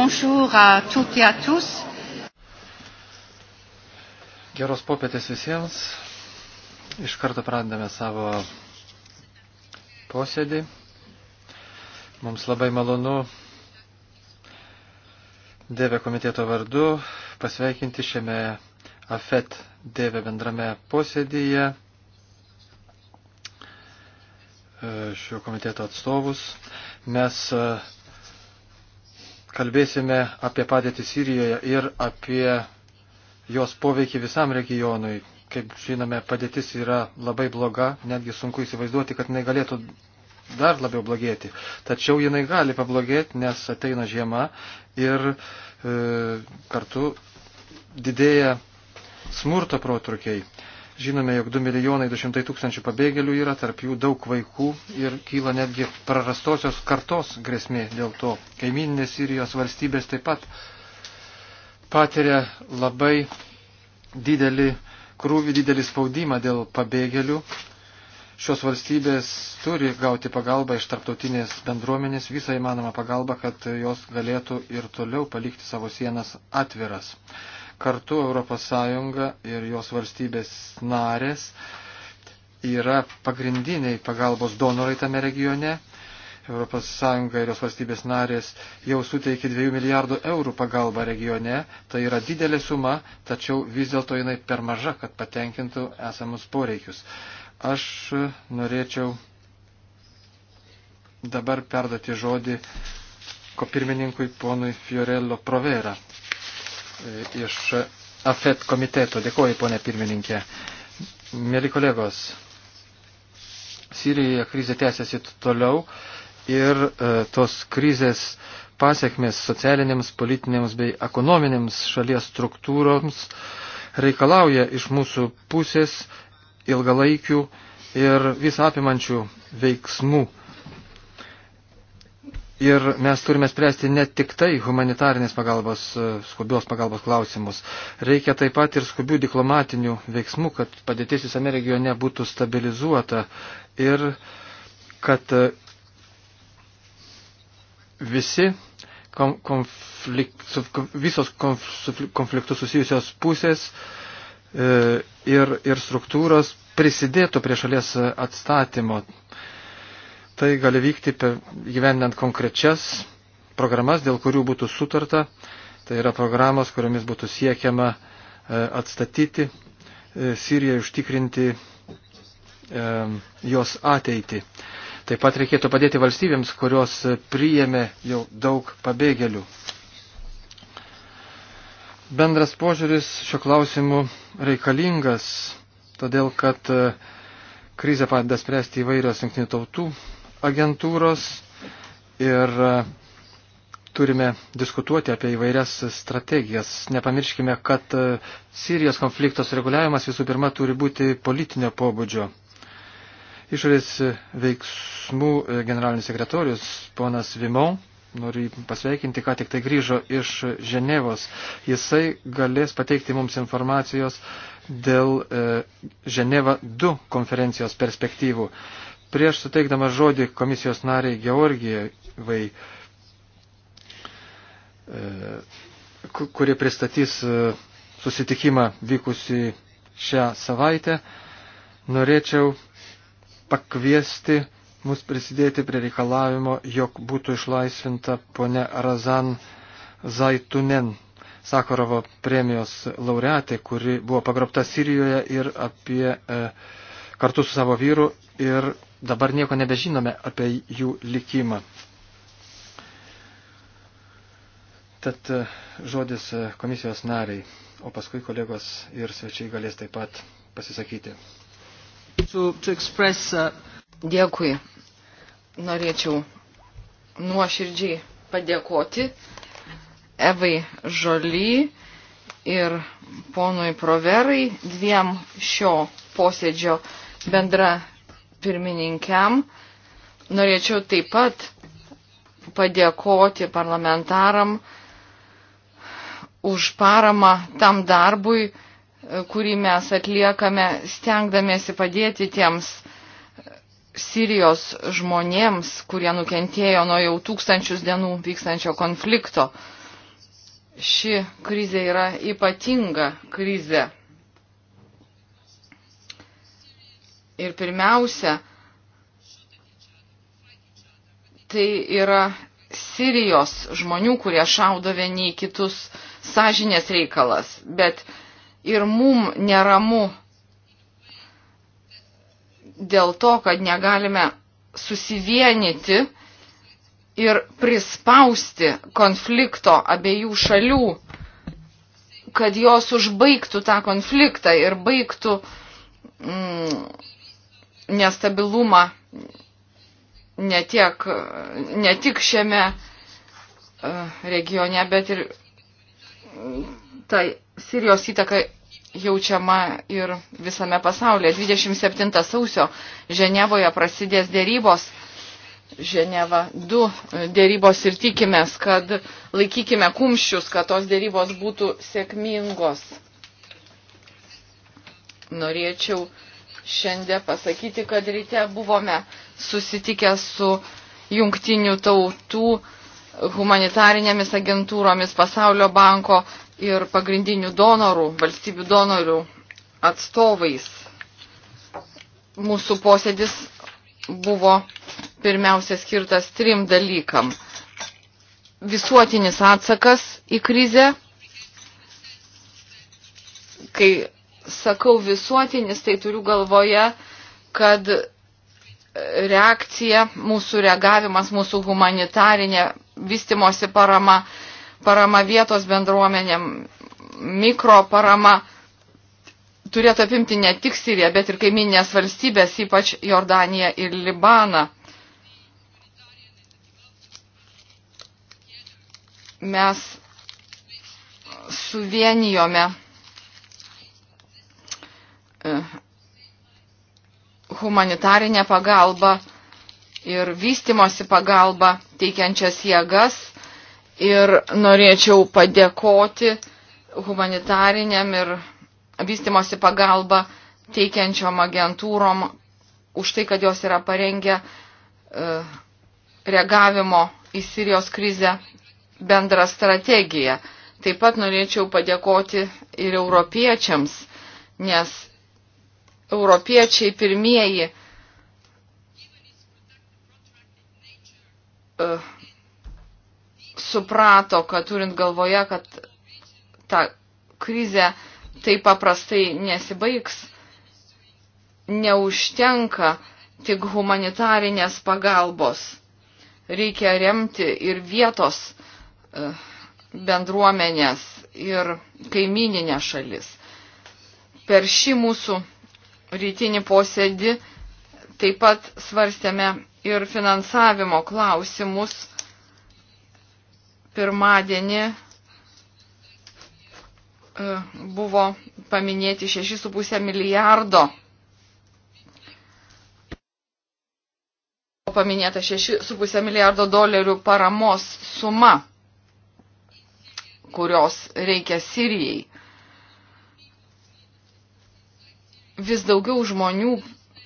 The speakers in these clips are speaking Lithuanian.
Bonjour à toutes et à tous. Geros popietės visiems. Iš karto pradame savo posėdį. Mums labai malonu Dėvė komiteto vardu pasveikinti šiame AFET Dėvė bendrame posėdyje e, šių komiteto atstovus. Mes uh, kalbėsime apie padėtį Sirijoje ir apie jos poveikį visam regionui. Kaip žinome, padėtis yra labai bloga, netgi sunku įsivaizduoti, kad jinai galėtų dar labiau blogėti. Tačiau jinai gali pablogėti, nes ateina žiema ir e, kartu didėja smurto protrukiai. Žinome, jog 2 milijonai 200 tūkstančių pabėgėlių yra, tarp jų daug vaikų ir kyla netgi prarastosios kartos grėsmė dėl to. Kaimininės Sirijos valstybės taip pat patiria labai didelį krūvį, didelį spaudimą dėl pabėgėlių. Šios valstybės turi gauti pagalbą iš tarptautinės bendruomenės, visą įmanomą pagalbą, kad jos galėtų ir toliau palikti savo sienas atviras. Kartu ES ir jos valstybės narės yra pagrindiniai pagalbos donorai tame regione. ES ir jos valstybės narės jau suteikė 2 milijardų eurų pagalbą regione. Tai yra didelė suma, tačiau vis dėlto jinai per maža, kad patenkintų esamus poreikius. Aš norėčiau dabar perduoti žodį kopirmininkui ponui Fiorello Provera iš AFET komiteto. Dėkuoju, ponė pirmininkė. Mėly kolegos, Sirijoje krizė tęsiasi toliau ir e, tos krizės pasiekmes socialinėms, politinėms bei ekonominėms šalies struktūroms reikalauja iš mūsų pusės ilgalaikių ir visapimančių veiksmų. Ir mes turime spręsti ne tik tai humanitarinės pagalbos, e, skubios pagalbos klausimus. Reikia taip pat ir skubių diplomatinių veiksmų, kad padėtis visame regione būtų stabilizuota ir kad e, visi konflikt, visos konfliktus susijusios pusės e, ir, ir struktūros prisidėtų prie šalies atstatymo. Tai gali vykti gyvendant konkrečias programas, dėl kurių būtų sutarta. Tai yra programos, kuriomis būtų siekiama e, atstatyti e, Siriją, užtikrinti e, jos ateitį. Taip pat reikėtų padėti valstybėms, kurios priėmė jau daug pabėgėlių. Bendras požiūris šio klausimu reikalingas, todėl kad krizę padeda spręsti įvairios jungtinių tautų agentūros ir e, turime diskutuoti apie įvairias strategijas. Nepamirškime, kad e, Sirijos konfliktos reguliavimas visų pirma turi būti politinio pobūdžio. Išorės veiksmų e, generalinis sekretorius ponas Vimon, noriu pasveikinti, ką tik tai grįžo iš Ženevos. Jisai galės pateikti mums informacijos dėl Ženeva 2 konferencijos perspektyvų. Prieš suteikdamas žodį komisijos nariai Georgijai, e, kurie pristatys e, susitikimą vykusi šią savaitę, norėčiau pakviesti mus prisidėti prie reikalavimo, jog būtų išlaisvinta ponia Razan Zaitunen, Sakarovo premijos laureatė, kuri buvo pagrobta Sirijoje ir apie e, kartu su savo vyru ir dabar nieko nebežinome apie jų likimą. Tad e, žodis e, komisijos nariai, o paskui kolegos ir svečiai galės taip pat pasisakyti. To, to express, uh... Dėkui. Norėčiau nuoširdžiai padėkoti Evai Žoly ir ponui Proverai dviem šio posėdžio bendra pirmininkiam. Norėčiau taip pat padėkoti parlamentaram už paramą tam darbui, kurį mes atliekame, stengdamėsi padėti tiems Sirijos žmonėms, kurie nukentėjo nuo jau tūkstančius dienų vykstančio konflikto. Ši krizė yra ypatinga krizė. Ir pirmiausia, tai yra Sirijos žmonių, kurie šaudo vieni į kitus sąžinės reikalas, bet ir mum neramu dėl to, kad negalime susivienyti ir prispausti konflikto abiejų šalių, kad jos užbaigtų tą konfliktą ir baigtų mm, nestabilumą ne, tiek, ne tik šiame e, regione, bet ir mm, tai Sirijos įtaka jaučiama ir visame pasaulyje. 27 sausio Ženevoje prasidės dėrybos. Ženeva 2 dėrybos ir tikimės, kad laikykime kumščius, kad tos dėrybos būtų sėkmingos. Norėčiau uh, šiandien pasakyti, kad ryte buvome susitikę su jungtinių tautų humanitarinėmis agentūromis, pasaulio banko ir pagrindinių donorų, valstybių donorių atstovais. Mūsų posėdis buvo pirmiausia skirtas trim dalykam. Visuotinis atsakas į krizę, kai sakau visuotinis, tai turiu galvoje, kad reakcija, mūsų reagavimas, mūsų humanitarinė vystimosi parama, parama vietos bendruomenėm, mikro parama turėtų apimti ne tik Siriją, bet ir kaiminės valstybės, ypač Jordaniją ir Libaną. Mes suvienijome E, humanitarinę pagalbą ir vystimosi pagalbą teikiančias jėgas. Ir norėčiau padėkoti humanitariniam ir vystimosi pagalbą teikiančiom agentūrom už tai, kad jos yra parengę e, reagavimo į Sirijos krizę bendrą strategiją. Taip pat norėčiau padėkoti ir europiečiams, nes europiečiai pirmieji e, suprato, kad turint galvoje, kad ta krizė taip paprastai nesibaigs, neužtenka tik humanitarinės pagalbos. Reikia remti ir vietos e, bendruomenės, ir kaimininę šalis. Per šį mūsų rytinį posėdį taip pat svarstėme ir finansavimo klausimus pirmadienį e, buvo paminėti 6,5 milijardo. Paminėta 6,5 milijardo dolerių paramos suma, kurios reikia Sirijai. vis daugiau žmonių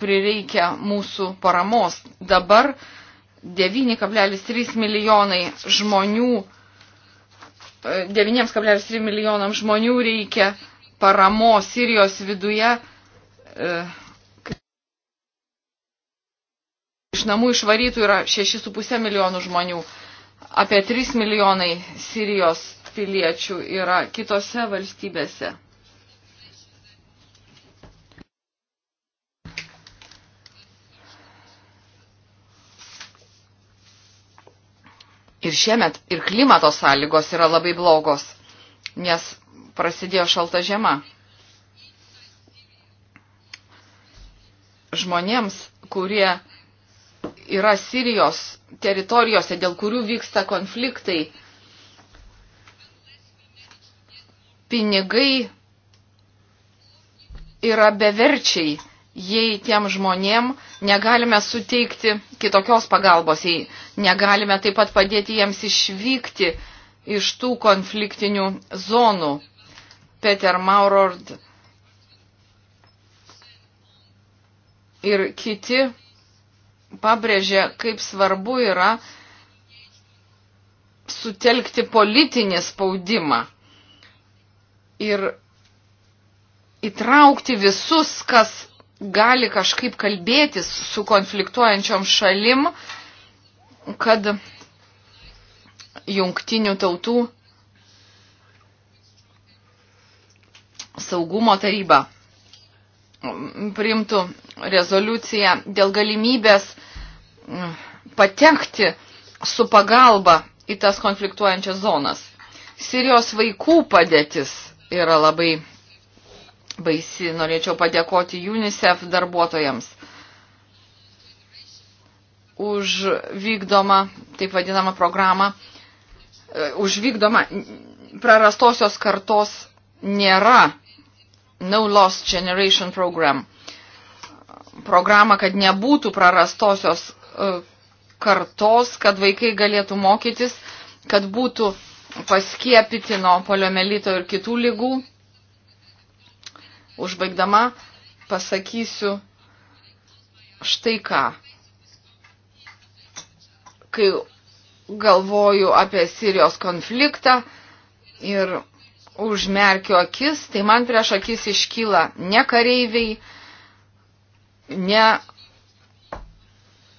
prireikia mūsų paramos. Dabar 9,3 milijonai žmonių, 9,3 e, milijonam žmonių reikia paramos Sirijos viduje. E, iš namų išvarytų yra 6,5 milijonų žmonių. Apie 3 milijonai Sirijos piliečių yra kitose valstybėse. ir šiemet ir klimato sąlygos yra labai blogos, nes prasidėjo šalta žiema. Žmonėms, kurie yra Sirijos teritorijose, dėl kurių vyksta konfliktai, pinigai yra beverčiai jei tiem žmonėm negalime suteikti kitokios pagalbos, jei negalime taip pat padėti jiems išvykti iš tų konfliktinių zonų. Peter Maurord ir kiti pabrėžė, kaip svarbu yra sutelkti politinį spaudimą ir įtraukti visus, kas gali kažkaip kalbėtis su konfliktuojančiom šalim, kad jungtinių tautų saugumo taryba priimtų rezoliuciją dėl galimybės mm, patekti su pagalba į tas konfliktuojančias zonas. Sirijos vaikų padėtis yra labai baisi. Norėčiau padėkoti UNICEF darbuotojams už vykdomą, taip vadinamą programą, e, už vykdomą prarastosios kartos nėra No Lost Generation Program. Programa, kad nebūtų prarastosios e, kartos, kad vaikai galėtų mokytis, kad būtų paskiepyti nuo poliomelito ir kitų lygų Užbaigdama pasakysiu štai ką. Kai galvoju apie Sirijos konfliktą ir užmerkiu akis, tai man prieš akis iškyla ne kareiviai, ne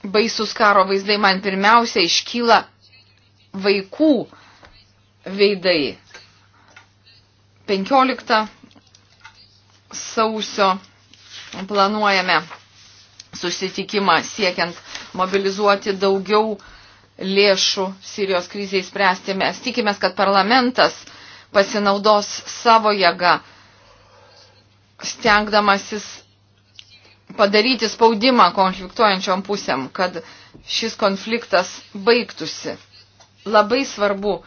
baisus karo vaizdai, man pirmiausia iškyla vaikų veidai. 15 sausio planuojame susitikimą siekiant mobilizuoti daugiau lėšų Sirijos kriziai spręsti. Mes tikimės, kad parlamentas pasinaudos savo jėgą, stengdamasis padaryti spaudimą konfliktuojančiom pusėm, kad šis konfliktas baigtųsi. Labai svarbu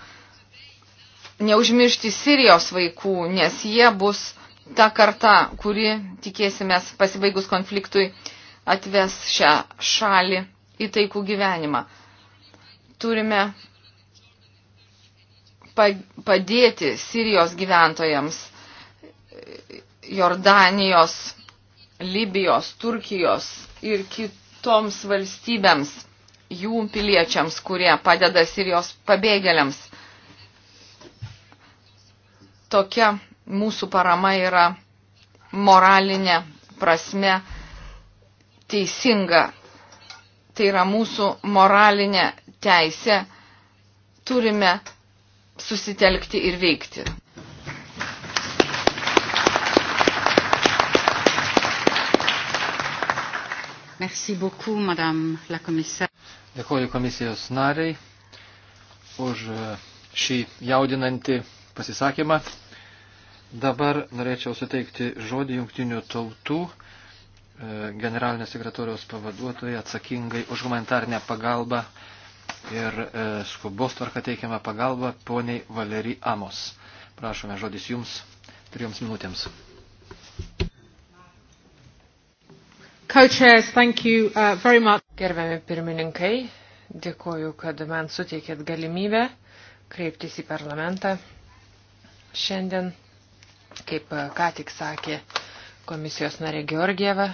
neužmiršti Sirijos vaikų, nes jie bus ta karta, kuri, tikėsimės, pasibaigus konfliktui atves šią šalį į taikų gyvenimą. Turime padėti Sirijos gyventojams, Jordanijos, Libijos, Turkijos ir kitoms valstybėms, jų piliečiams, kurie padeda Sirijos pabėgėliams. Tokia mūsų parama yra moralinė prasme teisinga. Tai yra mūsų moralinė teisė. Turime susitelkti ir veikti. Merci beaucoup, madame la commissaire. Dėkoju komisijos nariai už šį jaudinantį pasisakymą. Dabar norėčiau suteikti žodį jungtinių tautų e, generalinio sekretorijos pavaduotojai atsakingai už humanitarnę pagalbą ir e, skubos tvarka teikiamą pagalbą poniai Valery Amos. Prašome žodis jums trijoms minutėms. Co-chairs, thank you uh, very much. Gerbiami pirmininkai, dėkoju, kad man suteikėt galimybę kreiptis į parlamentą šiandien. Kaip e, ką tik sakė komisijos narė Georgieva,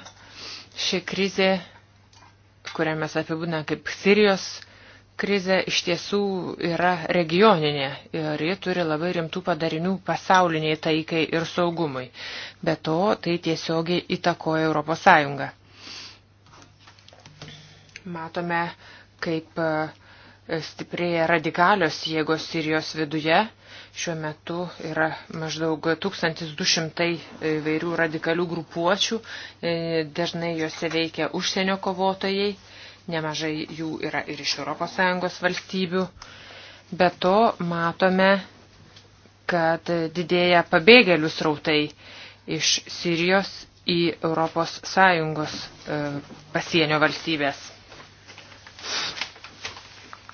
ši krizė, kurią mes apibūdame kaip Sirijos krizė, iš tiesų yra regioninė ir ji turi labai rimtų padarinių pasauliniai taikai ir saugumui. Be to, tai tiesiogiai įtakoja Europos Sąjungą. Matome, kaip e, stiprėja radikalios jėgos Sirijos viduje Šiuo metu yra maždaug 1200 įvairių radikalių grupuočių, e, dažnai juose veikia užsienio kovotojai, nemažai jų yra ir iš ES valstybių. Be to matome, kad didėja pabėgėlių srautai iš Sirijos į ES e, pasienio valstybės.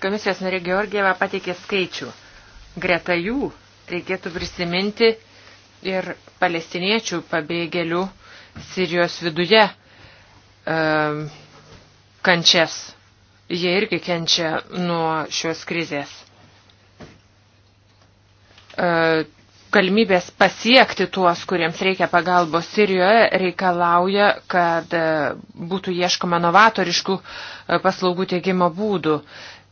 Komisijos narė Georgieva pateikė skaičių Greta jų reikėtų prisiminti ir palestiniečių pabėgėlių Sirijos viduje um, kančias. Jie irgi kenčia nuo šios krizės. Uh, galimybės pasiekti tuos, kuriems reikia pagalbos Sirijoje, reikalauja, kad ehm, būtų ieškoma novatoriškų paslaugų teikimo būdų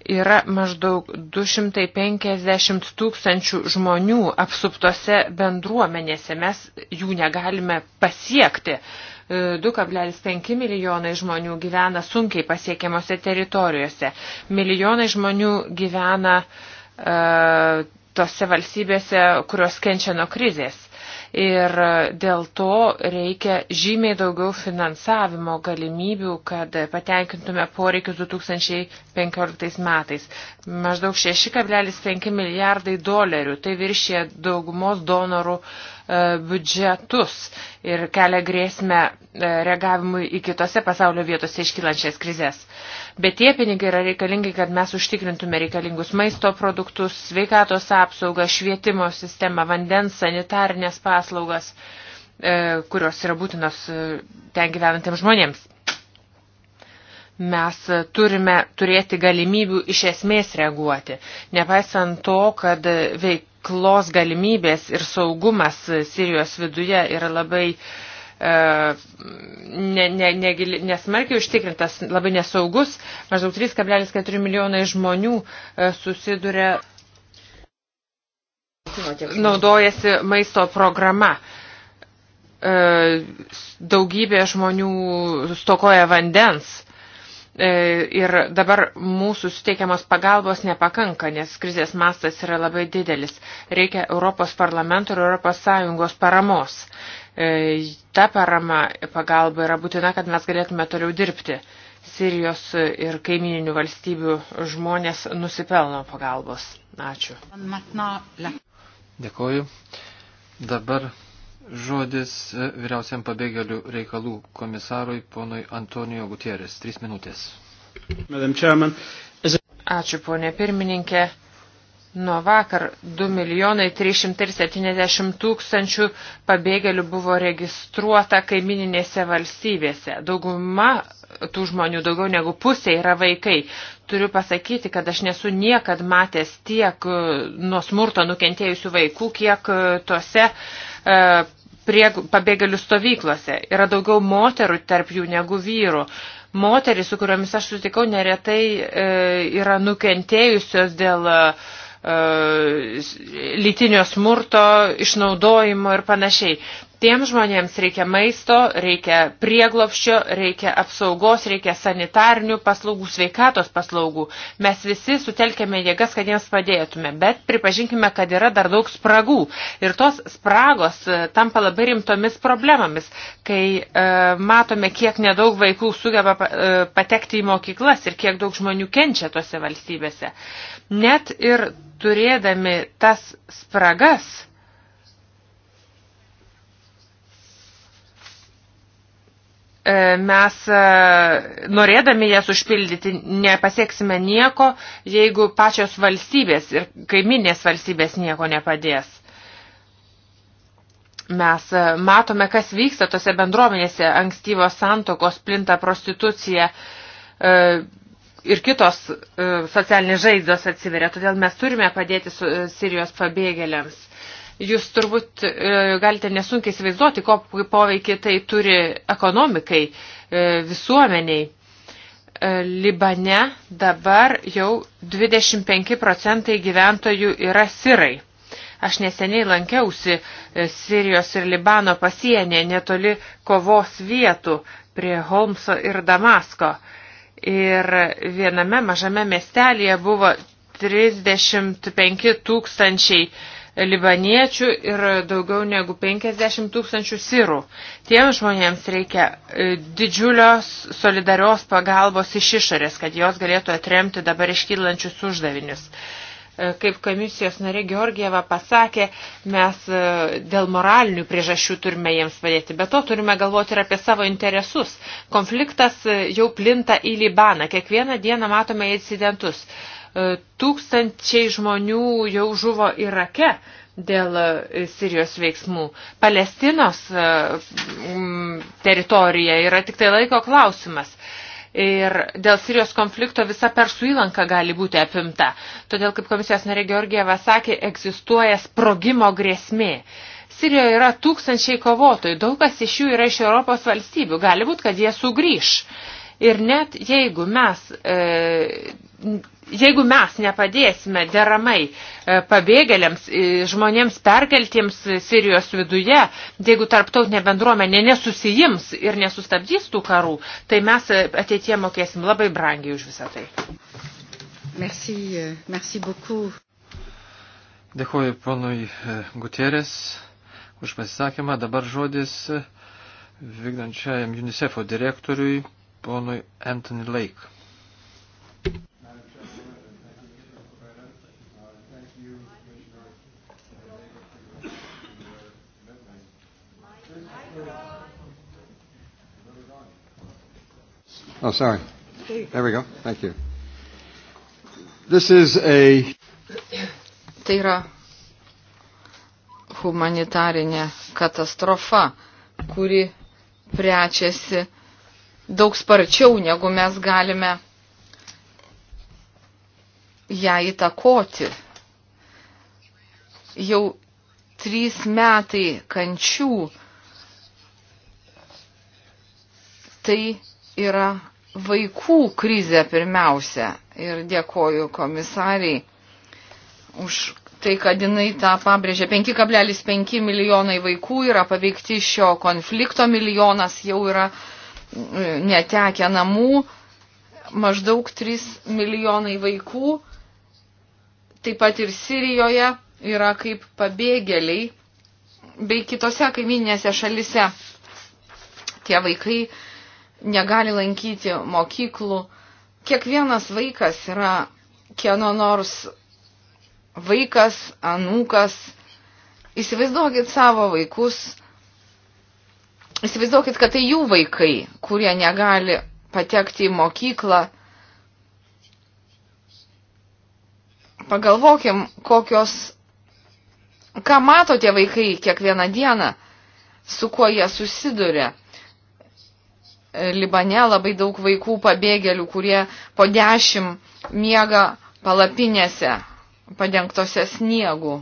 yra maždaug 250 tūkstančių žmonių apsuptose bendruomenėse. Mes jų negalime pasiekti. 2,5 e, milijonai žmonių gyvena sunkiai pasiekiamose teritorijose. Milijonai žmonių gyvena e, tose valstybėse, kurios kenčia nuo krizės ir dėl to reikia žymiai daugiau finansavimo galimybių, kad patenkintume poreikius 2015 metais maždaug 6,5 milijardai dolerių. Tai viršė daugumos donorų e, biudžetus ir kelia grėsmę e, reagavimui į kitose pasaulio vietose iškylančias krizės. Bet tie pinigai yra reikalingi, kad mes užtikrintume reikalingus maisto produktus, sveikatos apsaugą, švietimo sistemą, vandens, sanitarnės paslaugas, e, kurios yra būtinos ten gyvenantiems žmonėms mes turime turėti galimybių iš esmės reaguoti. Nepaisant to, kad veiklos galimybės ir saugumas Sirijos viduje yra labai e, ne, ne, ne, nesmarkiai užtikrintas, labai nesaugus, maždaug 3,4 milijonai žmonių e, susiduria naudojasi maisto programa e, daugybė žmonių stokoja vandens. E, ir dabar mūsų suteikiamos pagalbos nepakanka, nes krizės mastas yra labai didelis. Reikia Europos parlamento ir Europos Sąjungos paramos. E, ta parama pagalba yra būtina, kad mes galėtume toliau dirbti. Sirijos ir kaimininių valstybių žmonės nusipelno pagalbos. Ačiū. Dėkoju. Dabar žodis e, vyriausiam pabėgėlių reikalų komisarui ponui Antonijo Gutierės. Trys minutės. Ačiū, ponė pirmininkė. Nuo vakar 2 milijonai 370 tūkstančių pabėgėlių buvo registruota kaimininėse valstybėse. Dauguma tų žmonių, daugiau negu pusė, yra vaikai. Turiu pasakyti, kad aš nesu niekad matęs tiek e, nuo smurto nukentėjusių vaikų, kiek e, tose prie pabėgėlių stovyklose. Yra daugiau moterų tarp jų negu vyrų. Moterys, su kuriomis aš sutikau, neretai e, yra nukentėjusios dėl e, lytinio smurto, išnaudojimo ir panašiai. Tiems žmonėms reikia maisto, reikia prieglopščio, reikia apsaugos, reikia sanitarnių paslaugų, sveikatos paslaugų. Mes visi sutelkėme jėgas, kad jiems padėtume, bet pripažinkime, kad yra dar daug spragų. Ir tos spragos e, tampa labai rimtomis problemomis, kai e, matome, kiek nedaug vaikų sugeba e, patekti į mokyklas ir kiek daug žmonių kenčia tose valstybėse. Net ir turėdami tas spragas, E, mes e, norėdami jas užpildyti nepasieksime nieko, jeigu pačios valstybės ir kaiminės valstybės nieko nepadės. Mes e, matome, kas vyksta tose bendruomenėse, ankstyvos santokos, plinta prostitucija ir kitos socialinės žaizdos atsiveria. Todėl mes turime padėti Sirijos pabėgėliams Jūs turbūt e, galite nesunkiai įsivaizduoti, kokį poveikį tai turi ekonomikai, e, visuomeniai. E, Libane dabar jau 25 procentai gyventojų yra sirai. Aš neseniai lankiausi Sirijos ir Libano pasienė netoli kovos vietų prie Holmso ir Damasko. Ir viename mažame miestelėje buvo 35 tūkstančiai 000 libaniečių ir daugiau negu 50 tūkstančių sirų. Tiems žmonėms reikia e, didžiulios solidarios pagalbos iš išorės, kad jos galėtų atremti dabar iškylančius uždavinius. E, kaip komisijos narė Georgieva pasakė, mes e, dėl moralinių priežasčių turime jiems padėti, bet to turime galvoti ir apie savo interesus. Konfliktas jau plinta į Libaną, kiekvieną dieną matome incidentus E, tūkstančiai žmonių jau žuvo Irake dėl e, Sirijos veiksmų. Palestinos e, teritorija yra tik tai laiko klausimas. Ir dėl Sirijos konflikto visa Persų įlanka gali būti apimta. Todėl, kaip komisijos narė Georgieva sakė, egzistuoja sprogimo grėsmė. Sirijoje yra tūkstančiai kovotojų, daug kas iš jų yra iš Europos valstybių. Gali būti, kad jie sugrįž. Ir net jeigu mes e, jeigu mes nepadėsime deramai e, pabėgėliams, e, žmonėms perkeltiems Sirijos viduje, jeigu tarptautinė bendruomenė nesusijims ir nesustabdys tų karų, tai mes e, ateitie mokėsim labai brangiai už visą tai. Merci, merci beaucoup. Dėkuoju ponui Gutierės už pasisakymą. Dabar žodis vykdančiajam UNICEF'o direktoriui, ponui Anthony Lake. Oh, sorry. There we go. Thank you. This is a... Tai yra humanitarinė katastrofa, kuri prečiasi daug sparčiau, negu mes galime ją įtakoti. Jau trys metai kančių. Tai yra vaikų krizę pirmiausia. Ir dėkoju komisariai už tai, kad jinai tą pabrėžė. 5,5 milijonai vaikų yra paveikti šio konflikto, milijonas jau yra e, netekę namų, maždaug 3 milijonai vaikų, taip pat ir Sirijoje yra kaip pabėgėliai, bei kitose kaiminėse šalise. Tie vaikai negali lankyti mokyklų. Kiekvienas vaikas yra kieno nors vaikas, anūkas. Įsivaizduokit savo vaikus, įsivaizduokit, kad tai jų vaikai, kurie negali patekti į mokyklą. Pagalvokim, kokios, ką mato tie vaikai kiekvieną dieną, su kuo jie susiduria. Libane labai daug vaikų pabėgėlių, kurie po dešimt miega palapinėse, padengtose sniegu.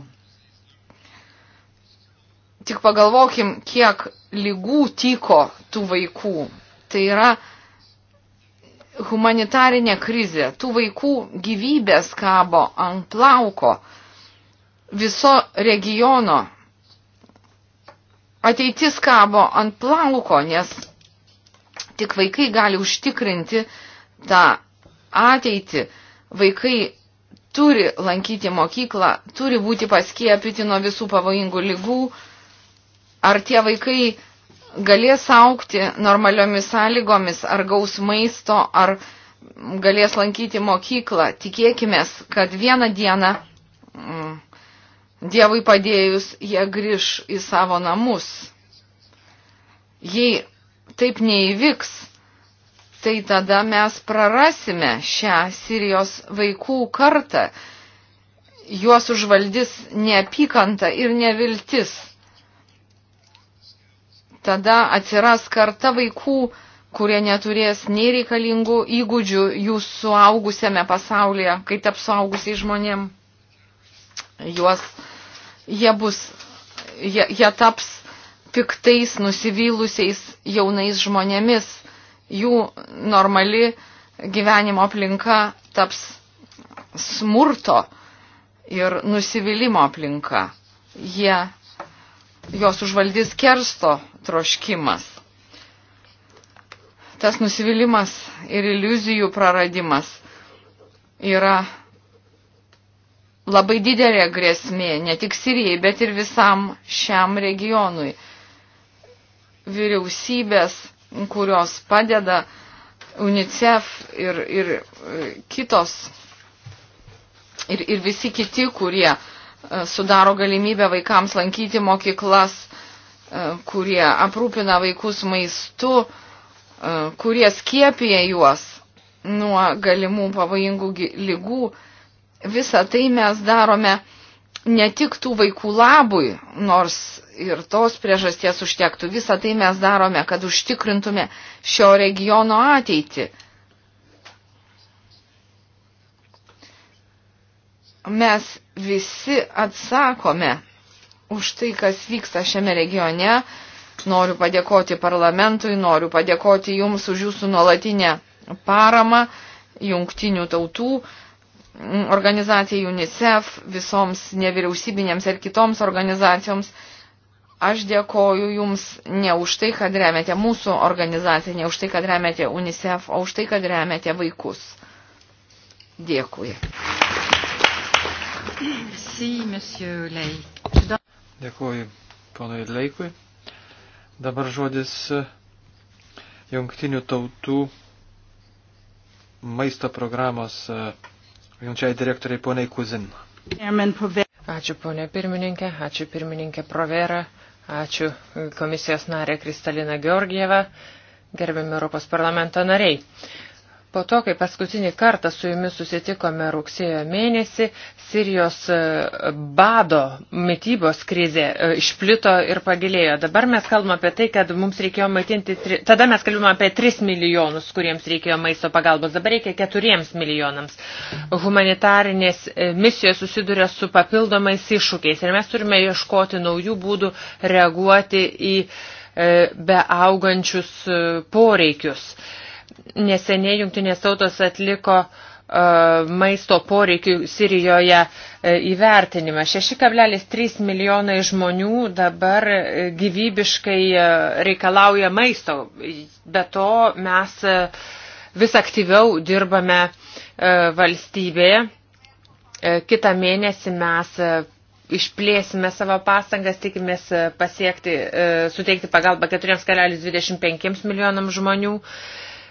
Tik pagalvokim, kiek lygų tyko tų vaikų. Tai yra humanitarinė krizė. Tų vaikų gyvybės kabo ant plauko viso regiono. Ateitis kabo ant plauko, nes Tik vaikai gali užtikrinti tą ateitį. Vaikai turi lankyti mokyklą, turi būti paskiepyti nuo visų pavojingų lygų. Ar tie vaikai galės aukti normaliomis sąlygomis, ar gaus maisto, ar galės lankyti mokyklą. Tikėkime, kad vieną dieną mm, Dievui padėjus jie grįž į savo namus. Jei taip neįvyks, tai tada mes prarasime šią Sirijos vaikų kartą. Juos užvaldys neapykanta ir neviltis. Tada atsiras karta vaikų, kurie neturės nei reikalingų įgūdžių jūsų suaugusiame pasaulyje, kai taps suaugusiai žmonėm. Juos, jie bus, jie, jie taps piktais, nusivylusiais jaunais žmonėmis. Jų normali gyvenimo aplinka taps smurto ir nusivylimų aplinka. Jie, jos užvaldys kersto troškimas. Tas nusivylimas ir iliuzijų praradimas yra labai didelė grėsmė ne tik Sirijai, bet ir visam šiam regionui vyriausybės, kurios padeda UNICEF ir, ir e, kitos ir, ir visi kiti, kurie e, sudaro galimybę vaikams lankyti mokyklas, e, kurie aprūpina vaikus maistu, kurie skiepia juos nuo galimų pavojingų lygų. Visą tai mes darome ne tik tų vaikų labui, nors ir tos priežasties užtektų. Visą tai mes darome, kad užtikrintume šio regiono ateitį. Mes visi atsakome už tai, kas vyksta šiame regione. Noriu padėkoti parlamentui, noriu padėkoti jums už jūsų nuolatinę paramą jungtinių tautų Mm, organizacijai UNICEF, visoms nevyriausybinėms ir kitoms organizacijoms. Aš dėkoju Jums ne už tai, kad remiate mūsų organizaciją, ne už tai, kad remiate UNICEF, o už tai, kad remiate vaikus. Dėkui. Dėkuoju ponui Leikui. Dabar žodis e, jungtinių tautų maisto programos e, Vienčiai direktoriai poniai Kuzin. Ačiū ponė pirmininkė, ačiū pirmininkė Provera, ačiū komisijos narė Kristalina Georgieva, gerbiami Europos parlamento nariai. Po to, kai paskutinį kartą su jumis susitikome rugsėjo mėnesį, Sirijos e, bado mytybos krizė e, išplito ir pagilėjo. Dabar mes kalbame apie tai, kad mums reikėjo maitinti, tri... tada mes kalbame apie 3 milijonus, kuriems reikėjo maisto pagalbos, dabar reikia 4 milijonams. Humanitarinės e, misijos susiduria su papildomais iššūkiais ir mes turime ieškoti naujų būdų reaguoti į be augančius poreikius neseniai jungtinės tautos atliko e, maisto poreikių Sirijoje e, įvertinimą. 6,3 milijonai žmonių dabar e, gyvybiškai reikalauja maisto. Be to mes vis aktyviau dirbame valstybėje. Kita mėnesį mes išplėsime savo pastangas, tikimės pasiekti, suteikti pagalbą 4,25 milijonam žmonių.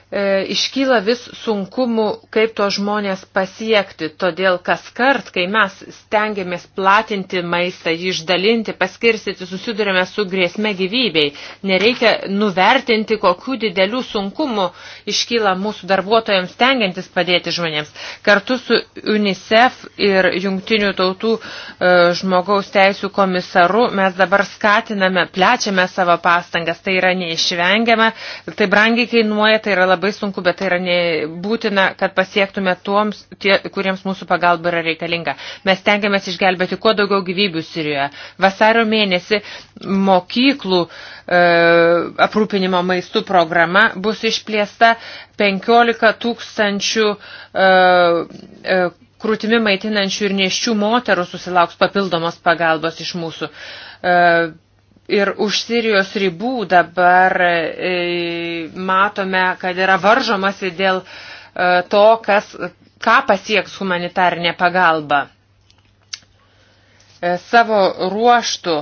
E, iškyla vis sunkumų, kaip to žmonės pasiekti. Todėl kas kart, kai mes stengiamės platinti maistą, jį išdalinti, paskirstyti, susidurėme su grėsme gyvybei. Nereikia nuvertinti, kokių didelių sunkumų iškyla mūsų darbuotojams stengiantis padėti žmonėms. Kartu su UNICEF ir Jungtinių tautų e, žmogaus teisų komisaru mes dabar skatiname, plečiame savo pastangas. Tai yra neišvengiama, tai brangiai kainuoja, tai yra labai labai sunku, bet tai yra ne, būtina, kad pasiektume tuoms, tie, kuriems mūsų pagalba yra reikalinga. Mes tengiamės išgelbėti kuo daugiau gyvybių Sirijoje. Vasario mėnesį mokyklų e, aprūpinimo maistų programa bus išplėsta 15 tūkstančių e, e, krūtimi maitinančių ir neščių moterų susilauks papildomos pagalbos iš mūsų. E, ir už Sirijos ribų dabar e, matome, kad yra varžomasi dėl e, to, kas, ką pasieks humanitarinė pagalba. E, savo ruoštų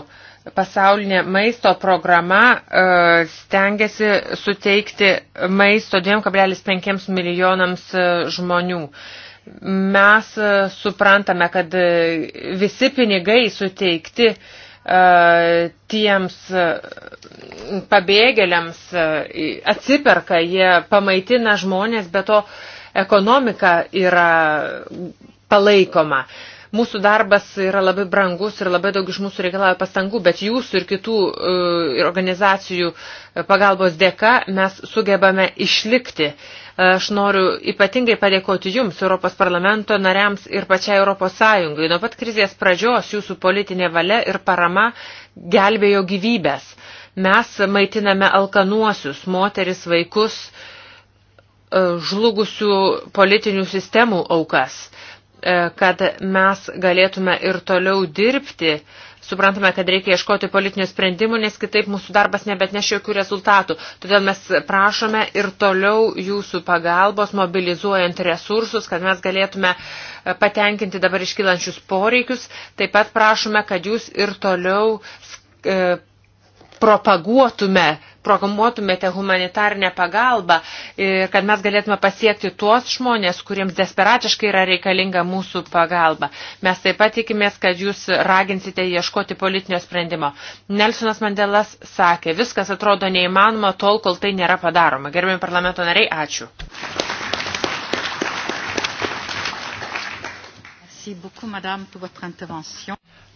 pasaulinė maisto programa e, stengiasi suteikti maisto 2,5 milijonams e, žmonių. Mes e, suprantame, kad e, visi pinigai suteikti e, E, tiems e, pabėgėliams e, atsiperka, jie pamaitina žmonės, bet to ekonomika yra palaikoma. Mūsų darbas yra labai brangus ir labai daug iš mūsų reikalauja pastangų, bet jūsų ir kitų organizacijų pagalbos dėka mes sugebame išlikti. Uh, Aš noriu ypatingai padėkoti Jums, Europos parlamento nariams ir pačiai Europos Sąjungai. Nuo pat krizės pradžios Jūsų politinė valia ir parama gelbėjo gyvybės. Mes maitiname alkanuosius, moteris, vaikus, e, žlugusių politinių sistemų aukas, e, kad mes galėtume ir toliau dirbti, uh, Suprantame, kad reikia ieškoti politinių sprendimų, nes kitaip mūsų darbas nebet neš jokių rezultatų. Todėl mes prašome ir toliau jūsų pagalbos, mobilizuojant resursus, kad mes galėtume e, patenkinti dabar iškylančius poreikius. Taip pat prašome, kad jūs ir toliau e, propaguotume programuotumėte humanitarnę pagalbą ir kad mes galėtume pasiekti tuos žmonės, kuriems desperatiškai yra reikalinga mūsų pagalba. Mes taip pat tikimės, kad jūs raginsite ieškoti politinio sprendimo. Nelsonas Mandelas sakė, viskas atrodo neįmanoma tol, kol tai nėra padaroma. Gerbėjim parlamento nariai, ačiū.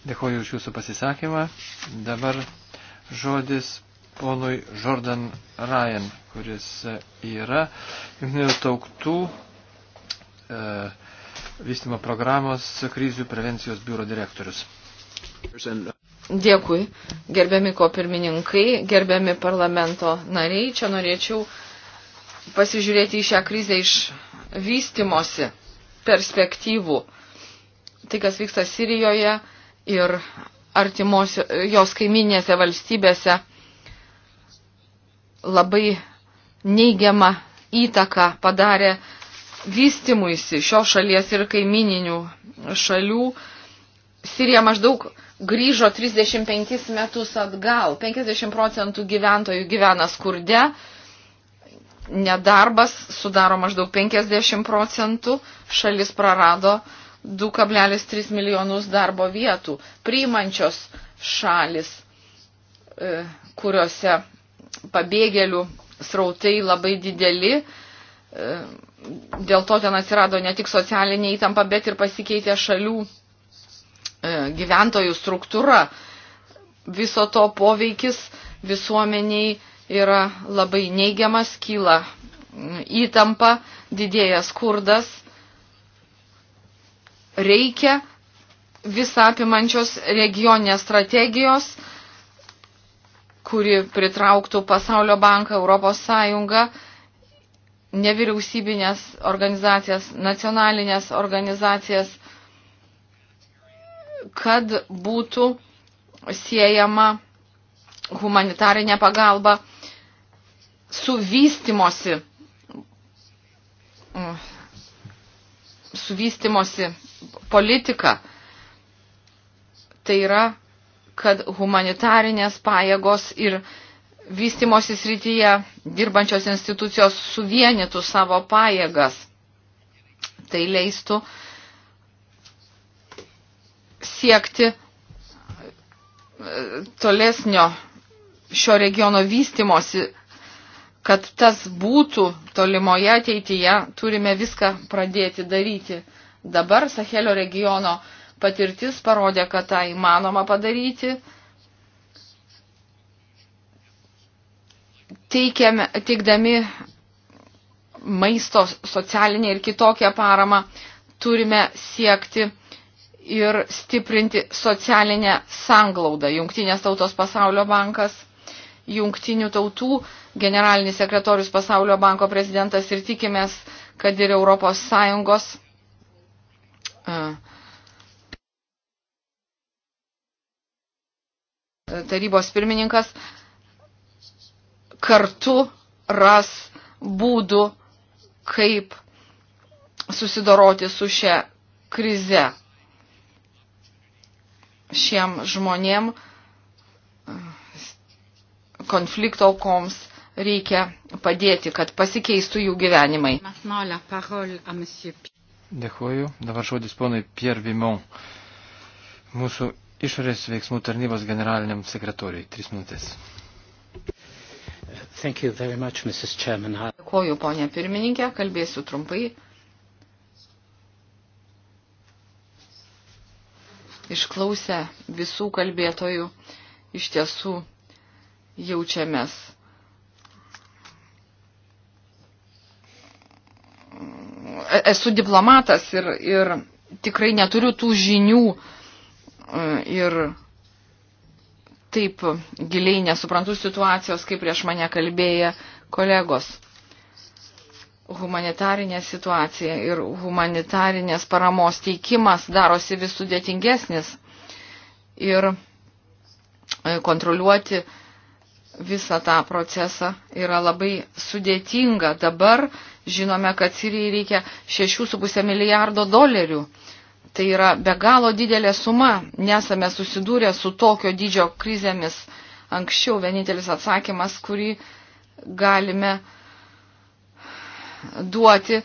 Dėkuoju už Jūsų pasisakymą. Dabar žodis ponui Jordan Ryan, kuris e, yra jungtinių tautų e, vystimo programos krizių prevencijos biuro direktorius. Dėkui, gerbiami ko pirmininkai, gerbiami parlamento nariai. Čia norėčiau pasižiūrėti į šią krizę iš vystimosi perspektyvų. Tai, kas vyksta Sirijoje ir artimos jos kaiminėse valstybėse labai neigiamą įtaką padarė vystimuisi šios šalies ir kaimininių šalių. Sirija maždaug grįžo 35 metus atgal. 50 procentų gyventojų gyvena skurde. Nedarbas sudaro maždaug 50 procentų. Šalis prarado 2,3 milijonus darbo vietų. Priimančios šalis, e, kuriuose pabėgėlių srautai labai dideli. E, dėl to ten atsirado ne tik socialinė įtampa, bet ir pasikeitė šalių e, gyventojų struktūra. Viso to poveikis visuomeniai yra labai neigiamas, kyla įtampa, didėja skurdas. Reikia visapimančios regioninės strategijos, kuri pritrauktų pasaulio banką, Europos sąjungą, nevyriausybinės organizacijas, nacionalinės organizacijas, kad būtų siejama humanitarinė pagalba su vystimosi, mm, su vystimosi politika. Tai yra kad humanitarinės pajėgos ir vystimosi srityje dirbančios institucijos suvienytų savo pajėgas. Tai leistų siekti e, tolesnio šio regiono vystimosi, kad tas būtų tolimoje ateityje, turime viską pradėti daryti. Dabar Sahelio regiono uh, patirtis parodė, kad tą įmanoma padaryti. Teikiame, teikdami maisto socialinę ir kitokią paramą turime siekti ir stiprinti socialinę sanglaudą. Jungtinės tautos pasaulio bankas, jungtinių tautų generalinis sekretorius pasaulio banko prezidentas ir tikimės, kad ir Europos Sąjungos uh, tarybos pirmininkas kartu ras būdų, kaip susidoroti su šia krize. Šiem žmonėm e, konflikto aukoms reikia padėti, kad pasikeistų jų gyvenimai. Dėkuoju. Dabar žodis ponui Pierre Vimon, mūsų išorės veiksmų tarnybos generaliniam sekretoriui. Tris minutės. Much, Dėkuoju, ponė pirmininkė, kalbėsiu trumpai. Išklausę visų kalbėtojų, iš tiesų jaučiamės esu diplomatas ir, ir tikrai neturiu tų žinių, Mm, ir taip giliai nesuprantu situacijos, kaip prieš mane kalbėję kolegos. Humanitarinė situacija ir humanitarinės paramos teikimas darosi vis sudėtingesnis ir e, kontroliuoti visą tą procesą yra labai sudėtinga. Dabar žinome, kad Sirijai reikia 6,5 milijardo dolerių Tai yra be galo didelė suma, nesame susidūrę su tokio dydžio krizėmis anksčiau. Vienintelis atsakymas, kurį galime duoti,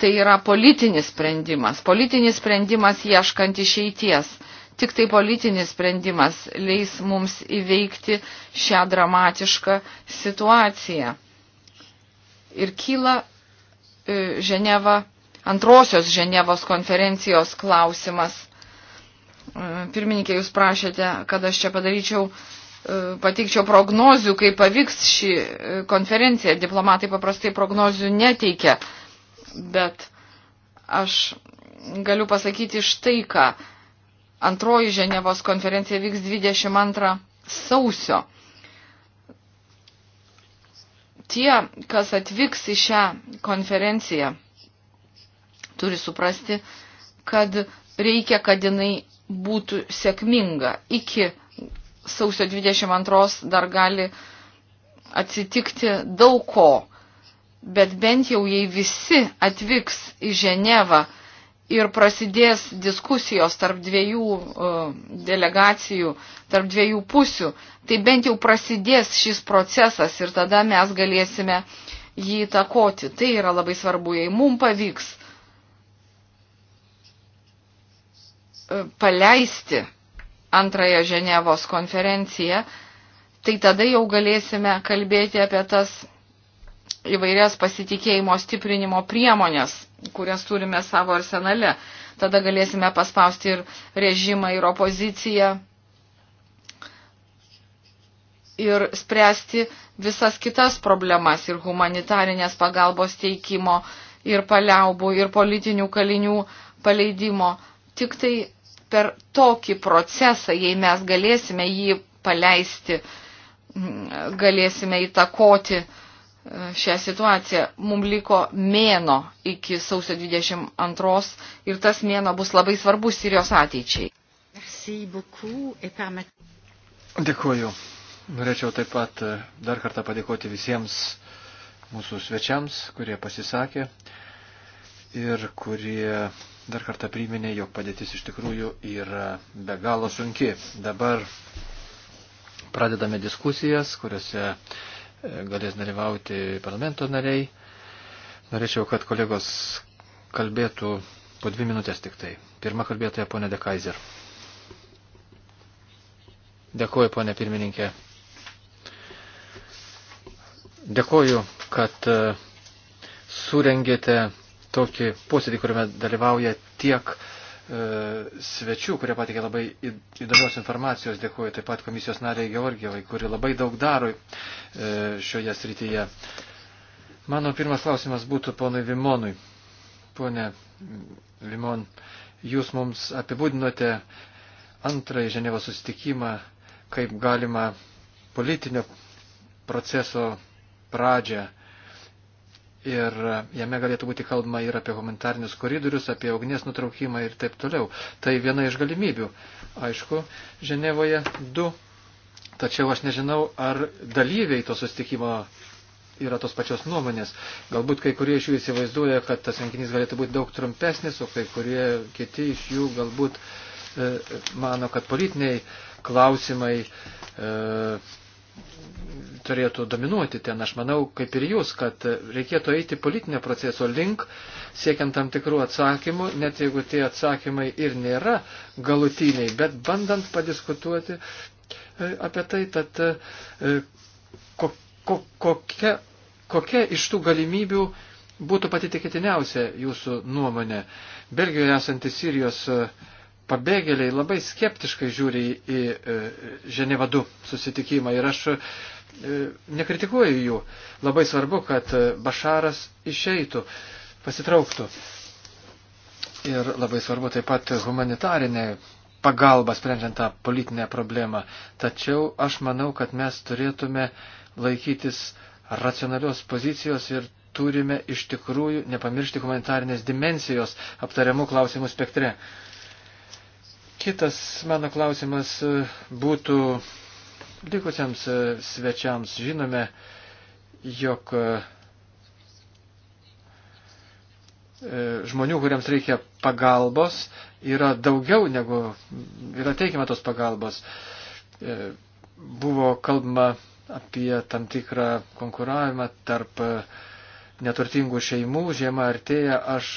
tai yra politinis sprendimas. Politinis sprendimas ieškant išeities. Tik tai politinis sprendimas leis mums įveikti šią dramatišką situaciją. Ir kyla e, Ženeva antrosios Ženevos konferencijos klausimas. E, pirmininkė, jūs prašėte, kad aš čia padaryčiau, e, pateikčiau prognozių, kaip pavyks ši e, konferencija. Diplomatai paprastai prognozių neteikia, bet aš galiu pasakyti štai ką. Antroji Ženevos konferencija vyks 22 sausio. Tie, kas atvyks į šią konferenciją, turi suprasti, kad reikia, kad jinai būtų sėkminga. Iki sausio 22 dar gali atsitikti daug ko, bet bent jau jei visi atvyks į Ženevą ir prasidės diskusijos tarp dviejų e, delegacijų, tarp dviejų pusių, tai bent jau prasidės šis procesas ir tada mes galėsime jį įtakoti. Tai yra labai svarbu, jei mums pavyks paleisti antrąją Ženevos konferenciją, tai tada jau galėsime kalbėti apie tas įvairias pasitikėjimo stiprinimo priemonės, kurias turime savo arsenale. Tada galėsime paspausti ir režimą, ir opoziciją, ir spręsti visas kitas problemas, ir humanitarinės pagalbos teikimo, ir paliaubų, ir politinių kalinių paleidimo. Tik tai per tokį procesą, jei mes galėsime jį paleisti, galėsime įtakoti e, šią situaciją. Mums liko mėno iki sausio 22 ir tas mėno bus labai svarbus Sirijos ateičiai. Dėkuoju. Norėčiau taip pat e, dar kartą padėkoti visiems mūsų svečiams, kurie pasisakė ir kurie dar kartą priminė, jog padėtis iš tikrųjų yra be galo sunki. Dabar pradedame diskusijas, kuriuose e, galės dalyvauti parlamento nariai. Norėčiau, kad kolegos kalbėtų po dvi minutės tik tai. Pirma kalbėtoja ponė De Kaiser. Dėkuoju, ponė pirmininkė. Dėkuoju, kad e, surengėte tokį posėdį, kuriame dalyvauja tiek e, svečių, kurie patikė labai įdomios informacijos. Dėkuoju taip pat komisijos nariai Georgijovai, kuri labai daug daro e, šioje srityje. Mano pirmas klausimas būtų ponui Vimonui. Pone Vimon, jūs mums apibūdinote antrąjį Ženevos susitikimą kaip galima politinio proceso pradžią Ir e, jame galėtų būti kalbama ir apie humanitarinius koridorius, apie ugnies nutraukimą ir taip toliau. Tai viena iš galimybių. Aišku, Ženevoje du. Tačiau aš nežinau, ar dalyviai to sustikimo yra tos pačios nuomonės. Galbūt kai kurie iš jų įsivaizduoja, kad tas renginys galėtų būti daug trumpesnis, o kai kurie kiti iš jų galbūt e, mano, kad politiniai klausimai e, turėtų dominuoti ten. Aš manau, kaip ir jūs, kad reikėtų eiti politinio proceso link, siekiant tam tikrų atsakymų, net jeigu tie atsakymai ir nėra galutiniai, bet bandant padiskutuoti e, apie tai, tad e, ko, ko, kokia, kokia iš tų galimybių būtų pati tikėtiniausia jūsų nuomonė. Belgijoje esanti Sirijos e, pabėgėliai labai skeptiškai žiūri į Ženevadų susitikimą. Ir aš E, nekritikuoju jų. Labai svarbu, kad Bašaras išeitų, pasitrauktų. Ir labai svarbu taip pat humanitarinė pagalba sprendžiant tą politinę problemą. Tačiau aš manau, kad mes turėtume laikytis racionalios pozicijos ir turime iš tikrųjų nepamiršti humanitarinės dimensijos aptariamų klausimų spektre. Kitas mano klausimas būtų likusiems e, svečiams žinome, jog e, e, žmonių, kuriems reikia pagalbos, yra daugiau negu yra teikiama tos pagalbos. Buvo kalbama apie tam tikrą konkuravimą tarp neturtingų šeimų, žiema artėja. Aš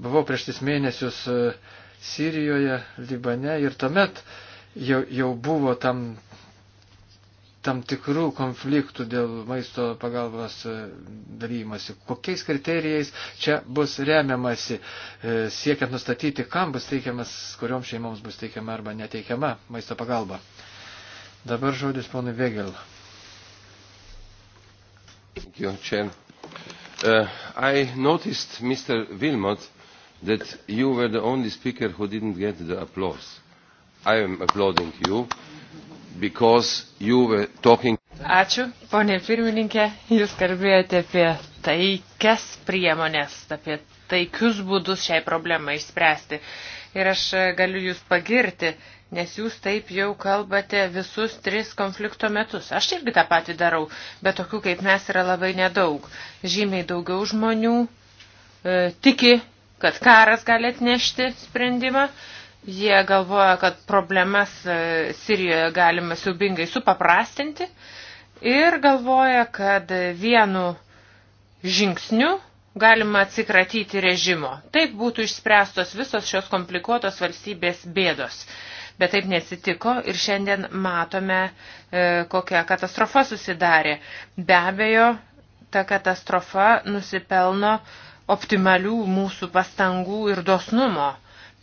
buvau prieš tis mėnesius Sirijoje, Libane ir tuomet jau, jau buvo tam tam tikrų konfliktų dėl maisto pagalbos e, dalymasi. Kokiais kriterijais čia bus remiamasi, e, siekiant nustatyti, kam bus teikiamas, kuriom šeimoms bus teikiama arba neteikiama maisto pagalba. Dabar žodis ponui Vegel. You, uh, I noticed, Mr. Wilmot, that you were the only speaker who didn't get the applause. I am applauding you Talking... Ačiū, ponė pirmininkė, jūs kalbėjote apie taikias priemonės, apie taikius būdus šiai problemai išspręsti. Ir aš galiu jūs pagirti, nes jūs taip jau kalbate visus tris konflikto metus. Aš irgi tą patį darau, bet tokių kaip mes yra labai nedaug. Žymiai daugiau žmonių e, tiki, kad karas gali atnešti sprendimą Jie galvoja, kad problemas e, Sirijoje galima siubingai supaprastinti ir galvoja, kad vienu žingsniu galima atsikratyti režimo. Taip būtų išspręstos visos šios komplikuotos valstybės bėdos. Bet taip nesitiko ir šiandien matome, e, kokia katastrofa susidarė. Be abejo, ta katastrofa nusipelno optimalių mūsų pastangų ir dosnumo.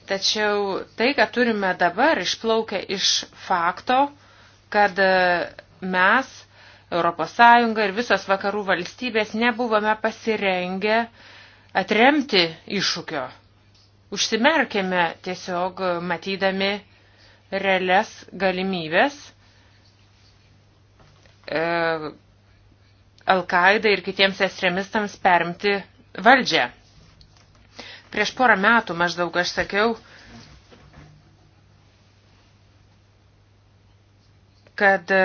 Tačiau tai, ką turime dabar, išplaukia iš fakto, kad e, mes, ES ir visos vakarų valstybės nebuvome pasirengę atremti iššūkio. Užsimerkėme tiesiog e, matydami realias galimybės e, Al-Qaeda ir kitiems ekstremistams perimti valdžią. Prieš porą metų maždaug aš sakiau, kad e,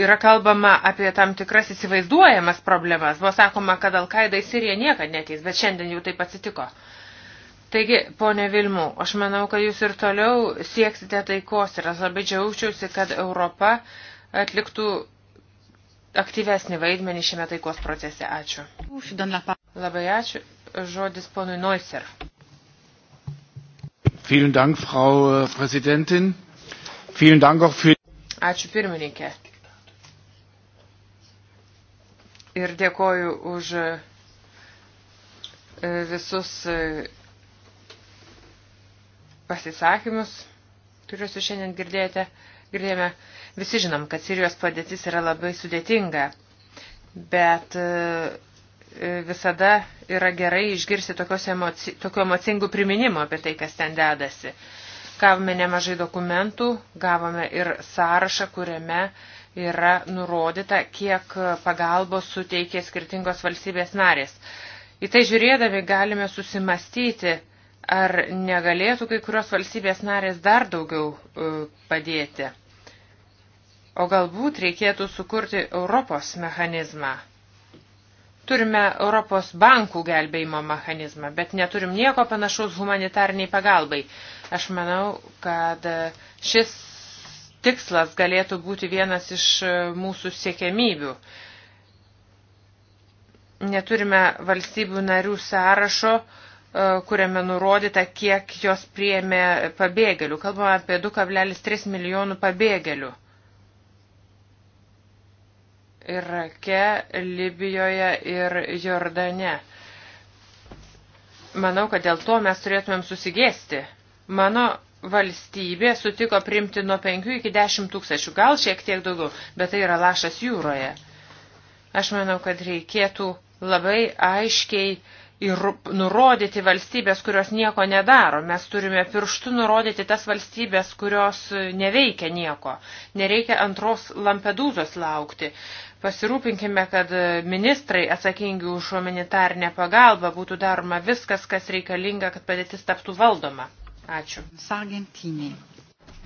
yra kalbama apie tam tikras įsivaizduojamas problemas. Buvo sakoma, kad Al-Qaeda į Siriją niekad neteis, bet šiandien jau taip atsitiko. Taigi, ponė Vilmų, aš manau, kad jūs ir toliau sieksite taikos ir aš labai džiaugčiausi, kad Europa atliktų aktyvesnį vaidmenį šiame taikos procese. Ačiū. Labai ačiū žodis ponui Noiser. Vielen Dank, Frau äh, Präsidentin. Vielen Dank auch für. Ačiū pirmininkė. Ir dėkoju už äh, visus äh, pasisakymus, kuriuos jūs šiandien girdėjote. Girdėjome, visi žinom, kad Sirijos padėtis yra labai sudėtinga, bet E, visada yra gerai išgirsti emoci, tokių emocingų priminimų apie tai, kas ten dedasi. Gavome nemažai dokumentų, gavome ir sąrašą, kuriame yra nurodyta, kiek pagalbos suteikė skirtingos valstybės narės. Į tai žiūrėdami galime susimastyti, ar negalėtų kai kurios valstybės narės dar daugiau e, padėti. O galbūt reikėtų sukurti Europos mechanizmą Turime Europos bankų gelbėjimo mechanizmą, bet neturim nieko panašaus humanitarniai pagalbai. Aš manau, kad šis tikslas galėtų būti vienas iš mūsų siekiamybių. Neturime valstybių narių sąrašo, e, kuriame nurodyta, kiek jos priėmė pabėgėlių. Kalbame apie 2,3 milijonų pabėgėlių. Irake, Libijoje ir Jordane. Manau, kad dėl to mes turėtumėm susigėsti. Mano valstybė sutiko primti nuo 5 iki 10 tūkstančių, gal šiek tiek daugiau, bet tai yra lašas jūroje. Aš manau, kad reikėtų labai aiškiai ir nurodyti valstybės, kurios nieko nedaro. Mes turime pirštų nurodyti tas valstybės, kurios neveikia nieko. Nereikia antros Lampedūzos laukti. Pasirūpinkime, kad ministrai atsakingi už humanitarnę pagalbą būtų daroma viskas, kas reikalinga, kad padėtis taptų valdoma. Ačiū. Sargentinį.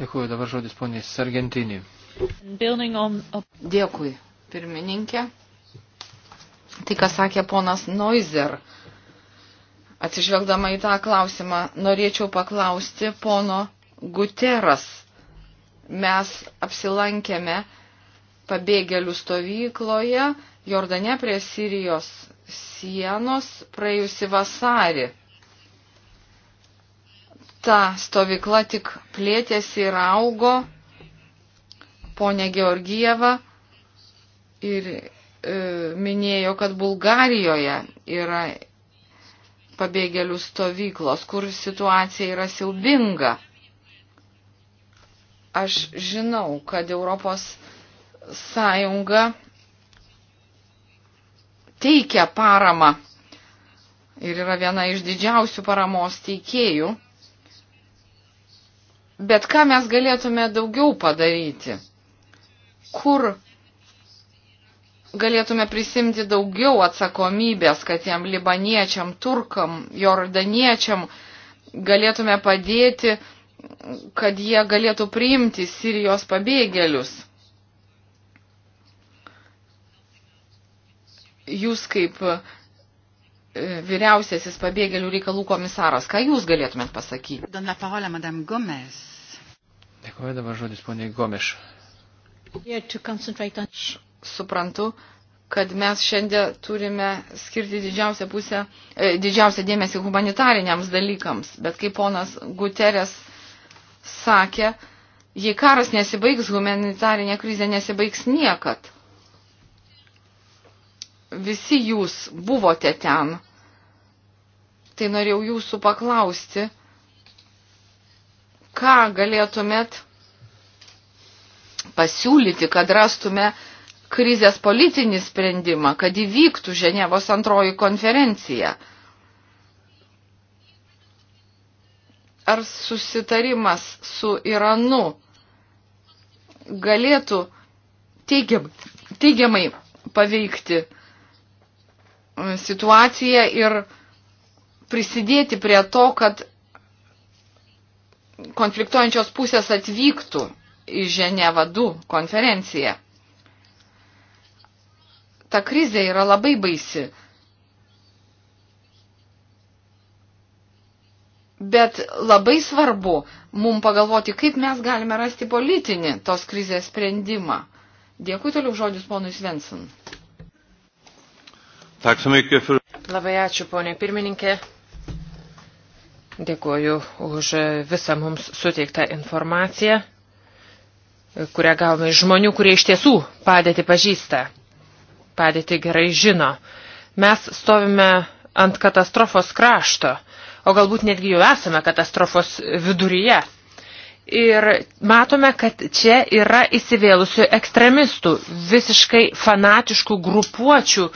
Dėkui, dabar žodis poniai Sargentinį. On... Dėkui, pirmininkė. Tai, ką sakė ponas Noizer, atsižvelgdama į tą klausimą, norėčiau paklausti pono Guteras. Mes apsilankėme pabėgėlių stovykloje Jordane prie Sirijos sienos praėjusi vasarį. Ta stovykla tik plėtėsi ir augo, ponė Georgieva ir e, minėjo, kad Bulgarijoje yra pabėgėlių stovyklos, kur situacija yra siaubinga. Aš žinau, kad Europos sąjunga teikia paramą ir yra viena iš didžiausių paramos teikėjų. Bet ką mes galėtume daugiau padaryti? Kur galėtume prisimti daugiau atsakomybės, kad jam libaniečiam, turkam, jordaniečiam galėtume padėti, kad jie galėtų priimti Sirijos pabėgėlius? jūs kaip e, vyriausiasis pabėgėlių reikalų komisaras, ką jūs galėtumėt pasakyti? Dėkuoju dabar žodis poniai Gomeš. Aš suprantu, kad mes šiandien turime skirti didžiausią, pusę, e, didžiausią dėmesį humanitariniams dalykams, bet kaip ponas Guterres sakė, jei karas nesibaigs, humanitarinė krizė nesibaigs niekad visi jūs buvote ten. Tai norėjau jūsų paklausti, ką galėtumėt pasiūlyti, kad rastume krizės politinį sprendimą, kad įvyktų Ženevos antroji konferencija. Ar susitarimas su Iranu galėtų teigiamai paveikti E, situaciją ir prisidėti prie to, kad konfliktuojančios pusės atvyktų į Ženevą 2 konferenciją. Ta krizė yra labai baisi. Bet labai svarbu mum pagalvoti, kaip mes galime rasti politinį tos krizės sprendimą. Dėkui toliau žodis ponui Svensson. Labai ačiū, ponė pirmininkė. Dėkuoju už e, visą mums suteiktą informaciją, kurią gavome iš žmonių, kurie iš tiesų padėti pažįsta, padėti gerai žino. Mes stovime ant katastrofos krašto, o galbūt netgi jau esame katastrofos viduryje. Ir matome, kad čia yra įsivėlusių ekstremistų, visiškai fanatiškų grupuočių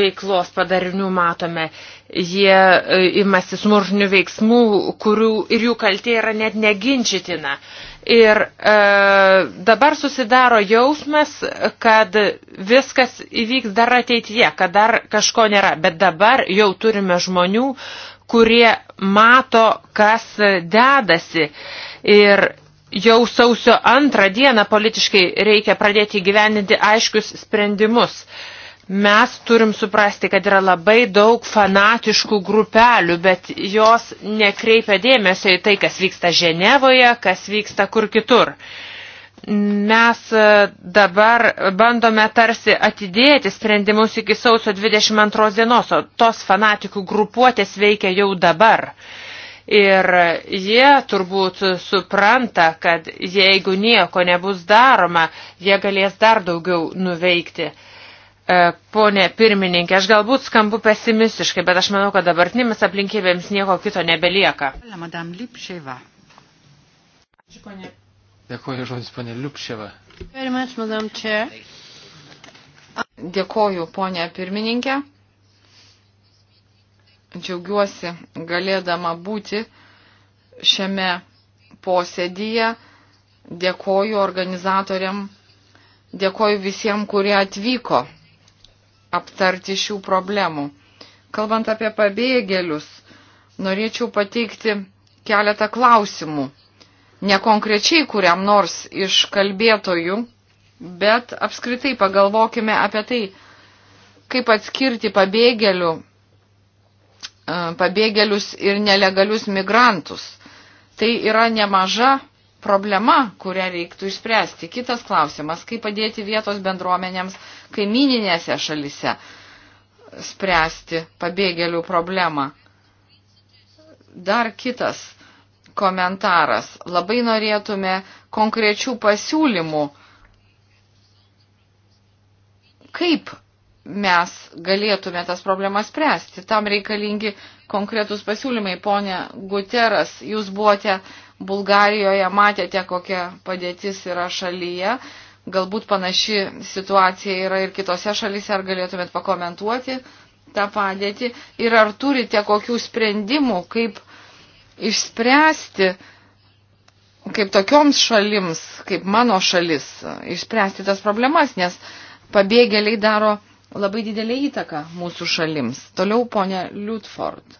veiklos padarinių matome. Jie e, imasi smurtinių veiksmų, kurių ir jų kaltė yra net neginčitina. Ir e, dabar susidaro jausmas, kad viskas įvyks dar ateityje, kad dar kažko nėra. Bet dabar jau turime žmonių, kurie mato, kas dedasi. E, Ir jau sausio antrą dieną politiškai reikia pradėti gyveninti aiškius sprendimus. Mes turim suprasti, kad yra labai daug fanatiškų grupelių, bet jos nekreipia dėmesio į tai, kas vyksta Ženevoje, kas vyksta kur kitur mes e, dabar bandome tarsi atidėti sprendimus iki sausio 22 dienos, o tos fanatikų grupuotės veikia jau dabar. Ir jie turbūt supranta, kad jeigu nieko nebus daroma, jie galės dar daugiau nuveikti. E, Pone pirmininkė, aš galbūt skambu pesimistiškai, bet aš manau, kad dabartinėmis aplinkybėms nieko kito nebelieka. Dėkuoju žodis, ponė Liupševa. Dėkuoju, ponė pirmininkė džiaugiuosi galėdama būti šiame posėdyje. Dėkoju organizatoriam, dėkoju visiems, kurie atvyko aptarti šių problemų. Kalbant apie pabėgėlius, norėčiau pateikti keletą klausimų. Ne konkrečiai kuriam nors iš kalbėtojų, bet apskritai pagalvokime apie tai, kaip atskirti pabėgėlių E, pabėgėlius ir nelegalius migrantus. Tai yra nemaža problema, kurią reiktų išspręsti. Kitas klausimas, kaip padėti vietos bendruomenėms kaimininėse šalise spręsti pabėgėlių problemą. Dar kitas komentaras. Labai norėtume konkrečių pasiūlymų, kaip mes galėtume tas problemas spręsti. Tam reikalingi konkretus pasiūlymai. Pone Guteras, jūs buvote Bulgarijoje, matėte, kokia padėtis yra šalyje. Galbūt panaši situacija yra ir kitose šalyse, ar galėtumėt pakomentuoti tą padėtį ir ar turite kokių sprendimų, kaip išspręsti, kaip tokioms šalims, kaip mano šalis, išspręsti tas problemas, nes pabėgėliai daro labai didelė įtaka mūsų šalims. Toliau ponia Liutford.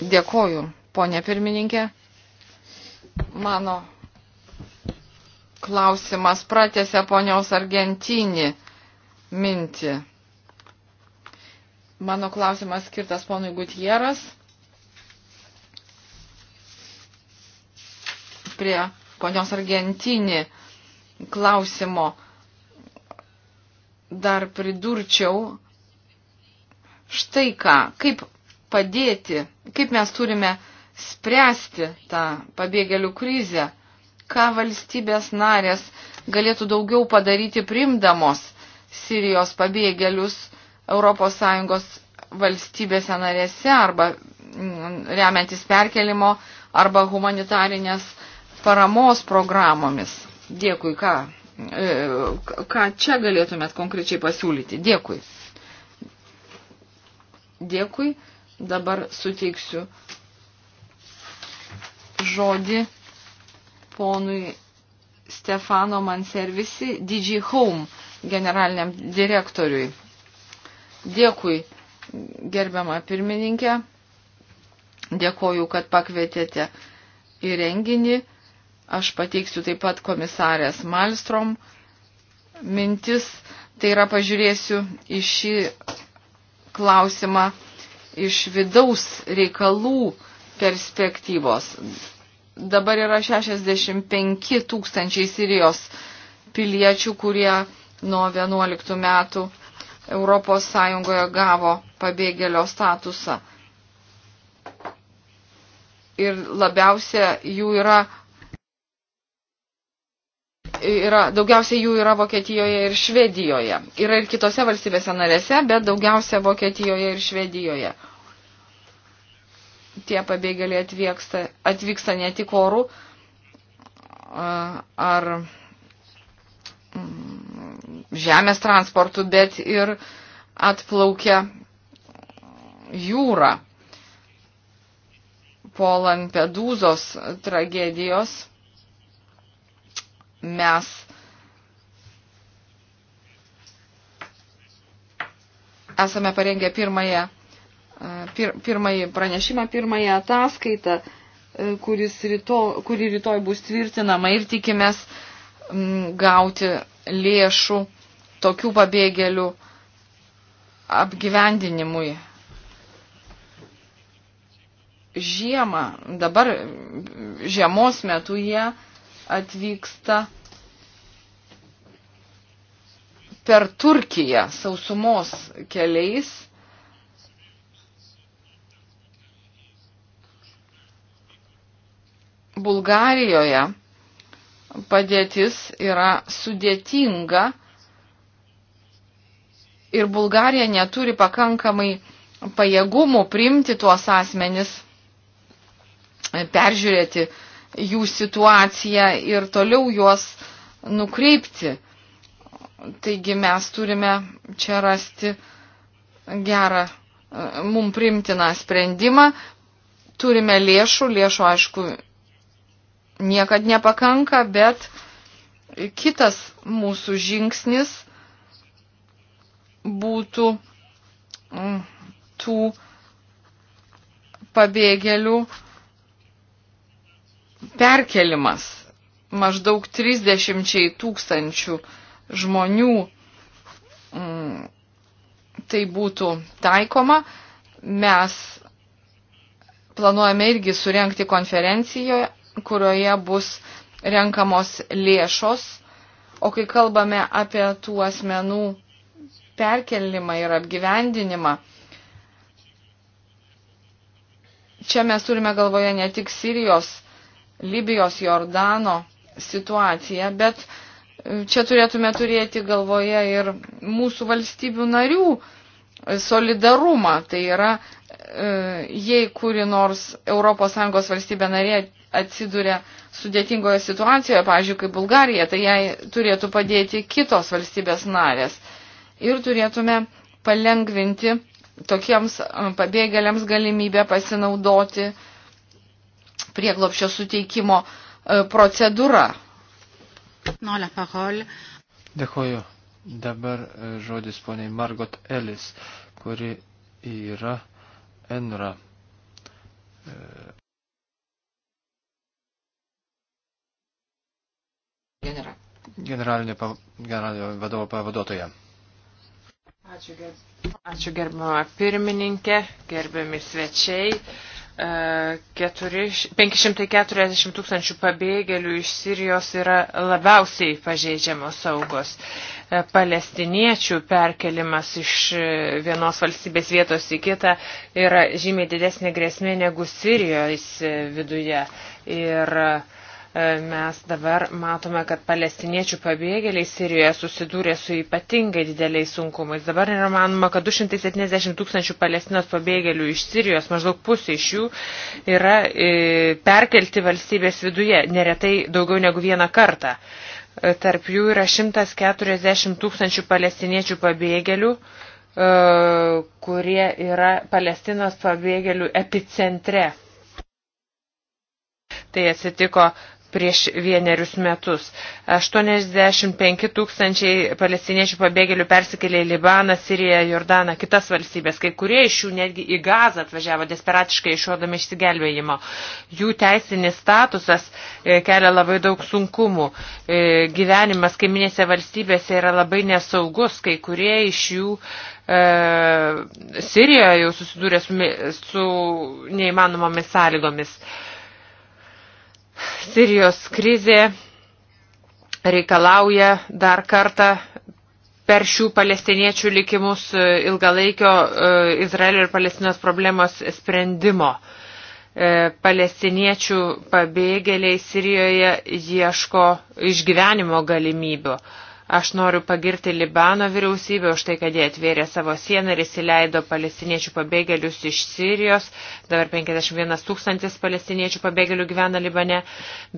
Dėkoju, ponia pirmininkė. Mano klausimas pratėse ponios Argentinį mintį. Mano klausimas skirtas ponui Gutieras. Prie ponios Argentinį klausimo dar pridurčiau štai ką, kaip padėti, kaip mes turime spręsti tą pabėgėlių krizę, ką valstybės narės galėtų daugiau padaryti primdamos Sirijos pabėgėlius ES valstybėse narėse arba mm, remiantis perkelimo arba humanitarinės paramos programomis. Dėkui, ką? E, ką čia galėtumėt konkrečiai pasiūlyti? Dėkui. Dėkui. Dabar suteiksiu žodį ponui Stefano Manservisi, DG Home generaliniam direktoriui. Dėkui, gerbiama pirmininkė. Dėkoju, kad pakvietėte į renginį. Aš pateiksiu taip pat komisarės Malstrom mintis, tai yra pažiūrėsiu į šį klausimą iš vidaus reikalų perspektyvos. Dabar yra 65 tūkstančiai Sirijos piliečių, kurie nuo 11 metų Europos Sąjungoje gavo pabėgėlio statusą. Ir labiausia jų yra yra, daugiausia jų yra Vokietijoje ir Švedijoje. Yra ir kitose valstybėse narėse, bet daugiausia Vokietijoje ir Švedijoje. Tie pabėgėliai atvyksta, atvyksta ne tik orų ar mm, žemės transportu, bet ir atplaukia jūra po Lampedūzos tragedijos mes esame parengę pirmąją, e, pir, pirmąjį pranešimą, pirmąją ataskaitą, e, kuris ryto, kuri rytoj bus tvirtinama ir tikimės gauti lėšų tokių pabėgėlių apgyvendinimui. Žiemą, dabar žiemos metu jie atvyksta per Turkiją sausumos keliais. Bulgarijoje padėtis yra sudėtinga ir Bulgarija neturi pakankamai pajėgumų priimti tuos asmenis, peržiūrėti uh, jų situaciją ir toliau juos nukreipti. Taigi mes turime čia rasti gerą, e, mum primtiną sprendimą. Turime lėšų, lėšų aišku niekad nepakanka, bet kitas mūsų žingsnis būtų mm, tų pabėgėlių perkelimas maždaug 30 tūkstančių žmonių mm, tai būtų taikoma. Mes planuojame irgi surenkti konferenciją, kurioje bus renkamos lėšos, o kai kalbame apie tų asmenų perkelimą ir apgyvendinimą, čia mes turime galvoje ne tik Sirijos Libijos, Jordano situaciją, bet e, čia turėtume turėti galvoje ir mūsų valstybių narių e, solidarumą. Tai yra, e, jei kuri nors ES valstybė narė atsiduria sudėtingoje situacijoje, pavyzdžiui, kaip Bulgarija, tai jai turėtų padėti kitos valstybės narės. Ir turėtume palengvinti tokiems pabėgėliams galimybę pasinaudoti uh, prieglopščio suteikimo e, procedūra. Dėkuoju. Dabar e, žodis poniai Margot Ellis, kuri yra Enra. E, General. Generalinė generalinio vadovo pavaduotoja. Ačiū, gerb... Ačiū gerbimo pirmininkė, gerbiami svečiai. 540 tūkstančių pabėgėlių iš Sirijos yra labiausiai pažeidžiamos saugos. E, palestiniečių perkelimas iš e, vienos valstybės vietos į kitą yra žymiai didesnė grėsmė negu Sirijos e, viduje. Ir uh, E, mes dabar matome, kad palestiniečių pabėgėliai Sirijoje susidūrė su ypatingai dideliais sunkumais. Dabar yra manoma, kad 270 tūkstančių palestinos pabėgėlių iš Sirijos, maždaug pusė iš jų, yra e, perkelti valstybės viduje, neretai daugiau negu vieną kartą. E, tarp jų yra 140 tūkstančių palestiniečių pabėgėlių kurie yra Palestinos pabėgėlių epicentre. Tai atsitiko prieš vienerius metus. 85 tūkstančiai palestiniečių pabėgėlių persikėlė į Libaną, Siriją, Jordaną, kitas valstybės. Kai kurie iš jų netgi į Gazą atvažiavo desperatiškai išuodami išsigelbėjimo. Jų teisinis statusas e, kelia labai daug sunkumų. E, gyvenimas kaiminėse valstybėse yra labai nesaugus. Kai kurie iš jų e, Sirijoje jau susidūrė su, su neįmanomomis sąlygomis. E, Sirijos krizė reikalauja dar kartą per šių palestiniečių likimus e, ilgalaikio e, Izraelio ir Palestinos problemos sprendimo. E, palestiniečių pabėgėliai Sirijoje ieško išgyvenimo galimybių Aš noriu pagirti Libano vyriausybę už tai, kad jie atvėrė savo sieną ir įsileido palestiniečių pabėgėlius iš Sirijos. Dabar 51 tūkstantis palestiniečių pabėgėlių gyvena Libane.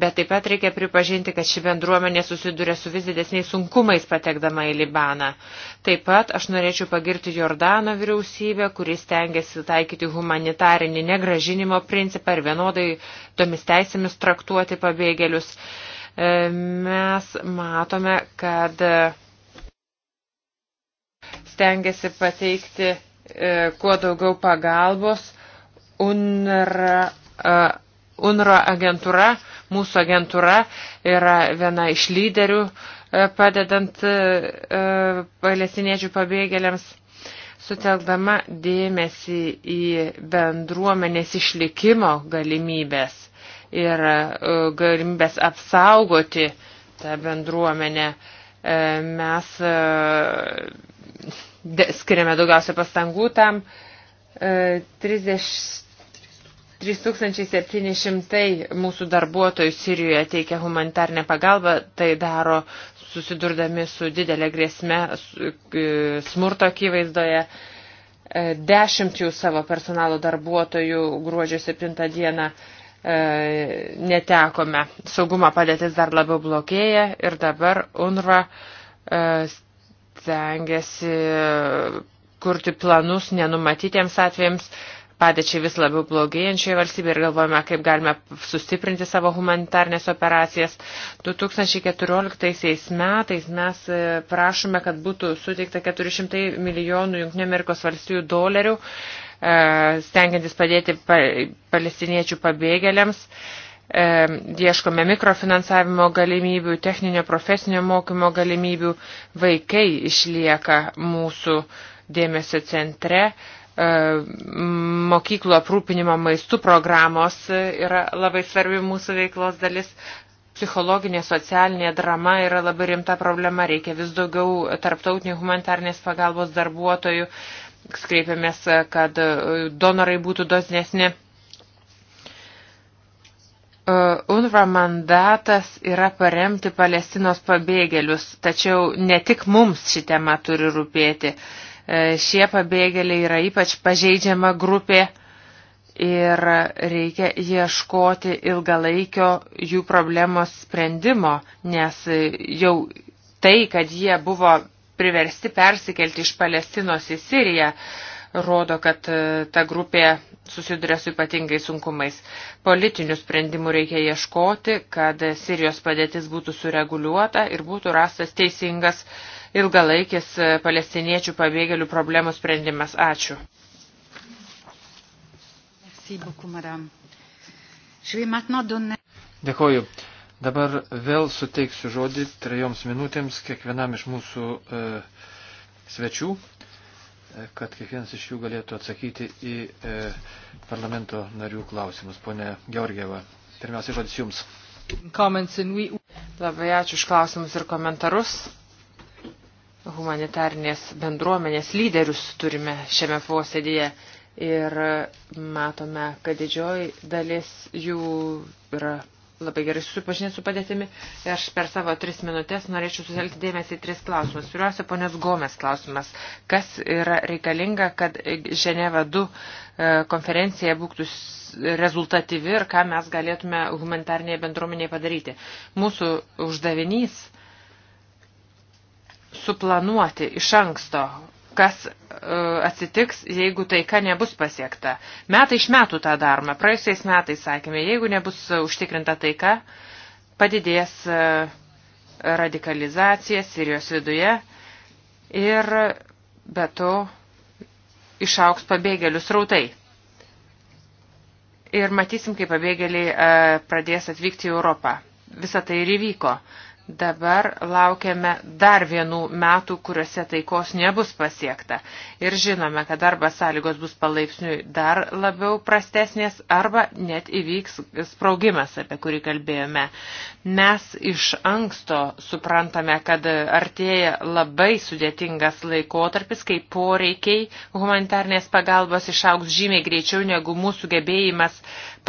Bet taip pat reikia pripažinti, kad ši bendruomenė susiduria su vis didesniais sunkumais patekdama į Libaną. Taip pat aš norėčiau pagirti Jordano vyriausybę, kuris tengiasi taikyti humanitarinį negražinimo principą ir vienodai tomis teisėmis traktuoti pabėgėlius. E, mes matome, kad stengiasi pateikti e, kuo daugiau pagalbos. UNRA, e, UNRA agentūra, mūsų agentūra yra viena iš lyderių padedant palestiniečių pabėgėliams sutelkdama dėmesį į bendruomenės išlikimo galimybės ir e, galimybės apsaugoti tą bendruomenę. E, mes e, skiriame daugiausia pastangų tam. 30, 3700 mūsų darbuotojų Sirijoje teikia humanitarnę pagalbą, tai daro susidurdami su didelė grėsme smurto akivaizdoje. Dešimt jų savo personalo darbuotojų gruodžio 7 dieną E, netekome. Saugumo padėtis dar labiau blogėja ir dabar UNRWA e, stengiasi kurti planus nenumatytiems atvejams padėčiai vis labiau blogėjančioje valstybėje ir galvojame, kaip galime sustiprinti savo humanitarnės operacijas. 2014 metais mes e, prašome, kad būtų suteikta 400 milijonų JAV dolerių E, stengiantis padėti palestiniečių pabėgėliams. E, ieškome mikrofinansavimo galimybių, techninio profesinio mokymo galimybių. Vaikai išlieka mūsų dėmesio centre e, mokyklų aprūpinimo maistų programos yra labai svarbi mūsų veiklos dalis. Psichologinė, socialinė drama yra labai rimta problema, reikia vis daugiau tarptautinių humanitarnės pagalbos darbuotojų, skreipiamės, kad e, donorai būtų dosnesni. E, UNRWA mandatas yra paremti Palestinos pabėgėlius, tačiau ne tik mums ši tema turi rūpėti. E, šie pabėgėliai yra ypač pažeidžiama grupė ir reikia ieškoti ilgalaikio jų problemos sprendimo, nes jau tai, kad jie buvo priversti persikelti iš Palestinos į Siriją, rodo, kad e, ta grupė susiduria su ypatingai sunkumais. Politinių sprendimų reikia ieškoti, kad Sirijos padėtis būtų sureguliuota ir būtų rastas teisingas ilgalaikis e, palestiniečių pabėgėlių problemų sprendimas. Ačiū. Dėkoju. Dabar vėl suteiksiu žodį trejoms minutėms kiekvienam iš mūsų e, svečių, e, kad kiekvienas iš jų galėtų atsakyti į e, parlamento narių klausimus. Pone Georgieva, pirmiausia žodis jums. We... Labai ačiū už klausimus ir komentarus. Humanitarnės bendruomenės lyderius turime šiame posėdėje ir matome, kad didžioji dalis jų yra labai gerai susipažinęs su padėtimi. Ir aš per savo tris minutės norėčiau sutelkti dėmesį į tris klausimus. Pirmiausia, ponios Gomės klausimas. Kas yra reikalinga, kad Ženeva 2 e, konferencija būtų rezultatyvi ir ką mes galėtume humanitarnėje bendruomenėje padaryti. Mūsų uždavinys suplanuoti iš anksto, kas e, atsitiks, jeigu taika nebus pasiekta. Metai iš metų tą darome. Praėjusiais metais sakėme, jeigu nebus e, užtikrinta taika, padidės e, radikalizacija Sirijos viduje ir be to išauks pabėgėlių srautai. Ir matysim, kaip pabėgėliai pradės atvykti į Europą. Visa tai ir įvyko. Dabar laukiame dar vienų metų, kuriuose taikos nebus pasiekta. Ir žinome, kad arba sąlygos bus palaipsniui dar labiau prastesnės, arba net įvyks sprogimas, apie kurį kalbėjome. Mes iš anksto suprantame, kad artėja labai sudėtingas laikotarpis, kai poreikiai humanitarnės pagalbos išaugs žymiai greičiau negu mūsų gebėjimas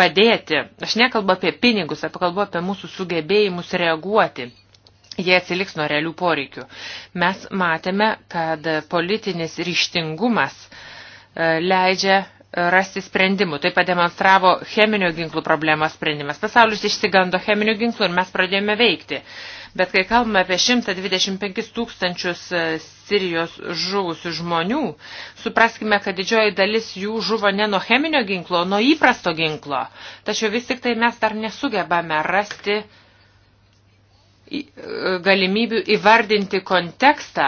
padėti. Aš nekalbu apie pinigus, apie kalbu apie mūsų sugebėjimus reaguoti jie atsiliks nuo realių poreikių. Mes matėme, kad politinis ryštingumas e, leidžia rasti sprendimų. Tai pademonstravo cheminio ginklų problemos sprendimas. Pasaulis išsigando cheminio ginklų ir mes pradėjome veikti. Bet kai kalbame apie 125 tūkstančius e, Sirijos žuvusių žmonių, supraskime, kad didžioji dalis jų žuvo ne nuo cheminio ginklo, o nuo įprasto ginklo. Tačiau vis tik tai mes dar nesugebame rasti uh, E, galimybių įvardinti kontekstą,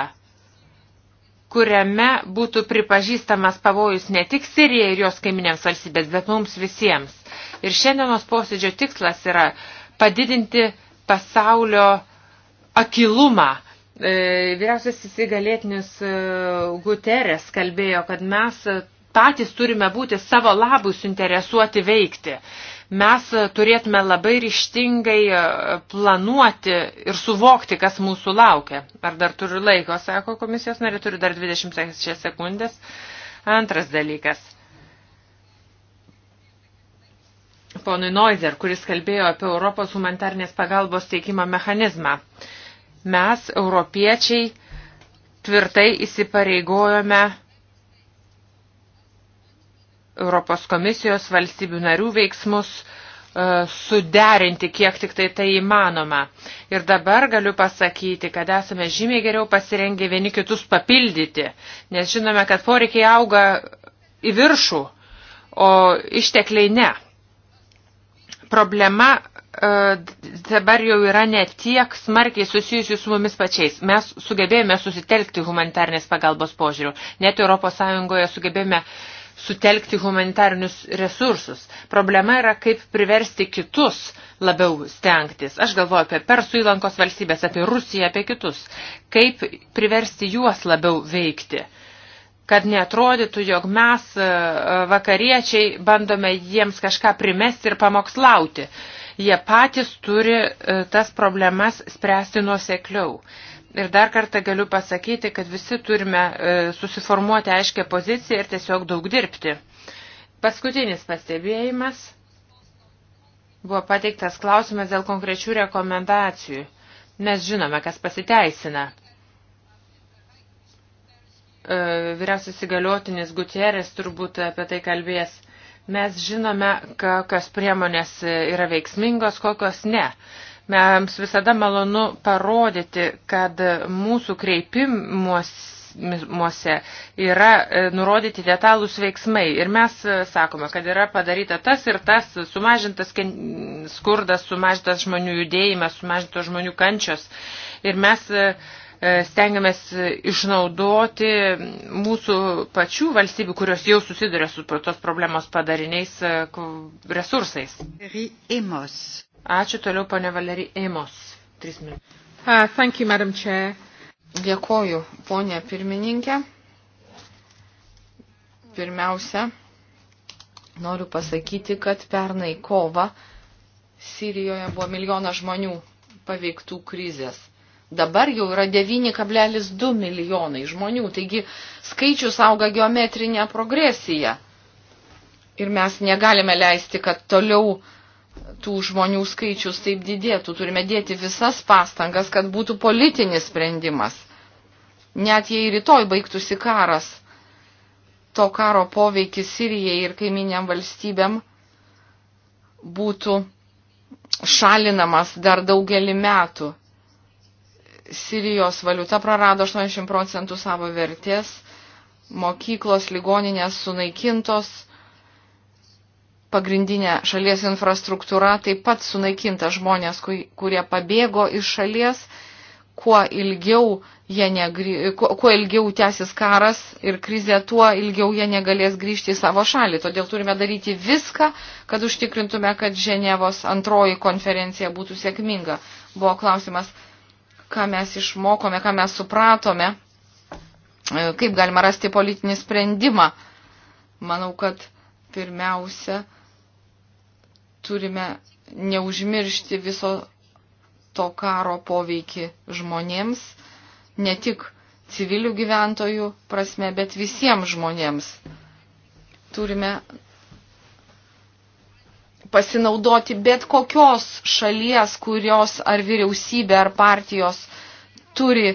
kuriame būtų pripažįstamas pavojus ne tik Sirijai ir jos kaiminėms valstybės, bet mums visiems. Ir šiandienos posėdžio tikslas yra padidinti pasaulio akilumą. E, vyriausias įsigalėtinis e, Guterres kalbėjo, kad mes patys turime būti savo labų suinteresuoti veikti mes turėtume labai ryštingai e, planuoti ir suvokti, kas mūsų laukia. Ar dar turiu laiko, sako komisijos narė, turiu dar 26 sekundės. Antras dalykas. Ponui Noizer, kuris kalbėjo apie Europos humanitarnės pagalbos teikimo mechanizmą. Mes, europiečiai, tvirtai įsipareigojome Europos komisijos valstybių narių veiksmus e, suderinti, kiek tik tai tai įmanoma. Ir dabar galiu pasakyti, kad esame žymiai geriau pasirengę vieni kitus papildyti, nes žinome, kad poreikiai auga į viršų, o ištekliai ne. Problema e, dabar jau yra ne tiek smarkiai susijusi su mumis pačiais. Mes sugebėjome susitelkti humanitarnės pagalbos požiūrių. Net Europos Sąjungoje sugebėjome uh, sutelkti humanitarinius resursus. Problema yra, kaip priversti kitus labiau stengtis. Aš galvoju apie Persų įlankos valstybės, apie Rusiją, apie kitus. Kaip priversti juos labiau veikti kad neatrodytų, jog mes e, vakariečiai bandome jiems kažką primesti ir pamokslauti. Jie patys turi e, tas problemas spręsti nuosekliau. Ir dar kartą galiu pasakyti, kad visi turime e, susiformuoti aiškę poziciją ir tiesiog daug dirbti. Paskutinis pastebėjimas buvo pateiktas klausimas dėl konkrečių rekomendacijų. Mes žinome, kas pasiteisina. E, vyriausias įgaliotinis Gutierės turbūt apie tai kalbės. Mes žinome, kokios priemonės e, yra veiksmingos, kokios ne. Mes visada malonu parodyti, kad mūsų kreipimuose yra e, nurodyti detalūs veiksmai. Ir mes e, sakome, kad yra padaryta tas ir tas, sumažintas skurdas, sumažintas žmonių judėjimas, sumažintos žmonių kančios. Ir mes e, stengiamės išnaudoti mūsų pačių valstybių, kurios jau susiduria su tos problemos padariniais resursais. Emos. Ačiū toliau, ponė Valerija Eimos. Tris minutės. Uh, thank you, Madam Chair. Dėkoju, ponė pirmininkė. Pirmiausia, noriu pasakyti, kad pernai kova Sirijoje buvo milijonas žmonių paveiktų krizės. Dabar jau yra 9,2 milijonai žmonių, taigi skaičius auga geometrinė progresija. Ir mes negalime leisti, kad toliau uh, tų žmonių skaičius taip didėtų. Turime dėti visas pastangas, kad būtų politinis sprendimas. Net jei rytoj baigtųsi karas, to karo poveikis Sirijai ir kaiminiam valstybėm būtų šalinamas dar daugelį metų. Sirijos valiuta prarado 80 procentų savo vertės, mokyklos, ligoninės sunaikintos, pagrindinė šalies infrastruktūra taip pat sunaikinta žmonės, kurie pabėgo iš šalies, kuo ilgiau, negry... kuo ilgiau tęsis karas ir krizė, tuo ilgiau jie negalės grįžti į savo šalį. Todėl turime daryti viską, kad užtikrintume, kad Ženevos antroji konferencija būtų sėkminga. Buvo klausimas, ką mes išmokome, ką mes supratome, e, kaip galima rasti politinį sprendimą. Manau, kad pirmiausia, turime neužmiršti viso to karo poveikį žmonėms, ne tik civilių gyventojų prasme, bet visiems žmonėms. Turime pasinaudoti bet kokios šalies, kurios ar vyriausybė ar partijos turi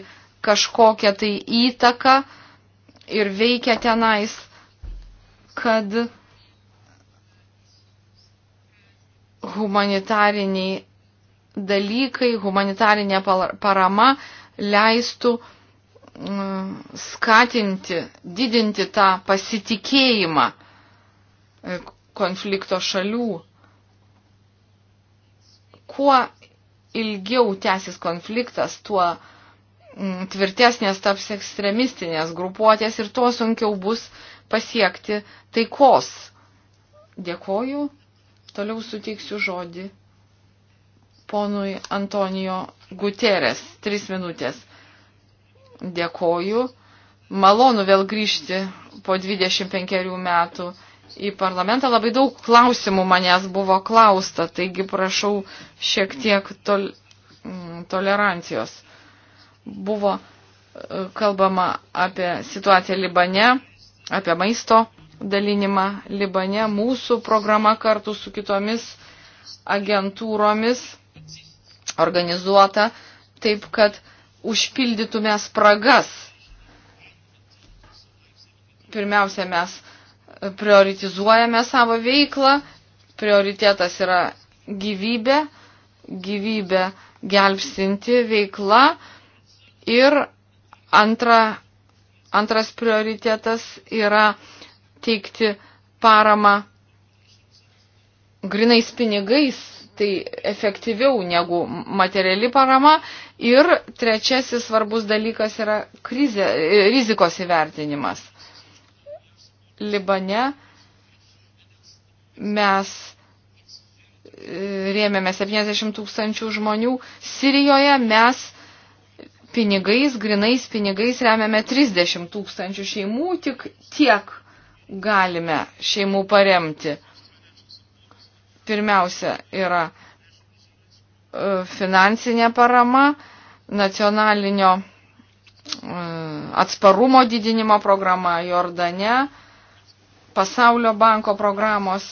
kažkokią tai įtaką ir veikia tenais, kad humanitariniai dalykai, humanitarinė parama leistų mm, skatinti, didinti tą pasitikėjimą e, konflikto šalių. Kuo ilgiau tęsis konfliktas, tuo mm, tvirtesnės taps ekstremistinės grupuotės ir tuo sunkiau bus pasiekti taikos. Dėkoju. Toliau suteiksiu žodį ponui Antonijo Guterres. Tris minutės. Dėkoju. Malonu vėl grįžti po 25 metų į parlamentą. Labai daug klausimų manęs buvo klausta, taigi prašau šiek tiek tol, mm, tolerancijos. Buvo e, kalbama apie situaciją Libane, apie maisto dalinimą Libane. Mūsų programa kartu su kitomis agentūromis organizuota taip, kad užpildytume spragas. Pirmiausia, mes prioritizuojame savo veiklą. Prioritetas yra gyvybė, gyvybė gelbstinti veikla. Ir antra, antras prioritetas yra teikti paramą grinais pinigais, tai efektyviau negu materiali parama. Ir trečiasis svarbus dalykas yra krizė, rizikos įvertinimas. Libane mes e, rėmėme 70 tūkstančių žmonių, Sirijoje mes pinigais, grinais pinigais remiame 30 tūkstančių šeimų, tik tiek galime šeimų paremti? Pirmiausia yra e, finansinė parama, nacionalinio e, atsparumo didinimo programa Jordane, pasaulio banko programos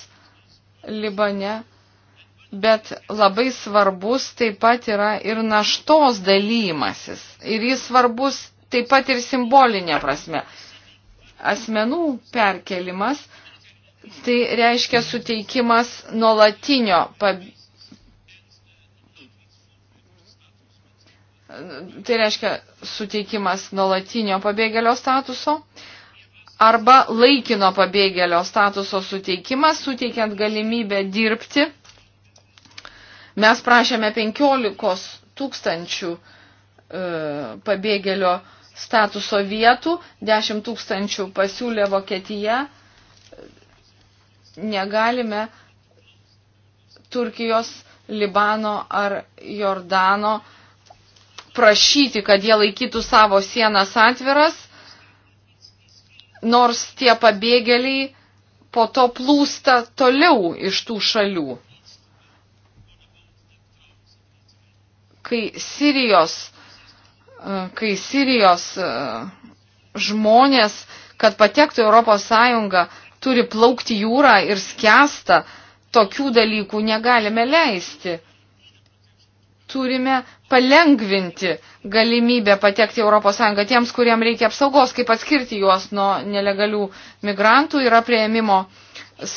Libane, bet labai svarbus taip pat yra ir naštos dalymasis. Ir jis svarbus taip pat ir simbolinė prasme asmenų perkelimas, tai reiškia suteikimas nuolatinio pab... tai reiškia suteikimas nuolatinio pabėgėlio statuso arba laikino pabėgėlio statuso suteikimas, suteikiant galimybę dirbti. Mes prašėme 15 tūkstančių e, pabėgėlio statuso vietų, 10 tūkstančių pasiūlė Vokietija, negalime Turkijos, Libano ar Jordano prašyti, kad jie laikytų savo sienas atviras, nors tie pabėgėliai po to plūsta toliau iš tų šalių. Kai Sirijos E, kai Sirijos e, žmonės, kad patektų Europos Sąjungą, turi plaukti jūrą ir skęsta, tokių dalykų negalime leisti. Turime palengvinti galimybę patekti Europos Sąjungą tiems, kuriem reikia apsaugos, kaip atskirti juos nuo nelegalių migrantų, yra prieimimo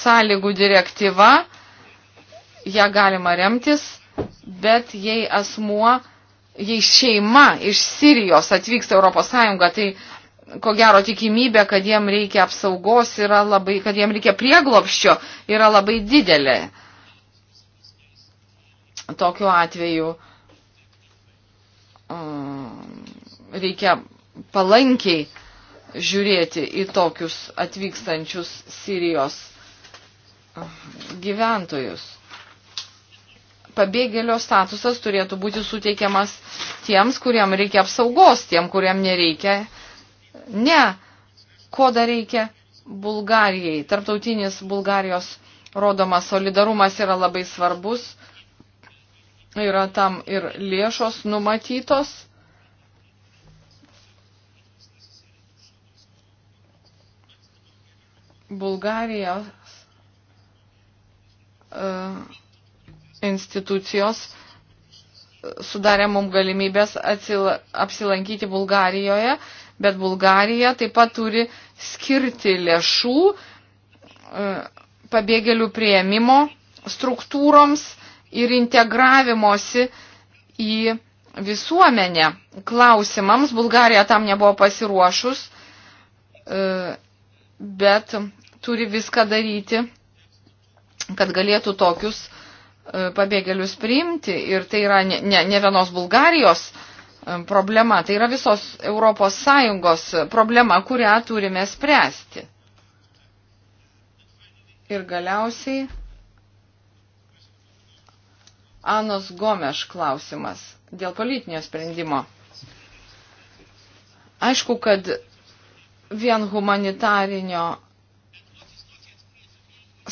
sąlygų direktyva, ją galima remtis, bet jei asmuo jei šeima iš Sirijos atvyksta Europos Sąjungą, tai ko gero tikimybė, kad jiem reikia apsaugos, yra labai, kad jiem reikia prieglopščio, yra labai didelė. Tokiu atveju um, reikia palankiai žiūrėti į tokius atvykstančius Sirijos gyventojus pabėgėlio statusas turėtų būti suteikiamas tiems, kuriem reikia apsaugos, tiem, kuriem nereikia. Ne, ko dar reikia Bulgarijai. Tarptautinis Bulgarijos rodomas solidarumas yra labai svarbus. Yra tam ir lėšos numatytos. Bulgarijos. Uh, institucijos sudarė mums galimybės atsila, apsilankyti Bulgarijoje, bet Bulgarija taip pat turi skirti lėšų e, pabėgėlių prieimimo struktūroms ir integravimosi į visuomenę klausimams. Bulgarija tam nebuvo pasiruošus, e, bet turi viską daryti, kad galėtų tokius E, pabėgėlius priimti ir tai yra ne, ne, ne vienos Bulgarijos e, problema, tai yra visos Europos Sąjungos problema, kurią turime spręsti. Ir galiausiai Anos Gomeš klausimas dėl politinio sprendimo. Aišku, kad vien humanitarinio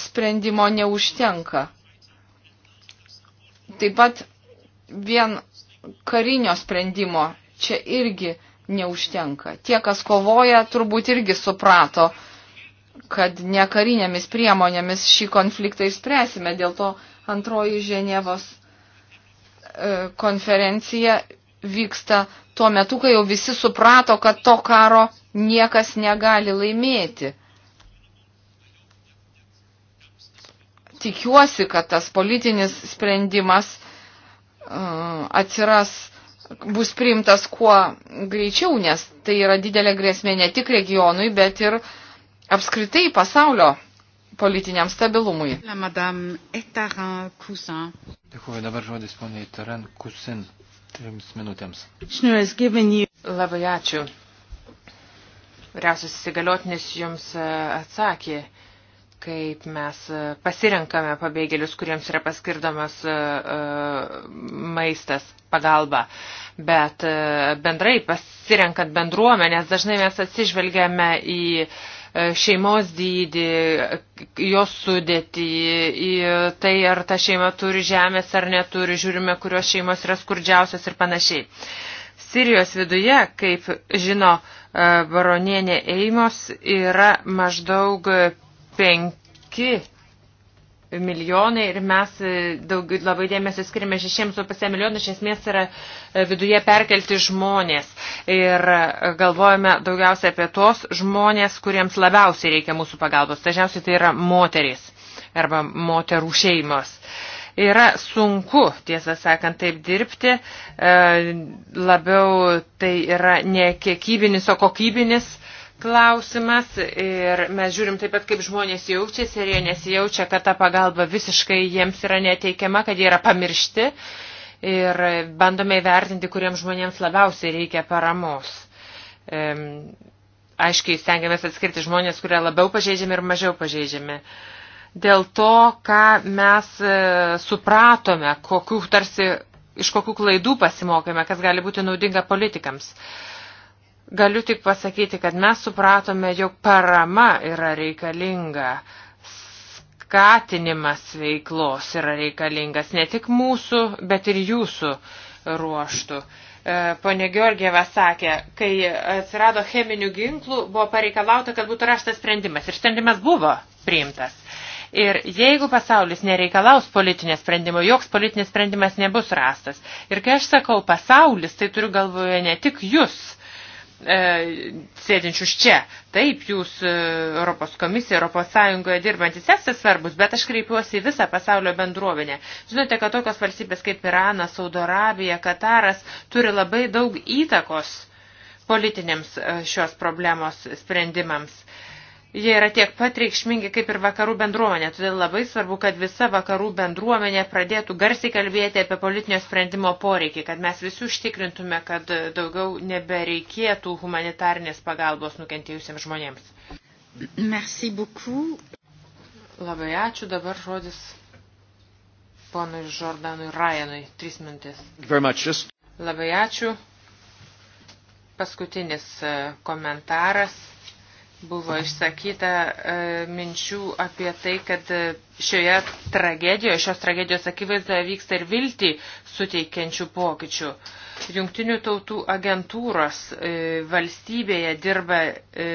sprendimo neužtenka. Taip pat vien karinio sprendimo čia irgi neužtenka. Tie, kas kovoja, turbūt irgi suprato, kad ne karinėmis priemonėmis šį konfliktą išspręsime. Dėl to antroji Ženevos e, konferencija vyksta tuo metu, kai jau visi suprato, kad to karo niekas negali laimėti. tikiuosi, kad tas politinis sprendimas e, atsiras, bus priimtas kuo greičiau, nes tai yra didelė grėsmė ne tik regionui, bet ir apskritai pasaulio politiniam stabilumui. Dėkuoju dabar žodis poniai Taran Kusin trims minutėms. Labai ačiū. Vyriausias įsigaliotinis jums e, atsakė kaip mes e, pasirenkame pabėgėlius, kuriems yra paskirdomas e, e, maistas, pagalba. Bet bendrai pasirenkant bendruomenės, dažnai mes atsižvelgiame į šeimos dydį, jos sudėtį, į tai, ar ta šeima turi žemės ar neturi, žiūrime, kurios šeimos yra skurdžiausios ir panašiai. Sirijos viduje, kaip žino baronienė Eimos, yra maždaug 5 milijonai ir mes e, daug, labai dėmesio skirime 6,5 milijonų, iš esmės yra e, viduje perkelti žmonės. Ir e, galvojame daugiausia apie tos žmonės, kuriems labiausiai reikia mūsų pagalbos. Dažniausiai tai yra moterys arba moterų šeimos. Yra sunku, tiesą sakant, taip dirbti, labiau tai yra ne kiekybinis, o kokybinis klausimas ir mes žiūrim taip pat, kaip žmonės jaučiasi ir jie nesijaučia, kad ta pagalba visiškai jiems yra neteikiama, kad jie yra pamiršti ir bandome įvertinti, kuriems žmonėms labiausiai reikia paramos. Aiškiai, stengiamės atskirti žmonės, kurie labiau pažeidžiami ir mažiau pažeidžiami. Dėl to, ką mes e, supratome, kokių tarsi, iš kokių klaidų pasimokėme, kas gali būti naudinga politikams. Uh, Galiu tik pasakyti, kad mes supratome, jog parama yra reikalinga, skatinimas veiklos yra reikalingas, ne tik mūsų, bet ir jūsų ruoštų. E, Pone Georgieva sakė, kai atsirado cheminių ginklų, buvo pareikalauta, kad būtų raštas sprendimas. Ir sprendimas buvo priimtas. Ir jeigu pasaulis nereikalaus politinio sprendimo, joks politinis sprendimas nebus rastas. Ir kai aš sakau pasaulis, tai turiu galvoje ne tik jūs, E, sėdinčius čia. Taip, jūs e, Europos komisija, Europos Sąjungoje dirbantis esate svarbus, bet aš kreipiuosi į visą pasaulio bendruomenę. Žinote, kad tokios valstybės kaip Iranas, Saudo Arabija, Kataras turi labai daug įtakos politiniams e, šios problemos sprendimams. Jie yra tiek pat reikšmingi kaip ir vakarų bendruomenė, todėl labai svarbu, kad visa vakarų bendruomenė pradėtų garsiai kalbėti apie politinio sprendimo poreikį, kad mes visi užtikrintume, kad daugiau nebereikėtų humanitarnės pagalbos nukentėjusiems žmonėms. Merci beaucoup. Labai ačiū dabar žodis ponui Žordanui Ryanui. Tris minutės. Very much. Just... Labai ačiū. Paskutinis e, komentaras buvo išsakyta e, minčių apie tai, kad e, šioje tragedijoje, šios tragedijos akivaizdoje vyksta ir viltį suteikiančių pokyčių. Jungtinių tautų agentūros e, valstybėje dirba e,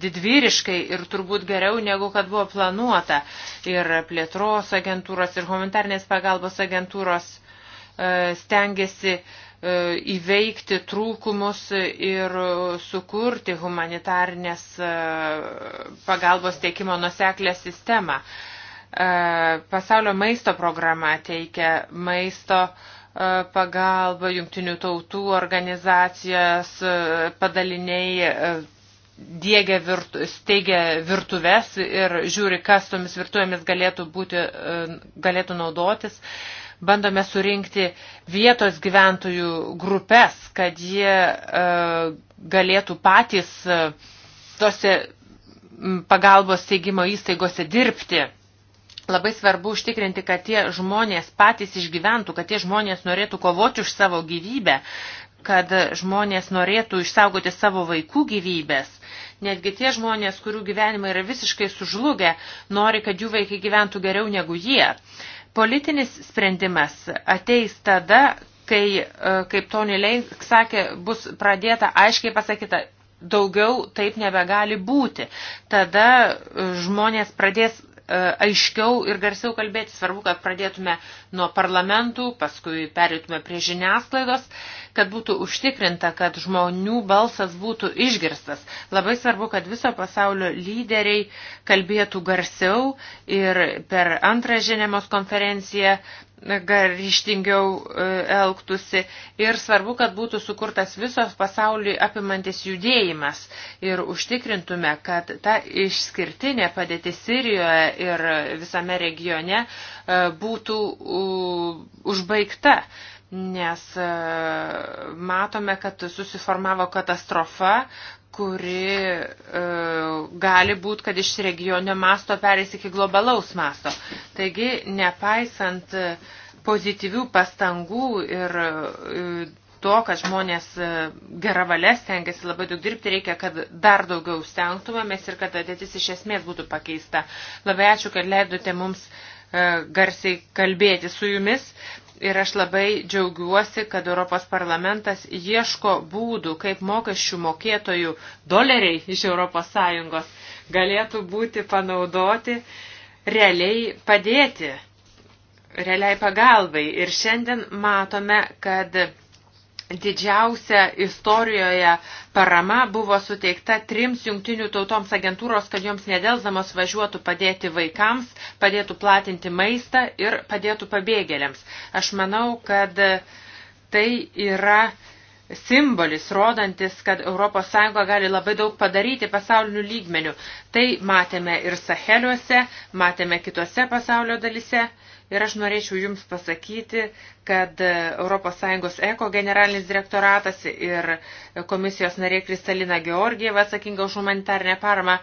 didvyriškai ir turbūt geriau negu kad buvo planuota. Ir plėtros agentūros, ir humanitarnės pagalbos agentūros e, stengiasi e, E, įveikti trūkumus ir sukurti humanitarnės e, pagalbos teikimo nuseklę sistemą. E, pasaulio maisto programa teikia maisto pagalbą, jungtinių tautų organizacijos padaliniai dėgia virtu, steigia virtuves ir žiūri, kas tomis virtuvėmis galėtų, būti, galėtų naudotis bandome surinkti vietos gyventojų grupės, kad jie e, galėtų patys e, tose pagalbos teigimo įstaigose dirbti. Labai svarbu užtikrinti, kad tie žmonės patys išgyventų, kad tie žmonės norėtų kovoti už savo gyvybę, kad žmonės norėtų išsaugoti savo vaikų gyvybės. Netgi tie žmonės, kurių gyvenimai yra visiškai sužlugę, nori, kad jų vaikai gyventų geriau negu jie. Uh, Politinis sprendimas ateis tada, kai, e, kaip Tony Leink sakė, bus pradėta aiškiai pasakyta, daugiau taip nebegali būti. Tada e, žmonės pradės e, aiškiau ir garsiau kalbėti. Svarbu, kad pradėtume nuo parlamentų, paskui perėtume prie žiniasklaidos, kad būtų užtikrinta, kad žmonių balsas būtų išgirstas. Labai svarbu, kad viso pasaulio lyderiai kalbėtų garsiau ir per antrą žinėmos konferenciją ryštingiau e, elgtųsi ir svarbu, kad būtų sukurtas visos pasaulį apimantis judėjimas ir užtikrintume, kad ta išskirtinė padėtis Sirijoje ir visame regione e, būtų užbaigta, nes e, matome, kad susiformavo katastrofa, kuri e, gali būti, kad iš regioninio masto perės iki globalaus masto. Taigi, nepaisant e, pozityvių pastangų ir to, kad žmonės gerą valią stengiasi labai daug dirbti, reikia, kad dar daugiau stengtumėmės ir kad ateitis iš esmės būtų pakeista. Labai ačiū, kad leidote mums E, garsiai kalbėti su jumis. Ir aš labai džiaugiuosi, kad Europos parlamentas ieško būdų, kaip mokesčių mokėtojų doleriai iš ES galėtų būti panaudoti realiai padėti, realiai pagalbai. Ir šiandien matome, kad didžiausia istorijoje parama buvo suteikta trims jungtinių tautoms agentūros, kad joms nedelsdamos važiuotų padėti vaikams, padėtų platinti maistą ir padėtų pabėgėliams. Aš manau, kad tai yra simbolis, rodantis, kad ES gali labai daug padaryti pasaulinių lygmenių. Tai matėme ir Saheliuose, matėme kitose pasaulio dalise. Ir aš norėčiau Jums pasakyti, kad ES ECO generalinis direktoratas ir komisijos narė Kristalina Georgieva atsakinga už humanitarnę paramą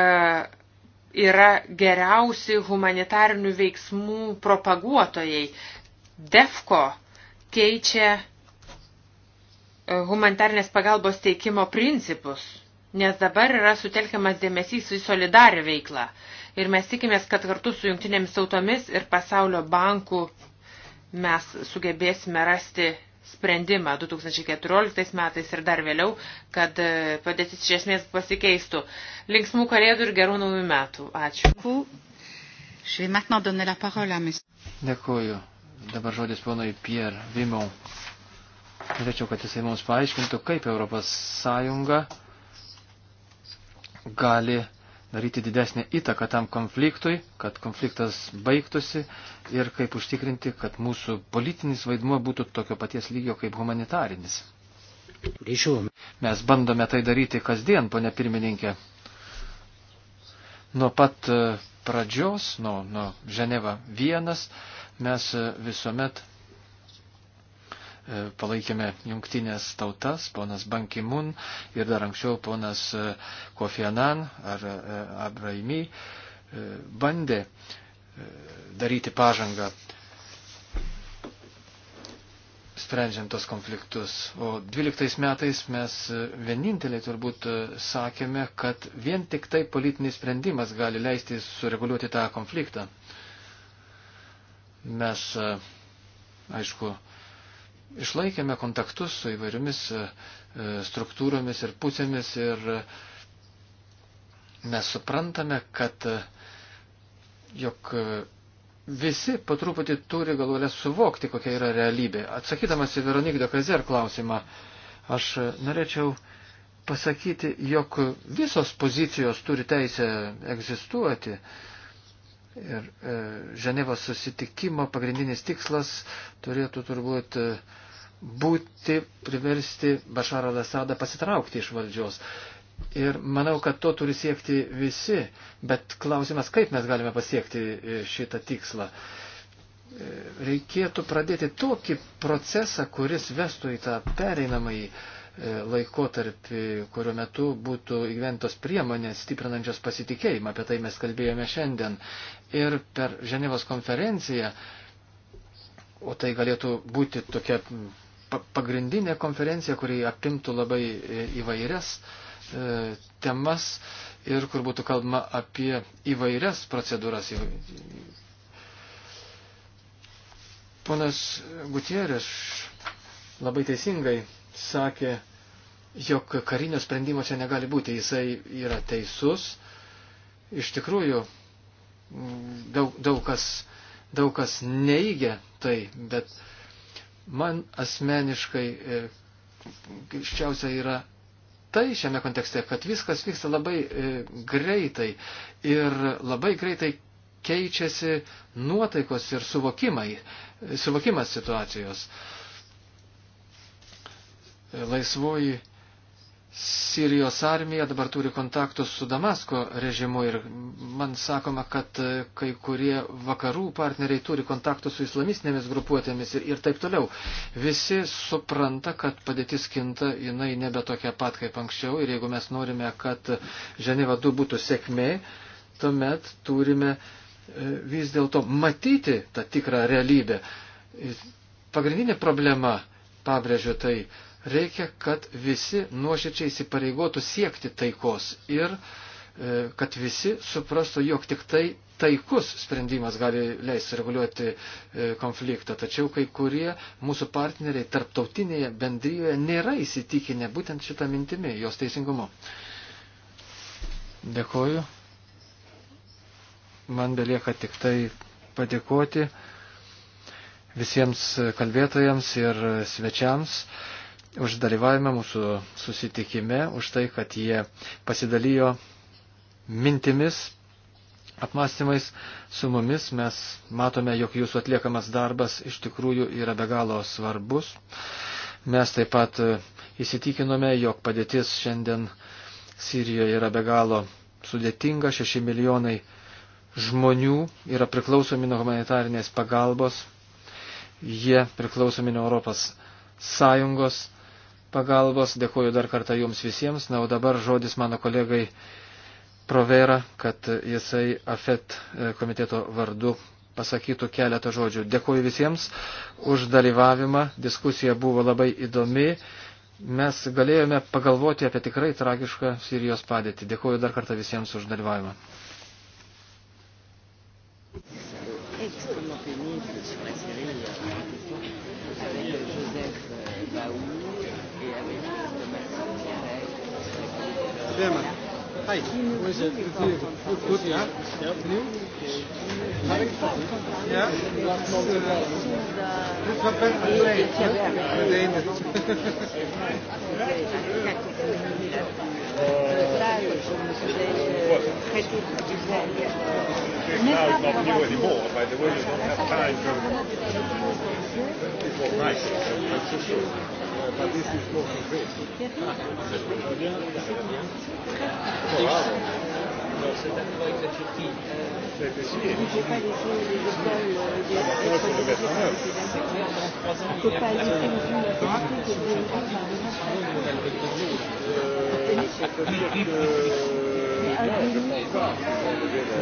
e, yra geriausi humanitarinių veiksmų propaguotojai. DEFCO keičia e, humanitarnės pagalbos teikimo principus, nes dabar yra sutelkiamas dėmesys į solidarią veiklą. Ir mes tikimės, kad kartu su jungtinėmis tautomis ir pasaulio banku mes sugebėsime rasti sprendimą 2014 metais ir dar vėliau, kad e, padėtis iš esmės pasikeistų. Linksmų kalėdų ir gerų naujų metų. Ačiū. Dėkuoju. Dabar žodis ponui Pierre Vimau. Norėčiau, kad jisai mums paaiškintų, kaip Europos Sąjunga gali daryti didesnę įtaką tam konfliktui, kad konfliktas baigtųsi ir kaip užtikrinti, kad mūsų politinis vaidmuo būtų tokio paties lygio kaip humanitarinis. Mes bandome tai daryti kasdien, ponė pirmininkė. Nuo pat e, pradžios, nuo, nuo Ženeva 1, mes e, visuomet E, palaikėme jungtinės tautas, ponas Bankimun ir dar anksčiau ponas e, Kofianan ar e, Abraimi bandė daryti pažangą sprendžiant tos konfliktus. O 12 metais mes vieninteliai turbūt sakėme, kad vien tik tai politinis sprendimas gali leisti sureguliuoti tą konfliktą. Mes, aišku, išlaikėme kontaktus su įvairiomis e, e, struktūromis ir pusėmis ir e, mes suprantame, kad jog visi po truputį turi galų galę suvokti, kokia yra realybė. Atsakydamas į Veronik de Kazer klausimą, aš norėčiau pasakyti, jog visos pozicijos turi teisę egzistuoti. E, Ir e, Ženevos susitikimo pagrindinis tikslas turėtų turbūt e, būti priversti Bašarą Lasadą pasitraukti iš valdžios. Ir manau, kad to turi siekti visi, bet klausimas, kaip mes galime pasiekti e, šitą tikslą. E, reikėtų pradėti tokį procesą, kuris vestų į tą pereinamąjį E, laikotarpį, kurio metu būtų įgyventos priemonės stiprinančios pasitikėjimą, apie tai mes kalbėjome šiandien. Ir per Ženevos konferenciją, o tai galėtų būti tokia pagrindinė konferencija, kuri apimtų labai e, įvairias e, temas ir kur būtų kalbama apie įvairias procedūras. Ponas Gutierrez labai teisingai sakė, jog karinio sprendimo čia negali būti, jisai yra teisus. Iš tikrųjų, daug, daug, kas, daug kas neigia tai, bet man asmeniškai e, iščiausia yra tai šiame kontekste, kad viskas vyksta labai e, greitai ir labai greitai keičiasi nuotaikos ir suvokimai, e, suvokimas situacijos. E, laisvoji Sirijos armija dabar turi kontaktus su Damasko režimu ir man sakoma, kad e, kai kurie vakarų partneriai turi kontaktus su islamistinėmis grupuotėmis ir, ir taip toliau. Visi supranta, kad padėtis kinta, jinai nebe tokia pat kaip anksčiau ir jeigu mes norime, kad Ženeva 2 būtų sėkmė, tuomet turime e, vis dėlto matyti tą tikrą realybę. Pagrindinė problema, pabrėžiu tai, reikia, kad visi nuoširdžiai įsipareigotų siekti taikos ir e, kad visi suprastų, jog tik tai taikus sprendimas gali leisti reguliuoti e, konfliktą. Tačiau kai kurie mūsų partneriai tarptautinėje bendryjoje nėra įsitikinę būtent šitą mintimį, jos teisingumu. Dėkoju. Man belieka tik tai padėkoti visiems kalbėtojams ir svečiams už dalyvavimą mūsų susitikime, už tai, kad jie pasidalijo mintimis, apmąstymais su mumis. Mes matome, jog jūsų atliekamas darbas iš tikrųjų yra be galo svarbus. Mes taip pat e, įsitikinome, jog padėtis šiandien Sirijoje yra be galo sudėtinga, 6 milijonai žmonių yra priklausomi nuo humanitarinės pagalbos, jie priklausomi nuo Europos Sąjungos pagalbos. Dėkuoju dar kartą jums visiems. Na, o dabar žodis mano kolegai Provera, kad jisai AFET e, komiteto vardu pasakytų keletą žodžių. Dėkuoju visiems už dalyvavimą. Diskusija buvo labai įdomi. Mes galėjome pagalvoti apie tikrai tragišką Sirijos padėtį. Dėkuoju dar kartą visiems už dalyvavimą. Remmer. Hi, hoe is het? Heel goed, ja? Benieuwd? Ja? Ja? Het gaat bij het eind, hè? Het einde. Kijk, Right. This now is not new anymore, by the way, you don't have time to... It was nice, that's for sure. But this is more concrete. Bravo. Alors cette année avec la Turquie. Ça a été signé. On ne peut pas laisser les écoles dirigées par les pédagogues. On ne peut pas laisser non plus la politique être dirigée par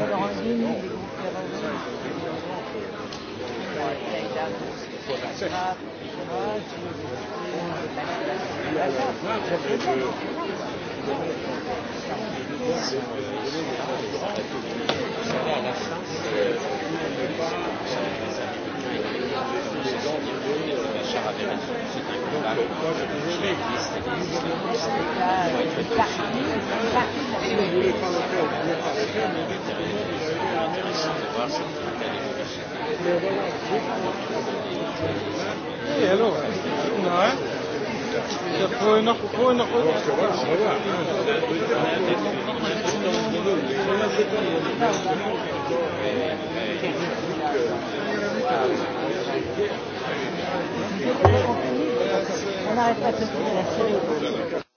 les enseignants. C'est-à-dire que. Mais un demi. Alors un demi, ils vont faire un demi. Voilà. Et eh, alors, on a un eh. On n'arrête pas de se poser la série.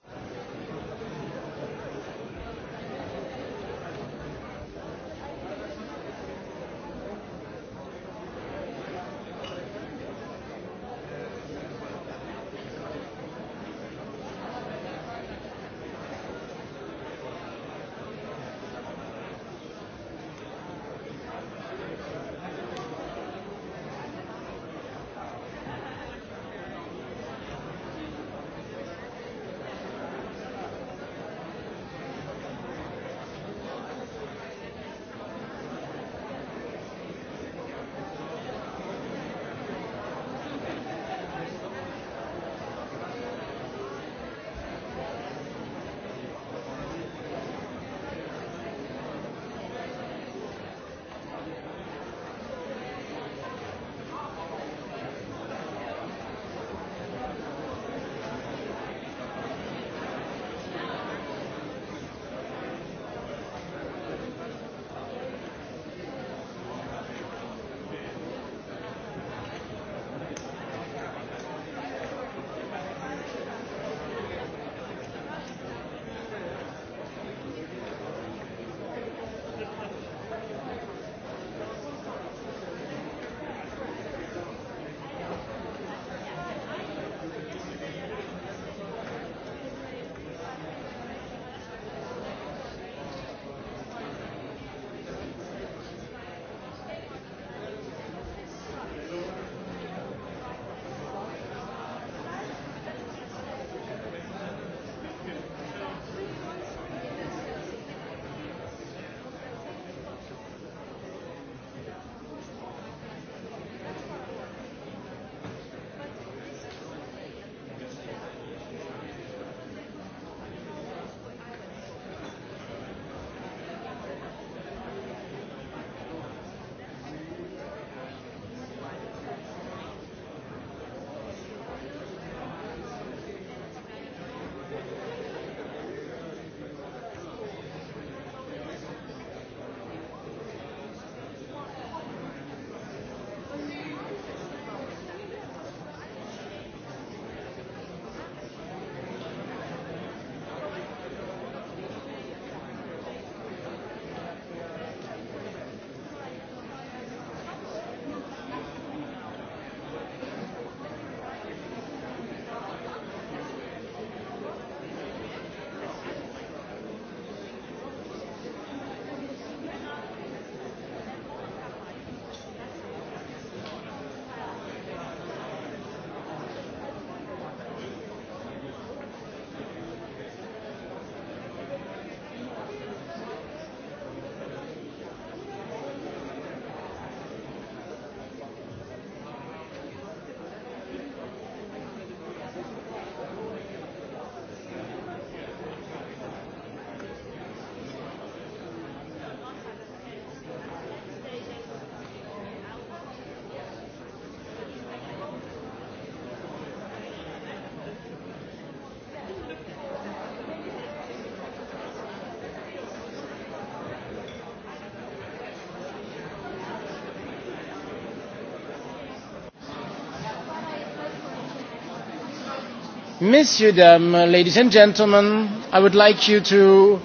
Messieurs, dames, ladies and gentlemen, I would like you to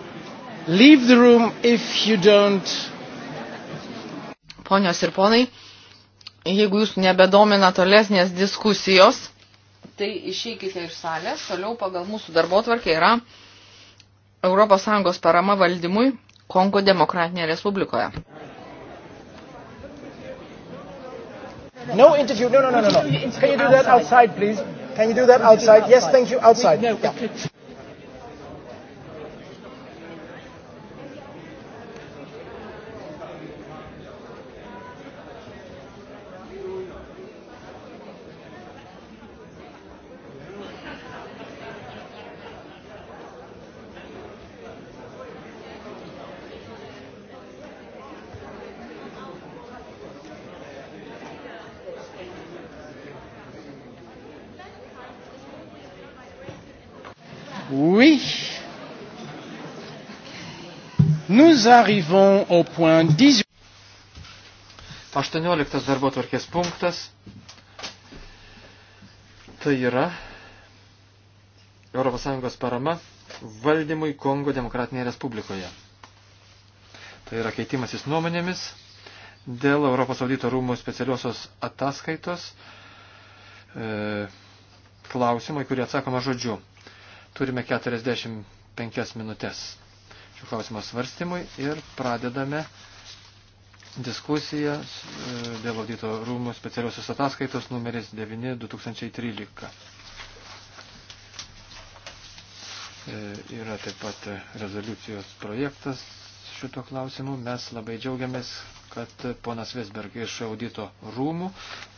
leave the room if you don't. Ponios ir ponai, jeigu jūs nebedomina tolesnės diskusijos, tai išeikite iš salės. Toliau pagal mūsų darbo tvarkė yra ES parama valdymui Kongo demokratinėje respublikoje. No interview. No, no, no, no. no. Can you do that outside, please? Can you do that outside? Yes, thank you. Outside. No, yeah. Nous arrivons au point 18. 18 darbo tvarkės punktas. Tai yra ES parama valdymui Kongo Demokratinėje Respublikoje. Tai yra keitimasis nuomonėmis dėl Europos audito rūmų specialiosios ataskaitos e, klausimai, kurie atsakoma žodžiu. Turime 45 minutės šių klausimų svarstymui ir pradedame diskusiją e, dėl audito rūmų specialiosios ataskaitos numeris 9 2013. E, yra taip pat rezoliucijos projektas šito klausimu. Mes labai džiaugiamės, kad ponas Vesberg iš audito rūmų,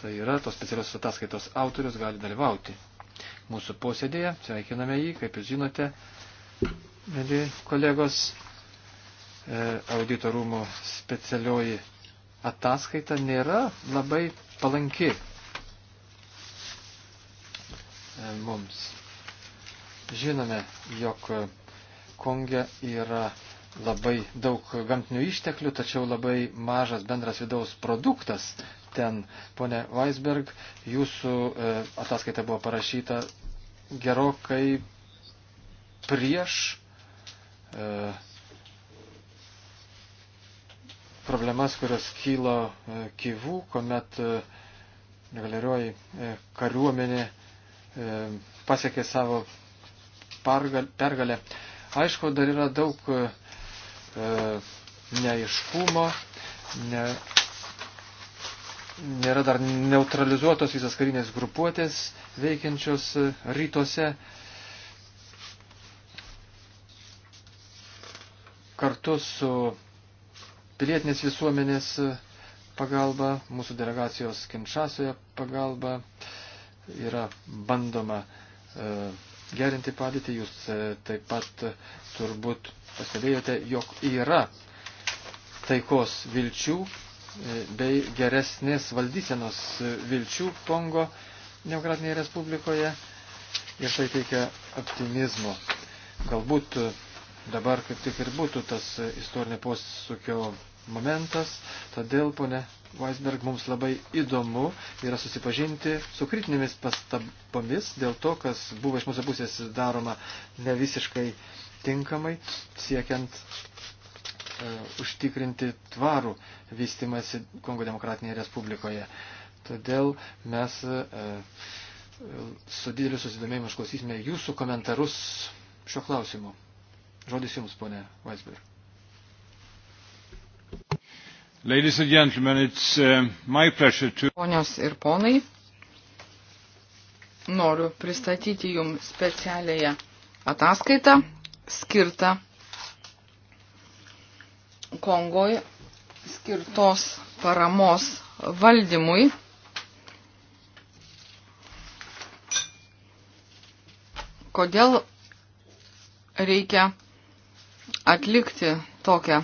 tai yra tos specialios ataskaitos autorius, gali dalyvauti mūsų posėdėje. Sveikiname jį, kaip jūs žinote mėly kolegos, e, auditorumo specialioji ataskaita nėra labai palanki e, mums. Žinome, jog Konge yra labai daug gamtinių išteklių, tačiau labai mažas bendras vidaus produktas ten. Pone Weisberg, jūsų e, ataskaita buvo parašyta gerokai prieš E, problemas, kurios kylo e, kyvų, kuomet e, galerioji kariuomenė pasiekė savo pergalę. Aišku, dar yra daug neaiškumo, ne, nėra dar neutralizuotos visas karinės grupuotės veikiančios rytuose. kartu su pilietinės visuomenės pagalba, mūsų delegacijos Kinšasoje pagalba yra bandoma e, gerinti padėtį. Jūs e, taip pat e, turbūt pastebėjote, jog yra taikos vilčių bei geresnės valdysenos vilčių Kongo Demokratinėje Respublikoje ir tai teikia optimizmo. Galbūt Dabar kaip tik ir būtų tas istorinio posūkio momentas, todėl, ponė Weisberg, mums labai įdomu yra susipažinti su kritinėmis pastabomis dėl to, kas buvo iš mūsų pusės daroma ne visiškai tinkamai, siekiant e, užtikrinti tvarų vystimąsi Kongo demokratinėje Respublikoje. Todėl mes e, e su dideliu susidomėjimu išklausysime jūsų komentarus šio klausimu. Žodis Jums, ponė Weisberg. Ladies and gentlemen, it's uh, my pleasure to... Ponios ir ponai, noriu pristatyti Jums specialiąją ataskaitą skirtą Kongoje skirtos paramos valdymui. Kodėl reikia atlikti tokią,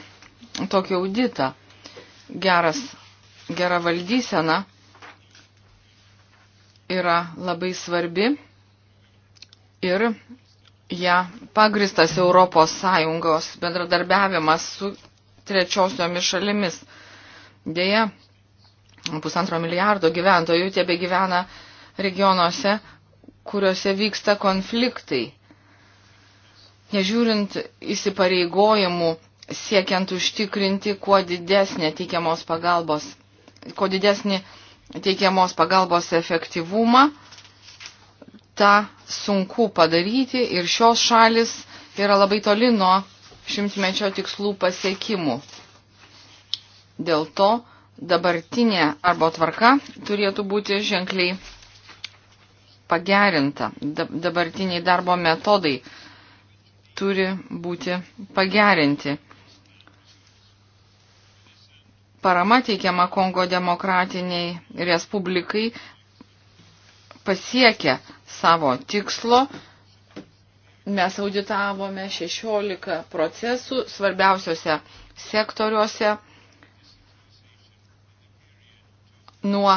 tokį auditą. Geras, gera valdysena yra labai svarbi ir ją pagristas ES bendradarbiavimas su trečiosiomis šalimis. Deja, pusantro milijardo gyventojų tebe gyvena regionuose, kuriuose vyksta konfliktai nežiūrint įsipareigojimų siekiant užtikrinti kuo didesnį teikiamos pagalbos, kuo didesnį teikiamos pagalbos efektyvumą, tą sunku padaryti ir šios šalis yra labai toli nuo šimtmečio tikslų pasiekimų. Dėl to dabartinė arba tvarka turėtų būti ženkliai pagerinta. Dabartiniai darbo metodai turi būti pagerinti. Parama teikiama Kongo demokratiniai respublikai pasiekia savo tikslo. Mes auditavome 16 procesų svarbiausiose sektoriuose nuo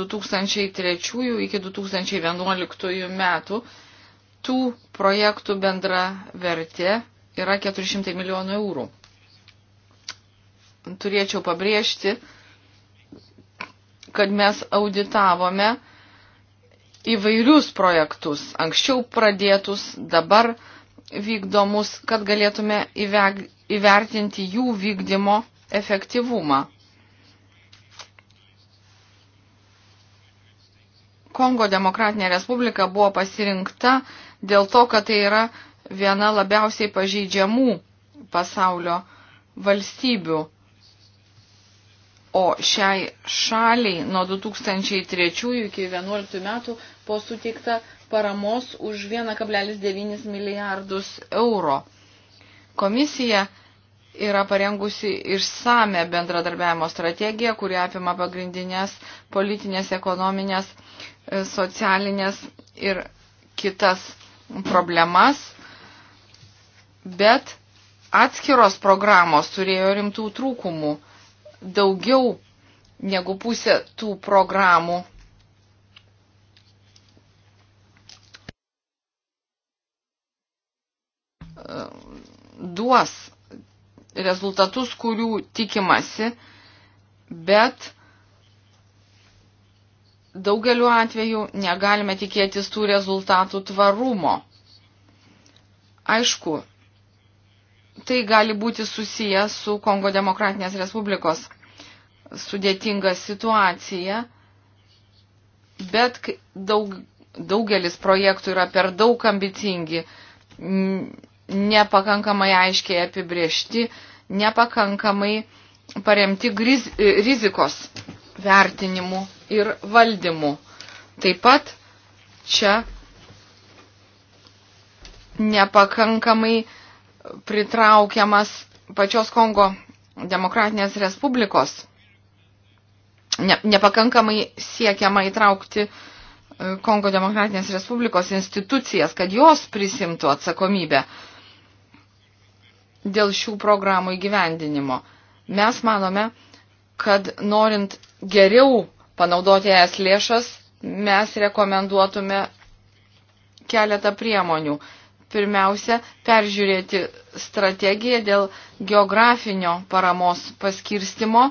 2003 iki 2011 metų tų projektų bendra vertė yra 400 milijonų eurų. Turėčiau pabrėžti, kad mes auditavome įvairius projektus, anksčiau pradėtus, dabar vykdomus, kad galėtume įvertinti jų vykdymo efektyvumą. Kongo demokratinė respublika buvo pasirinkta dėl to, kad tai yra viena labiausiai pažeidžiamų pasaulio valstybių. O šiai šaliai nuo 2003 iki 2011 metų po suteikta paramos už 1,9 milijardus euro. Komisija yra parengusi išsame bendradarbiavimo strategiją, kuri apima pagrindinės politinės, ekonominės, socialinės ir kitas problemas, bet atskiros programos turėjo rimtų trūkumų. Daugiau negu pusė tų programų duos rezultatus, kurių tikimasi, bet daugeliu atveju negalime tikėtis tų rezultatų tvarumo. Aišku, tai gali būti susijęs su Kongo Demokratinės Respublikos sudėtinga situacija, bet daug, daugelis projektų yra per daug ambicingi, nepakankamai aiškiai apibriešti, nepakankamai paremti gris, rizikos vertinimu ir valdymu. Taip pat čia nepakankamai pritraukiamas pačios Kongo demokratinės respublikos. Ne, nepakankamai siekiama įtraukti e, Kongo demokratinės respublikos institucijas, kad jos prisimtų atsakomybę dėl šių programų įgyvendinimo. Mes manome, kad norint geriau panaudoti es lėšas, mes rekomenduotume keletą priemonių. Pirmiausia, peržiūrėti strategiją dėl geografinio paramos paskirstimo,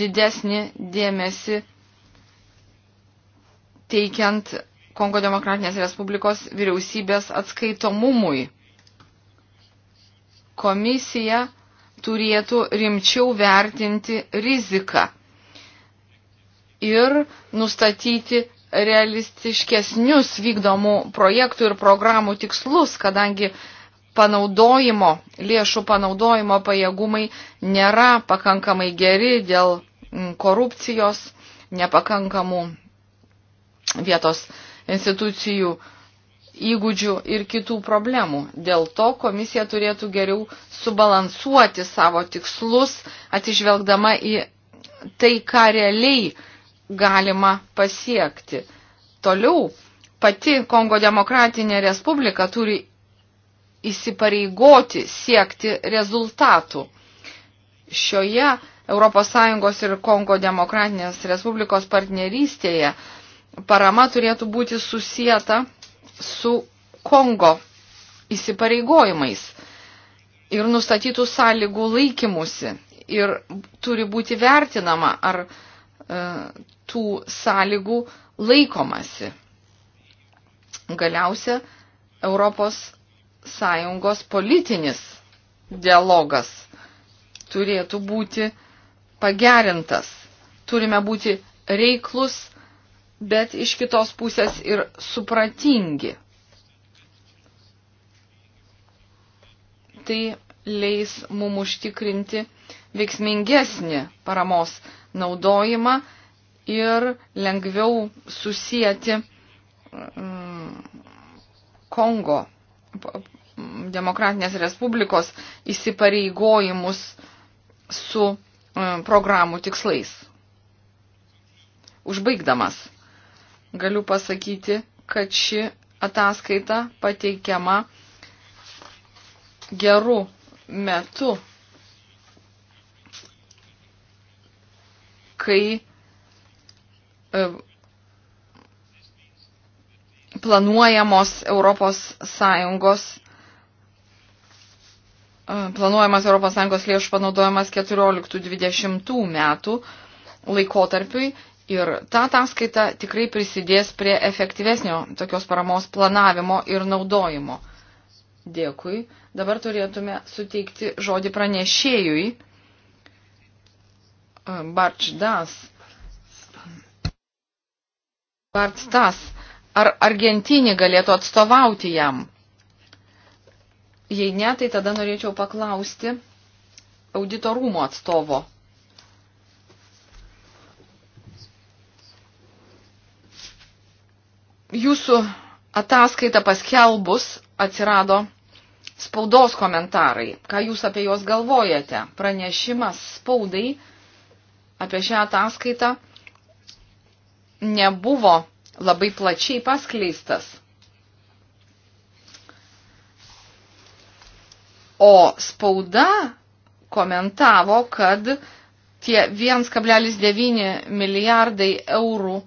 didesnį dėmesį teikiant Kongo Demokratinės Respublikos vyriausybės atskaitomumui. Komisija turėtų rimčiau vertinti riziką ir nustatyti realistiškesnius vykdomų projektų ir programų tikslus, kadangi panaudojimo, lėšų panaudojimo pajėgumai nėra pakankamai geri dėl mm, korupcijos, nepakankamų vietos institucijų įgūdžių ir kitų problemų. Dėl to komisija turėtų geriau subalansuoti savo tikslus, atižvelgdama į tai, ką realiai galima pasiekti. Toliau pati Kongo demokratinė respublika turi įsipareigoti siekti rezultatų. Šioje ES ir Kongo demokratinės respublikos partnerystėje parama turėtų būti susieta su Kongo įsipareigojimais ir nustatytų sąlygų laikymusi ir turi būti vertinama, ar e, tų sąlygų laikomasi. Galiausia, Europos Sąjungos politinis dialogas turėtų būti pagerintas. Turime būti reiklus, bet iš kitos pusės ir supratingi. Tai leis mum užtikrinti veiksmingesnį paramos naudojimą ir lengviau susijęti mm, Kongo demokratinės respublikos įsipareigojimus su e, programų tikslais. Užbaigdamas, galiu pasakyti, kad ši ataskaita pateikiama gerų metų, kai E, planuojamos Europos Sąjungos e, planuojamas Europos Sąjungos lėšų panaudojimas 14-20 metų laikotarpiui ir ta ataskaita tikrai prisidės prie efektyvesnio tokios paramos planavimo ir naudojimo. Dėkui. Dabar turėtume suteikti žodį pranešėjui. E, Barčdas Bart Stas, ar Argentinį galėtų atstovauti jam? Jei ne, tai tada norėčiau paklausti auditorumo atstovo. Jūsų ataskaita paskelbus atsirado spaudos komentarai. Ką jūs apie juos galvojate? Pranešimas spaudai apie šią ataskaitą nebuvo labai plačiai paskleistas. O spauda komentavo, kad tie 1,9 milijardai eurų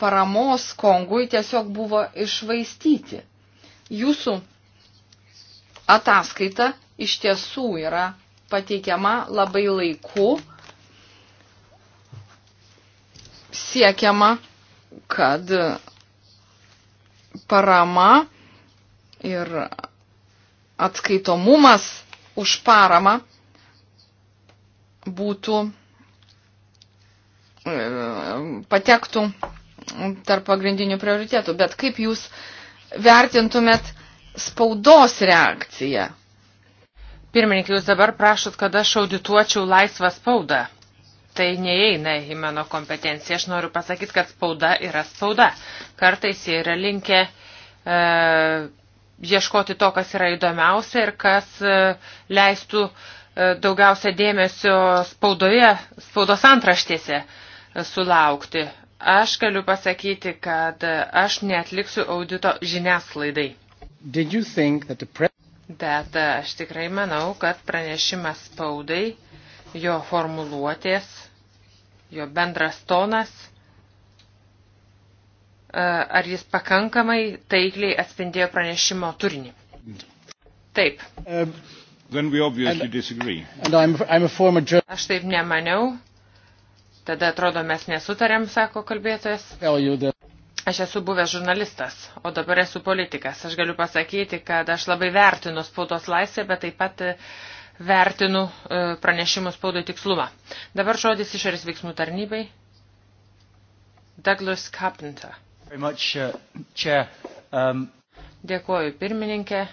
paramos Kongui tiesiog buvo išvaistyti. Jūsų ataskaita iš tiesų yra pateikiama labai laiku siekiama, kad parama ir atskaitomumas už paramą būtų e, patektų tarp pagrindinių prioritėtų. Bet kaip jūs vertintumėt spaudos reakciją? Pirmininkai, jūs dabar prašot, kad aš audituočiau laisvą spaudą tai neįeina į mano kompetenciją. Aš noriu pasakyti, kad spauda yra spauda. Kartais jie yra linkę e, ieškoti to, kas yra įdomiausia ir kas e, leistų e, daugiausia dėmesio spaudoje, spaudos antraštėse e, sulaukti. Aš galiu pasakyti, kad e, aš netliksiu audito žiniasklaidai. Bet e, aš tikrai manau, kad pranešimas spaudai, jo formuluotės jo bendras tonas, e, ar jis pakankamai taikliai atspindėjo pranešimo turinį. Taip. Um, aš taip nemaniau. Tada atrodo mes nesutarėm, sako kalbėtojas. Aš esu buvęs žurnalistas, o dabar esu politikas. Aš galiu pasakyti, kad aš labai vertinu spaudos laisvę, bet taip pat uh, vertinu e, pranešimų spaudo tikslumą. Dabar žodis išorės veiksmų tarnybai. Douglas Carpenter. Much, uh, chair. um... Dėkuoju pirmininkė.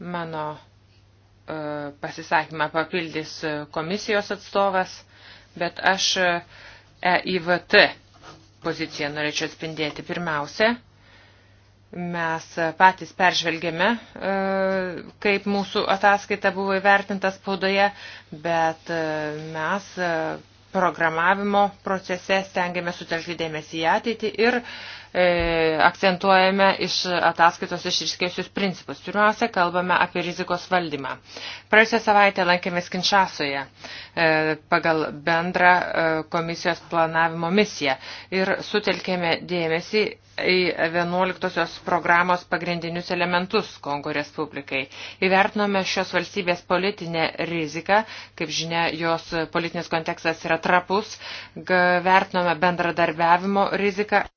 Mano uh, pasisakymą papildys e, komisijos atstovas, bet aš uh, EIVT poziciją norėčiau atspindėti pirmiausia. Mes patys peržvelgėme, e, kaip mūsų ataskaita buvo įvertinta spaudoje, bet e, mes e, programavimo procese stengiame sutelkti dėmesį į ateitį ir E, akcentuojame iš ataskaitos išriškėjusius principus. Pirmiausia, kalbame apie rizikos valdymą. Praėjusią savaitę lankėmės Kinšasoje e, pagal bendrą e, komisijos planavimo misiją ir sutelkėme dėmesį į 11-osios programos pagrindinius elementus Kongo Respublikai. Įvertinome šios valstybės politinę riziką, kaip žinia, jos politinis kontekstas yra trapus, vertinome bendradarbiavimo riziką.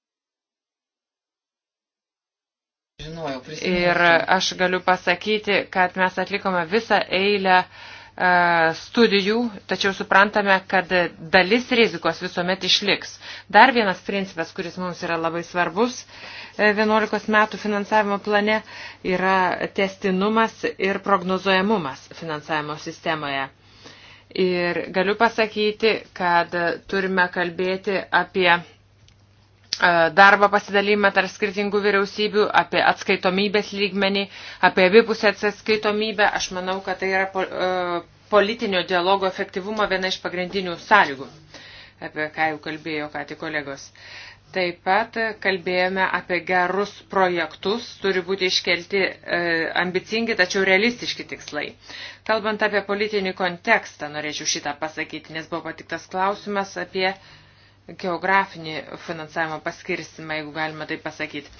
Ir aš galiu pasakyti, kad mes atlikome visą eilę e, studijų, tačiau suprantame, kad dalis rizikos visuomet išliks. Dar vienas principas, kuris mums yra labai svarbus 11 e, metų finansavimo plane, yra testinumas ir prognozuojamumas finansavimo sistemoje. Ir galiu pasakyti, kad turime kalbėti apie E, darbą pasidalymą tarp skirtingų vyriausybių, apie atskaitomybės lygmenį, apie abipusę atskaitomybę. Aš manau, kad tai yra e, politinio dialogo efektyvumo viena iš pagrindinių sąlygų, apie ką jau kalbėjo ką tik kolegos. Taip pat kalbėjome apie gerus projektus, turi būti iškelti e, ambicingi, tačiau realistiški tikslai. Kalbant apie politinį kontekstą, norėčiau šitą pasakyti, nes buvo patiktas klausimas apie geografinį finansavimo paskirstimą, jeigu galima tai pasakyti.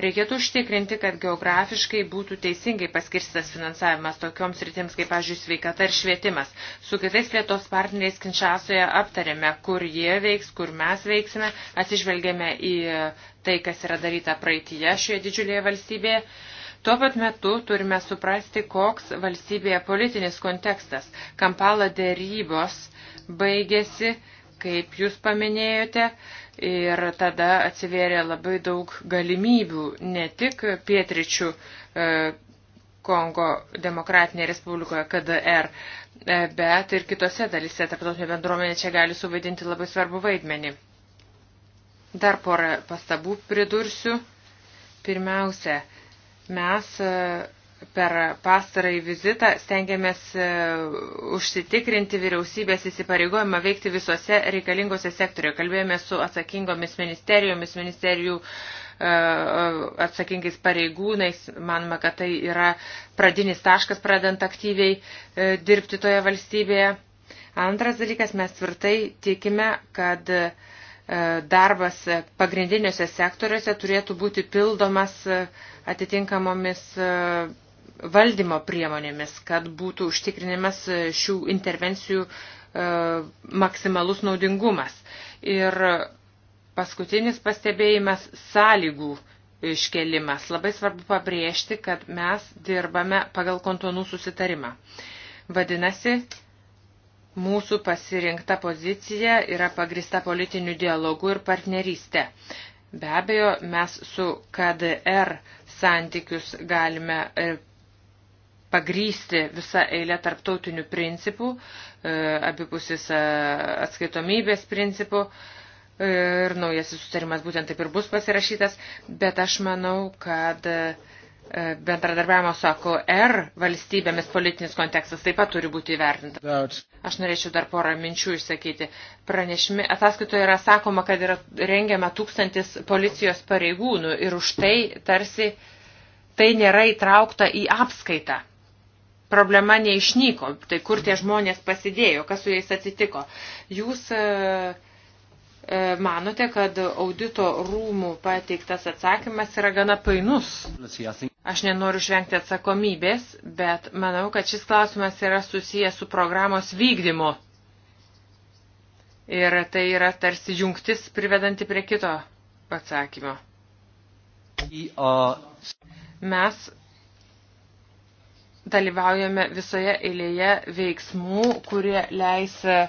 Reikėtų užtikrinti, kad geografiškai būtų teisingai paskirstas finansavimas tokioms rytims, kaip, pavyzdžiui, sveikata ir švietimas. Su kitais plėtos partneriais Kinšasoje aptarėme, kur jie veiks, kur mes veiksime, atsižvelgėme į tai, kas yra daryta praeitie šioje didžiulėje valstybėje. Tuo pat metu turime suprasti, koks valstybėje politinis kontekstas. Kampala dėrybos baigėsi kaip jūs paminėjote, ir tada atsivėrė labai daug galimybių ne tik pietričių e, Kongo Demokratinėje Respublikoje KDR, e, bet ir kitose dalise tarptautinė bendruomenė čia gali suvaidinti labai svarbu vaidmenį. Dar porą pastabų pridursiu. Pirmiausia, mes e, per pastarąjį vizitą stengiamės e, užsitikrinti vyriausybės įsipareigojimą veikti visose reikalingose sektoriuje. Kalbėjome su atsakingomis ministerijomis, ministerijų e, atsakingais pareigūnais. Manoma, kad tai yra pradinis taškas, pradant aktyviai e, dirbti toje valstybėje. Antras dalykas, mes tvirtai tikime, kad darbas pagrindiniuose sektoriuose turėtų būti pildomas atitinkamomis valdymo priemonėmis, kad būtų užtikrinimas šių intervencijų e, maksimalus naudingumas. Ir paskutinis pastebėjimas - sąlygų iškelimas. Labai svarbu pabrėžti, kad mes dirbame pagal kontonų susitarimą. Vadinasi, mūsų pasirinkta pozicija yra pagrista politiniu dialogu ir partnerystė. Be abejo, mes su KDR santykius galime e, pagrysti visą eilę tarptautinių principų, e, abipusis e, atskaitomybės principų e, ir naujasis sustarimas būtent taip ir bus pasirašytas, bet aš manau, kad bendradarbiavimo su AKR valstybėmis politinis kontekstas taip pat turi būti įvertintas. Aš norėčiau dar porą minčių išsakyti. Pranešimi ataskaitoje yra sakoma, kad yra rengiama tūkstantis policijos pareigūnų ir už tai tarsi tai nėra įtraukta į apskaitą problema neišnyko, tai kur tie žmonės pasidėjo, kas su jais atsitiko. Jūs e, e, manote, kad audito rūmų pateiktas atsakymas yra gana painus. Aš nenoriu išvengti atsakomybės, bet manau, kad šis klausimas yra susijęs su programos vykdymu. Ir tai yra tarsi jungtis privedanti prie kito atsakymo. Mes dalyvaujame visoje eilėje veiksmų, kurie leis uh,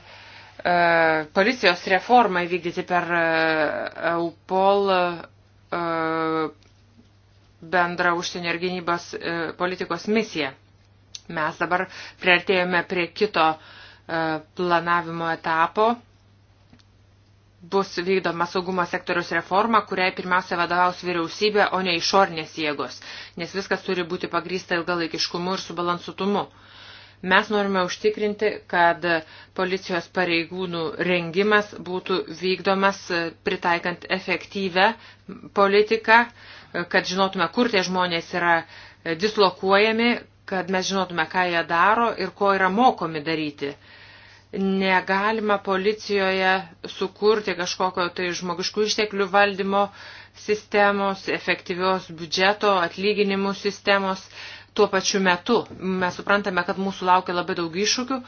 policijos reformą įvykdyti per uh, EUPOL uh, bendrą užsienio ir gynybos politikos misiją. Mes dabar priartėjome prie kito planavimo etapo bus vykdoma saugumo sektoriaus reforma, kuriai pirmiausia vadovaus vyriausybė, o ne išornės jėgos, nes viskas turi būti pagrįsta ilgalaikiškumu ir subalansutumu. Mes norime užtikrinti, kad policijos pareigūnų rengimas būtų vykdomas pritaikant efektyvę politiką, kad žinotume, kur tie žmonės yra dislokuojami, kad mes žinotume, ką jie daro ir ko yra mokomi daryti negalima policijoje sukurti kažkokio tai žmogiškų išteklių valdymo sistemos, efektyvios biudžeto, atlyginimų sistemos tuo pačiu metu. Mes suprantame, kad mūsų laukia labai daug iššūkių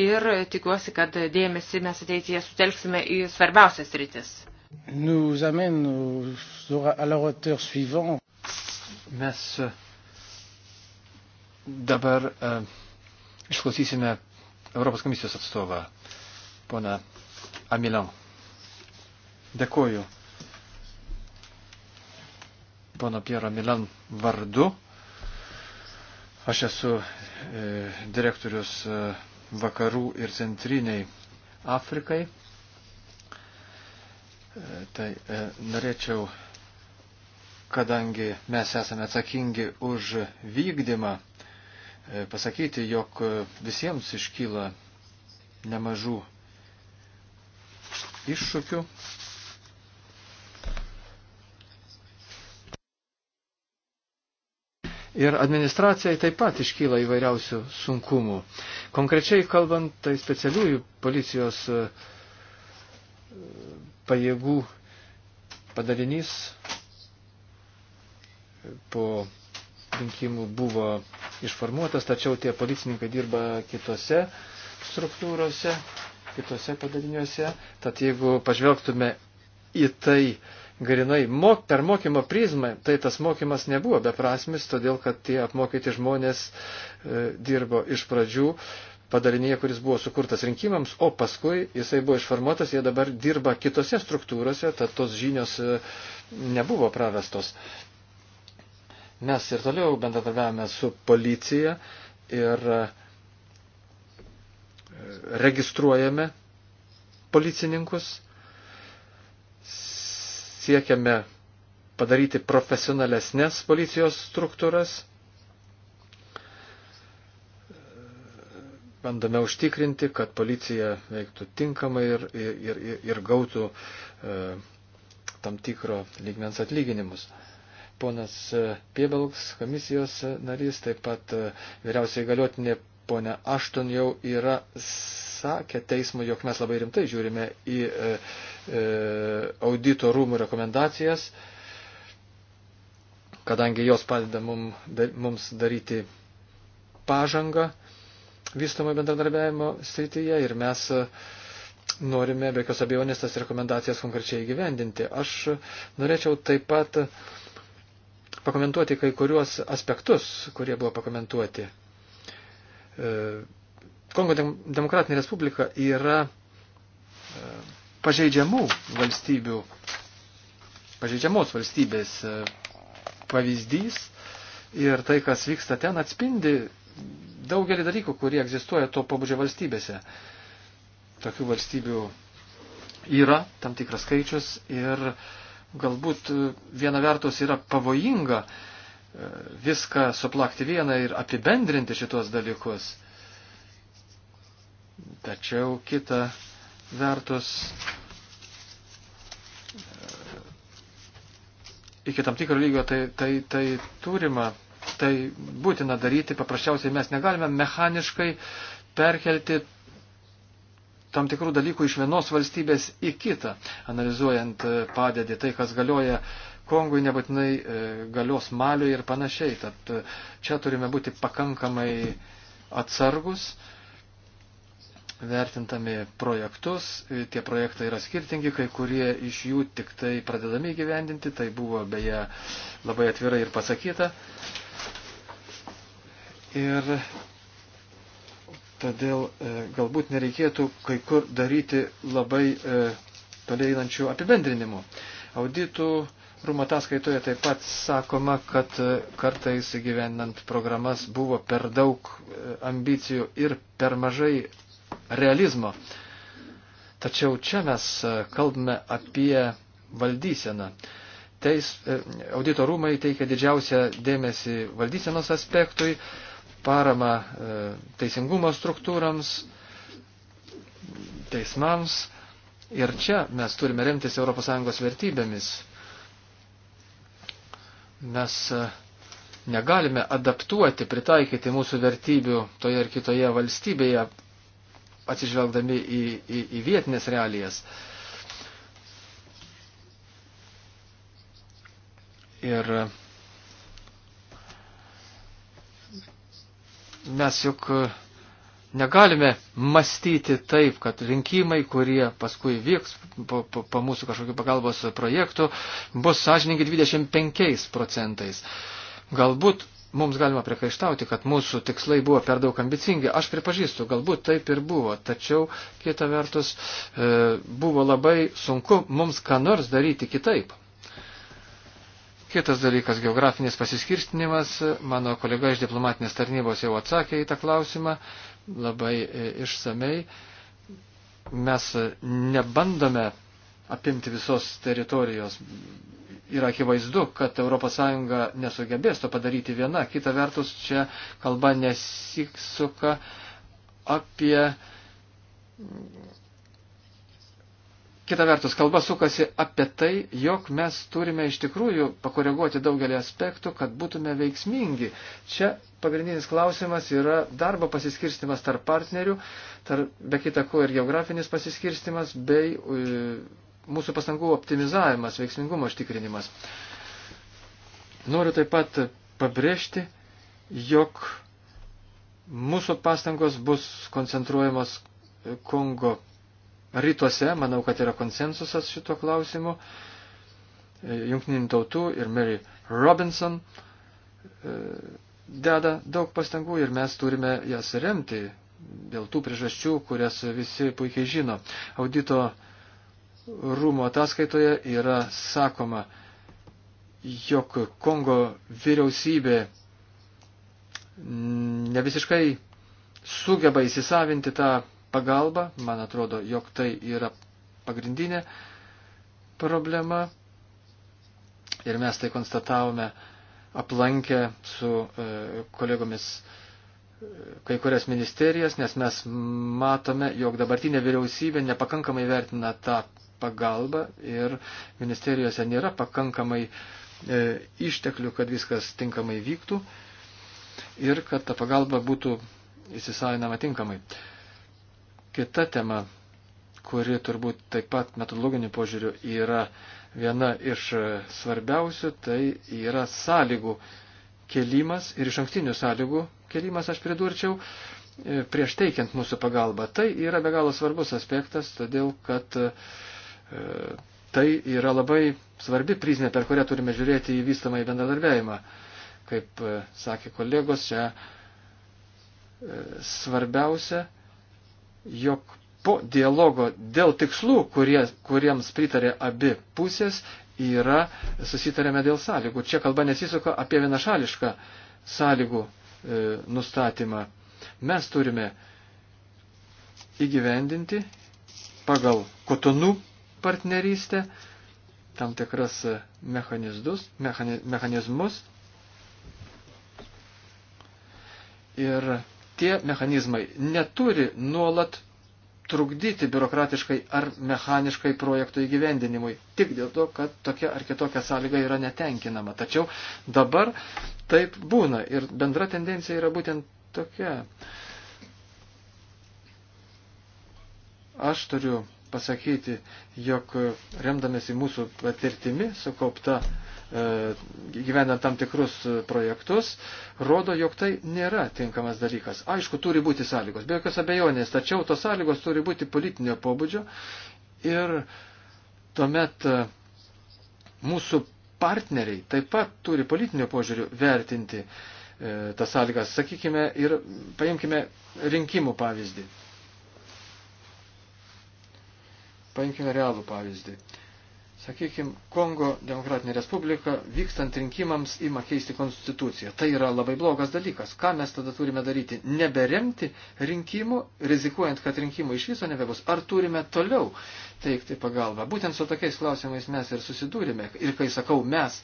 ir tikiuosi, kad dėmesį mes ateityje sutelksime į svarbiausias rytis. Mes euh, dabar uh, išklausysime Europos komisijos atstovą, poną Amilon. Dėkuoju pono Piero Milan vardu. Aš esu e, direktorius e, vakarų ir centriniai Afrikai. E, tai e, norėčiau kadangi mes esame atsakingi už vykdymą, E, pasakyti, jog e, visiems iškyla nemažų iššūkių. Ir administracijai taip pat iškyla įvairiausių sunkumų. Konkrečiai kalbant, tai specialiųjų policijos e, pajėgų padalinys po rinkimų buvo išformuotas, tačiau tie policininkai dirba kitose struktūrose, kitose padaliniuose. Tad jeigu pažvelgtume į tai grinai mok, per mokymo prizmą, tai tas mokymas nebuvo beprasmis, todėl kad tie apmokyti žmonės e, dirbo iš pradžių padalinyje, kuris buvo sukurtas rinkimams, o paskui jisai buvo išformuotas, jie dabar dirba kitose struktūrose, tad tos žinios e, nebuvo prarastos. Mes ir toliau bendradarbiavame su policija ir e, registruojame policininkus, siekiame padaryti profesionalesnės policijos struktūras, bandome užtikrinti, kad policija veiktų tinkamai ir, ir, ir, ir gautų e, tam tikro lygmens atlyginimus. E, ponas e, Piebalks, komisijos e, narys, taip pat e, vyriausiai galiotinė ponia Ašton jau yra sakę teismui, jog mes labai rimtai žiūrime į e, e, audito rūmų rekomendacijas, kadangi jos padeda mum, da, mums daryti pažangą vystomo bendradarbiavimo srityje ir mes norime be jokios abejonės tas rekomendacijas konkrečiai įgyvendinti. Aš norėčiau taip pat pakomentuoti kai kuriuos aspektus, kurie buvo pakomentuoti. E, Kongo Demokratinė Respublika yra e, pažeidžiamų valstybių, pažeidžiamos valstybės e, pavyzdys ir tai, kas vyksta ten, atspindi daugelį dalykų, kurie egzistuoja to pabudžio valstybėse. Tokių valstybių yra tam tikras skaičius ir uh, galbūt e, viena vertus yra pavojinga e, viską suplakti vieną ir apibendrinti šitos dalykus. Tačiau kita vertus e, iki tam tikro lygio tai, tai, tai turima, tai būtina daryti, paprasčiausiai mes negalime mechaniškai perkelti tam tikrų dalykų iš vienos valstybės į kitą, analizuojant e, padėdį, tai kas galioja Kongui nebūtinai e, galios Maliui ir panašiai. Tad e, čia turime būti pakankamai atsargus, vertintami projektus. Tie projektai yra skirtingi, kai kurie iš jų tik tai pradedami gyvendinti, tai buvo beje labai atvirai ir pasakyta. Ir Todėl e, galbūt nereikėtų kai kur daryti labai toleinančių e, apibendrinimų. Auditų rūmų ataskaitoje taip pat sakoma, kad e, kartais įgyvendant programas buvo per daug ambicijų ir per mažai realizmo. Tačiau čia mes kalbame apie valdyseną. Teis, audito rūmai teikia didžiausią dėmesį valdysenos aspektui, paramą e, teisingumo struktūrams, teismams. Ir čia mes turime remtis ES vertybėmis. Mes e, negalime adaptuoti, pritaikyti mūsų vertybių toje ir kitoje valstybėje, atsižvelgdami į, į, į vietinės realijas. Ir mes juk e, negalime mąstyti taip, kad rinkimai, kurie paskui vyks po, po, po mūsų kažkokių pagalbos projektų, bus sąžininkai 25 procentais. Galbūt mums galima priekaištauti, kad mūsų tikslai buvo per daug ambicingi. Aš pripažįstu, galbūt taip ir buvo, tačiau kita vertus e, buvo labai sunku mums ką nors daryti kitaip. Kitas dalykas - geografinis pasiskirstinimas. Mano kolega iš diplomatinės tarnybos jau atsakė į tą klausimą labai e, išsamei. Mes e, nebandome apimti visos teritorijos. Yra akivaizdu, kad ES nesugebės to padaryti viena. Kita vertus, čia kalba nesiksuka apie Kita vertus, kalba sukasi apie tai, jog mes turime iš tikrųjų pakoreguoti daugelį aspektų, kad būtume veiksmingi. Čia pagrindinis klausimas yra darbo pasiskirstimas tarp partnerių, tarp, be kita ko ir geografinis pasiskirstimas, bei e, mūsų pastangų optimizavimas, veiksmingumo užtikrinimas. Noriu taip pat pabrėžti, jog mūsų pastangos bus koncentruojamos Kongo rytuose, manau, kad yra konsensusas šito klausimu, e, jungtinių tautų ir Mary Robinson e, deda daug pastangų ir mes turime jas remti dėl tų priežasčių, kurias visi puikiai žino. Audito rūmo ataskaitoje yra sakoma, jog Kongo vyriausybė ne visiškai sugeba įsisavinti tą pagalbą. Man atrodo, jog tai yra pagrindinė problema. Ir mes tai konstatavome aplankę su e, kolegomis e, kai kurias ministerijas, nes mes matome, jog dabartinė vyriausybė nepakankamai vertina tą pagalbą ir ministerijose nėra pakankamai e, išteklių, kad viskas tinkamai vyktų ir kad ta pagalba būtų įsisavinama tinkamai. E, Kita tema, kuri turbūt taip pat metodologiniu požiūriu yra viena iš svarbiausių, tai yra sąlygų kelimas ir iš ankstinių sąlygų kelimas, aš pridurčiau, e, prieš teikiant mūsų pagalbą. Tai yra be galo svarbus aspektas, todėl kad e, tai yra labai svarbi prizinė, per kurią turime žiūrėti į vystamą į bendradarbiavimą. Kaip e, sakė kolegos, čia svarbiausia jog po dialogo dėl tikslų, kurie, kuriems pritarė abi pusės, yra susitarėme dėl sąlygų. Čia kalba nesisuka apie vienašališką sąlygų e, nustatymą. Mes turime įgyvendinti pagal kotonų partnerystę tam tikras mechanizmus. Ir tie mechanizmai neturi nuolat trukdyti biurokratiškai ar mechaniškai projekto įgyvendinimui, tik dėl to, kad tokia ar kitokia sąlyga yra netenkinama. Tačiau dabar taip būna ir bendra tendencija yra būtent tokia. Aš turiu pasakyti, jog remdamėsi mūsų patirtimi sukaupta E, gyvenant tam tikrus projektus, rodo, jog tai nėra tinkamas dalykas. Aišku, turi būti sąlygos, be jokios abejonės, tačiau tos sąlygos turi būti politinio pobūdžio ir tuomet e, mūsų partneriai taip pat turi politinio požiūrių vertinti e, tas sąlygas. Sakykime ir paimkime rinkimų pavyzdį. Paimkime realų pavyzdį sakykime, Kongo Demokratinė Respublika vykstant rinkimams ima keisti konstituciją. Tai yra labai blogas dalykas. Ką mes tada turime daryti? Neberemti rinkimų, rizikuojant, kad rinkimų iš viso nebebus. Ar turime toliau teikti pagalbą? Būtent su tokiais klausimais mes ir susidūrime. Ir kai sakau mes,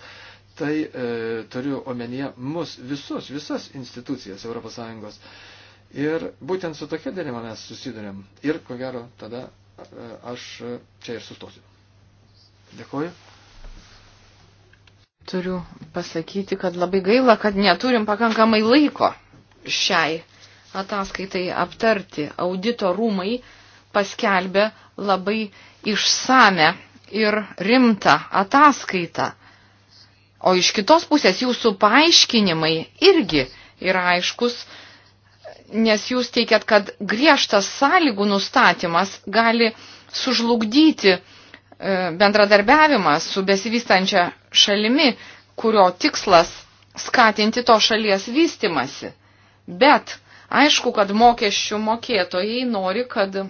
tai e, turiu omenyje mus visus, visas institucijas ES. Ir būtent su tokia dilema mes susidurėm. Ir ko gero tada e, aš čia ir sustosiu. Dėkuoju. Turiu pasakyti, kad labai gaila, kad neturim pakankamai laiko šiai ataskaitai aptarti. Audito rūmai paskelbė labai išsame ir rimtą ataskaitą. O iš kitos pusės jūsų paaiškinimai irgi yra aiškus, nes jūs teikiat, kad griežtas sąlygų nustatymas gali sužlugdyti E, bendradarbiavimas su besivystančia šalimi, kurio tikslas skatinti to šalies vystimasi. Bet aišku, kad mokesčių mokėtojai nori, kad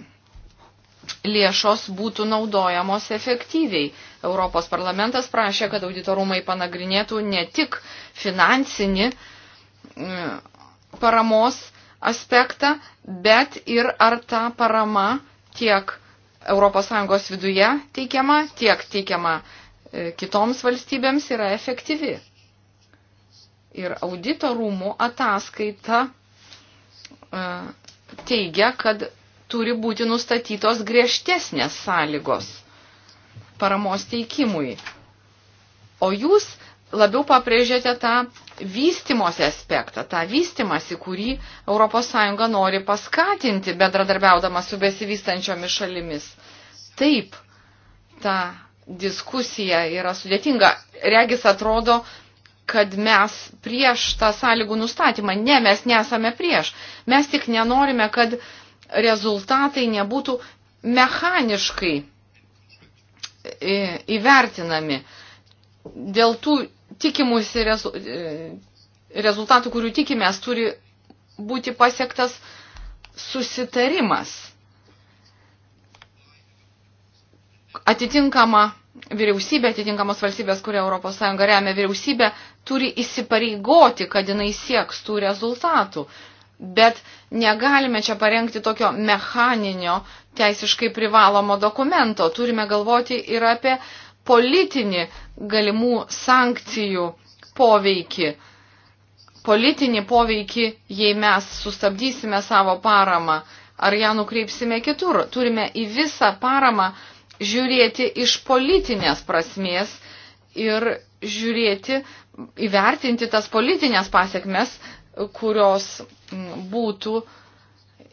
lėšos būtų naudojamos efektyviai. Europos parlamentas prašė, kad auditorumai panagrinėtų ne tik finansinį e, paramos aspektą, bet ir ar ta parama tiek ES viduje teikiama, tiek teikiama e, kitoms valstybėms yra efektyvi. Ir audito rūmų ataskaita e, teigia, kad turi būti nustatytos griežtesnės sąlygos paramos teikimui. O jūs labiau pabrėžėte tą vystimosi aspektą, tą vystimąsi, kurį ES nori paskatinti bendradarbiaudama su besivystančiomis šalimis. Taip, ta diskusija yra sudėtinga. Regis atrodo, kad mes prieš tą sąlygų nustatymą. Ne, mes nesame prieš. Mes tik nenorime, kad rezultatai nebūtų mechaniškai e, įvertinami. Dėl tų tikimusi rezu, e, rezultatų, kurių tikimės, turi būti pasiektas susitarimas. Atitinkama vyriausybė, atitinkamos valstybės, kurią ES remia vyriausybė, turi įsipareigoti, kad jinai sieks tų rezultatų. Bet negalime čia parengti tokio mechaninio, teisiškai privalomo dokumento. Turime galvoti ir apie uh, politinį galimų sankcijų poveikį. Politinį poveikį, jei mes sustabdysime savo paramą ar ją nukreipsime kitur. Turime į visą paramą žiūrėti iš politinės prasmės ir žiūrėti, įvertinti tas politinės pasiekmes, kurios būtų,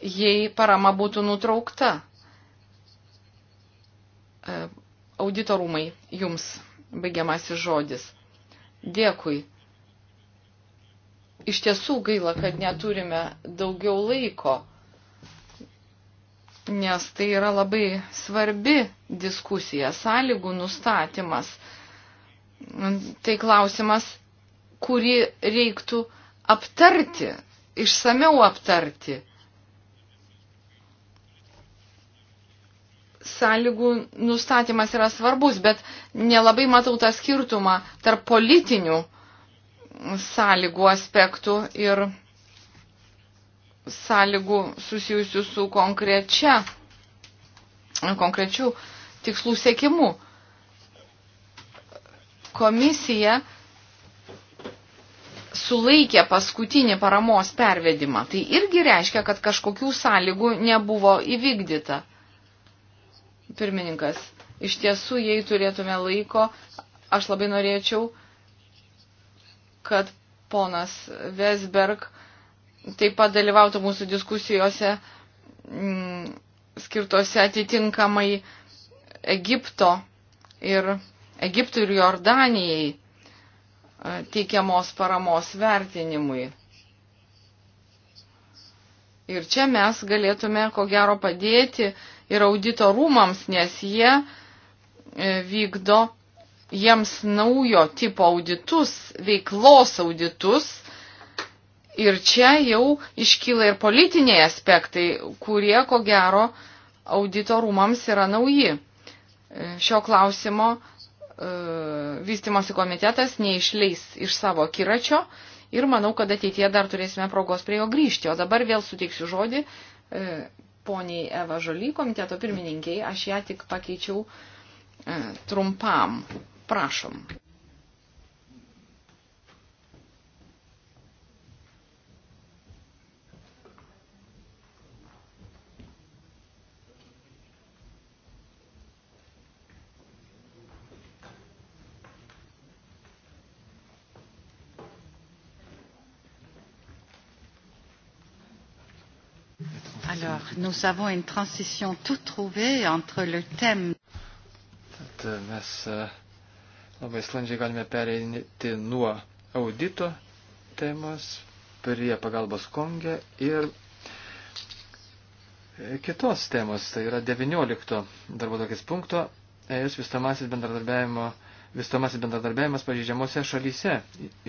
jei parama būtų nutraukta Auditorumai, jums baigiamasis žodis. Dėkui. Iš tiesų gaila, kad neturime daugiau laiko, nes tai yra labai svarbi diskusija, sąlygų nustatymas. Tai klausimas, kurį reiktų aptarti, išsameu aptarti. sąlygų nustatymas yra svarbus, bet nelabai matau tą skirtumą tarp politinių sąlygų aspektų ir sąlygų susijusių su konkrečia, konkrečių tikslų sėkimu. Komisija sulaikė paskutinį paramos pervedimą. Tai irgi reiškia, kad kažkokių sąlygų nebuvo įvykdyta. Pirmininkas, iš tiesų, jei turėtume laiko, aš labai norėčiau, kad ponas Vesberg taip pat dalyvautų mūsų diskusijose m, mm, skirtose atitinkamai Egipto ir Egiptui ir Jordanijai e, teikiamos paramos vertinimui. Ir čia mes galėtume, ko gero, padėti ir audito rūmams, nes jie e, vykdo jiems naujo tipo auditus, veiklos auditus. Ir čia jau iškyla ir politiniai aspektai, kurie, ko gero, audito rūmams yra nauji. E, šio klausimo e, vystimosi komitetas neišleis iš savo kiračio ir manau, kad ateitie dar turėsime progos prie jo grįžti. O dabar vėl suteiksiu žodį poniai Eva Žoly, komiteto pirmininkiai, aš ją tik pakeičiau e, trumpam. Prašom. Alors, nous avons une transition tout trouvée entre le thème. Tad euh, mes euh, labai sklandžiai galime pereinti nuo audito temos prie pagalbos Konge ir e, kitos temos, tai yra 19 darbo tokis punkto, ES vystamasis bendradarbiavimo, vystamasis bendradarbiavimas pažydžiamose šalyse,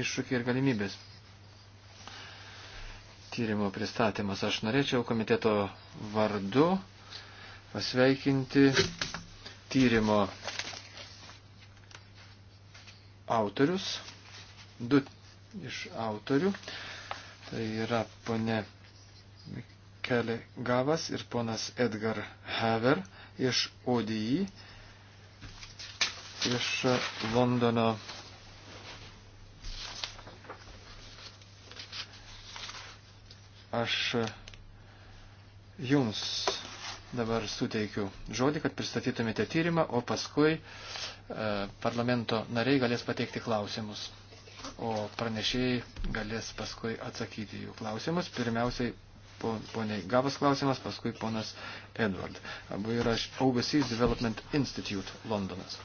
iššūkiai ir galimybės tyrimo pristatymas. Aš norėčiau komiteto vardu pasveikinti tyrimo autorius, du iš autorių. Tai yra ponė Mikelė Gavas ir ponas Edgar Haver iš ODI, iš Londono aš jums dabar suteikiu žodį, kad pristatytumėte tyrimą, o paskui e, parlamento nariai galės pateikti klausimus. O pranešėjai galės paskui atsakyti jų klausimus. Pirmiausiai poniai Gavas klausimas, paskui ponas Edward. Abu yra Overseas Development Institute Londonas.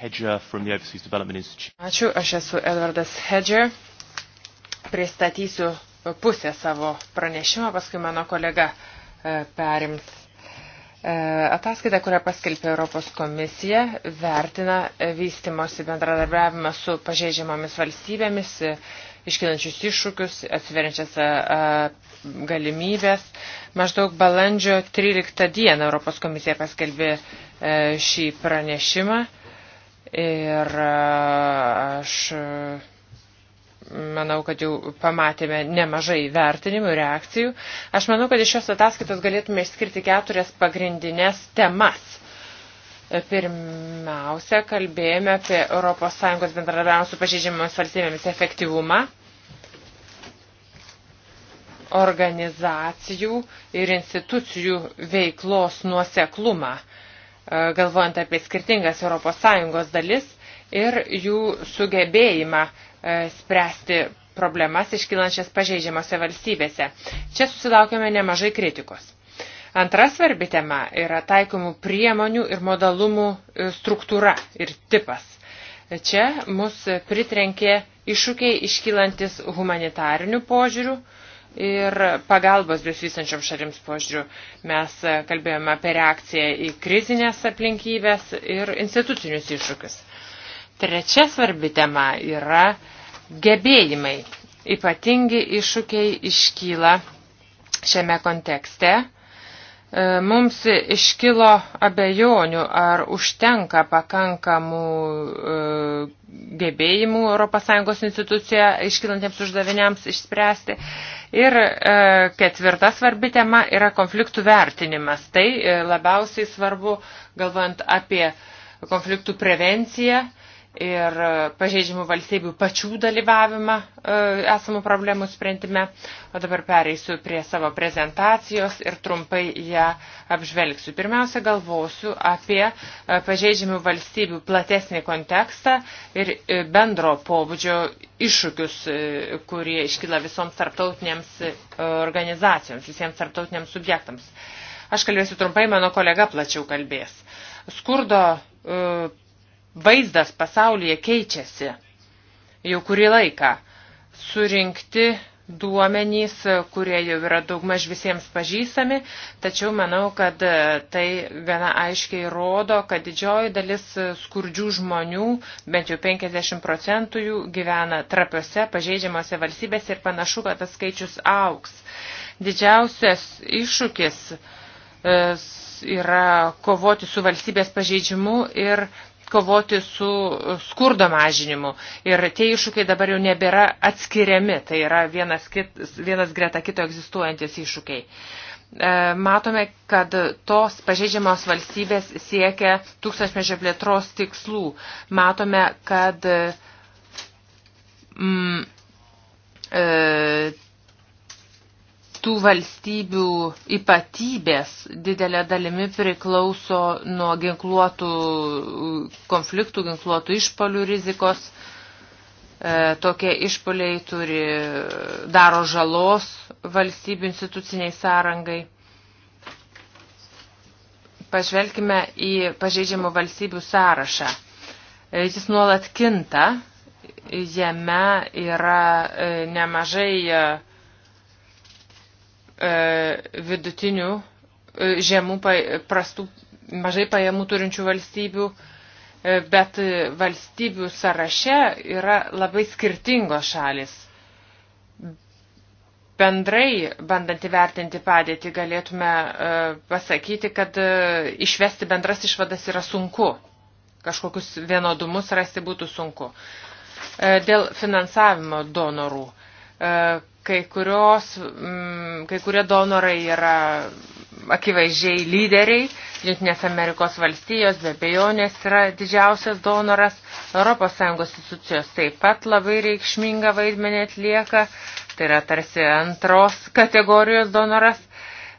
Hedger from the Overseas Development Institute. Ačiū, aš esu Edwardas Hedger. Pristatysiu pusę savo pranešimą, paskui mano kolega e, perims. E, ataskaita, kurią paskelbė Europos komisija, vertina vystimosi bendradarbiavimą su pažeidžiamomis valstybėmis, e, iškilančius iššūkius, atsiveriančias galimybės. Maždaug balandžio 13 dieną Europos komisija paskelbė šį pranešimą ir aš Manau, kad jau pamatėme nemažai vertinimų ir reakcijų. Aš manau, kad iš šios ataskaitos galėtume išskirti keturias pagrindinės temas. Pirmiausia, kalbėjome apie ES bendradarbiavimą su pažeidžiamomis valstybėmis efektyvumą organizacijų ir institucijų veiklos nuoseklumą, e, galvojant apie skirtingas ES dalis ir jų sugebėjimą E, spręsti problemas iškilančias pažeidžiamose valstybėse. Čia susilaukėme nemažai kritikos. Antra svarbi tema yra taikomų priemonių ir modalumų e, struktūra ir tipas. Čia mus pritrenkė iššūkiai iškylantis humanitarinių požiūrių ir pagalbos besivystančiom šalims požiūrių. Mes kalbėjome apie reakciją į krizinės aplinkybės ir institucinius iššūkius. Trečia svarbi tema yra uh, Gebėjimai. Ypatingi iššūkiai iškyla šiame kontekste. E, mums iškilo abejonių, ar užtenka pakankamų e, gebėjimų ES institucija iškilantiems uždaviniams išspręsti. Ir e, ketvirta svarbi tema yra konfliktų vertinimas. Tai labiausiai svarbu, galvant apie konfliktų prevenciją ir e, pažeidžiamų valstybių pačių dalyvavimą e, esamų problemų sprendime. O dabar pereisiu prie savo prezentacijos ir trumpai ją apžvelgsiu. Pirmiausia, galvosiu apie e, pažeidžiamų valstybių platesnį kontekstą ir bendro pobūdžio iššūkius, kurie iškyla visoms tarptautinėms organizacijoms, visiems tarptautiniams subjektams. Aš kalbėsiu trumpai, mano kolega plačiau kalbės. Skurdo vaizdas pasaulyje keičiasi jau kurį laiką. Surinkti duomenys, kurie jau yra daugmaž visiems pažįstami, tačiau manau, kad e, tai gana aiškiai rodo, kad didžioji dalis skurdžių žmonių, bent jau 50 procentų jų gyvena trapiose, pažeidžiamose valstybėse ir panašu, kad tas skaičius auks. Didžiausias iššūkis e, yra kovoti su valstybės pažeidžimu ir kovoti su skurdo mažinimu. Ir tie iššūkiai dabar jau nebėra atskiriami, tai yra vienas, kit, vienas greta kito egzistuojantis iššūkiai. E, matome, kad tos pažeidžiamos valstybės siekia tūkstančmečio plėtros tikslų. Matome, kad mm, e, tų valstybių ypatybės didelė dalimi priklauso nuo ginkluotų konfliktų, ginkluotų išpolių rizikos. E, tokie išpoliai turi, e, daro žalos valstybių instituciniai sąrangai. Pažvelkime į pažeidžiamų valstybių sąrašą. E, jis nuolat kinta, jame yra nemažai E, vidutinių, e, žemų, prastų, mažai pajamų turinčių valstybių, e, bet valstybių sąraše yra labai skirtingos šalis. Bendrai, bandant įvertinti padėtį, galėtume pasakyti, kad išvesti bendras išvadas yra sunku. Kažkokius vienodumus rasti būtų sunku. Dėl finansavimo donorų Kai, kurios, mm, kai kurie donorai yra akivaizdžiai lyderiai. Junktinės Amerikos valstijos be bejonės yra didžiausias donoras. ES institucijos taip pat labai reikšmingą vaidmenį atlieka. Tai yra tarsi antros kategorijos donoras.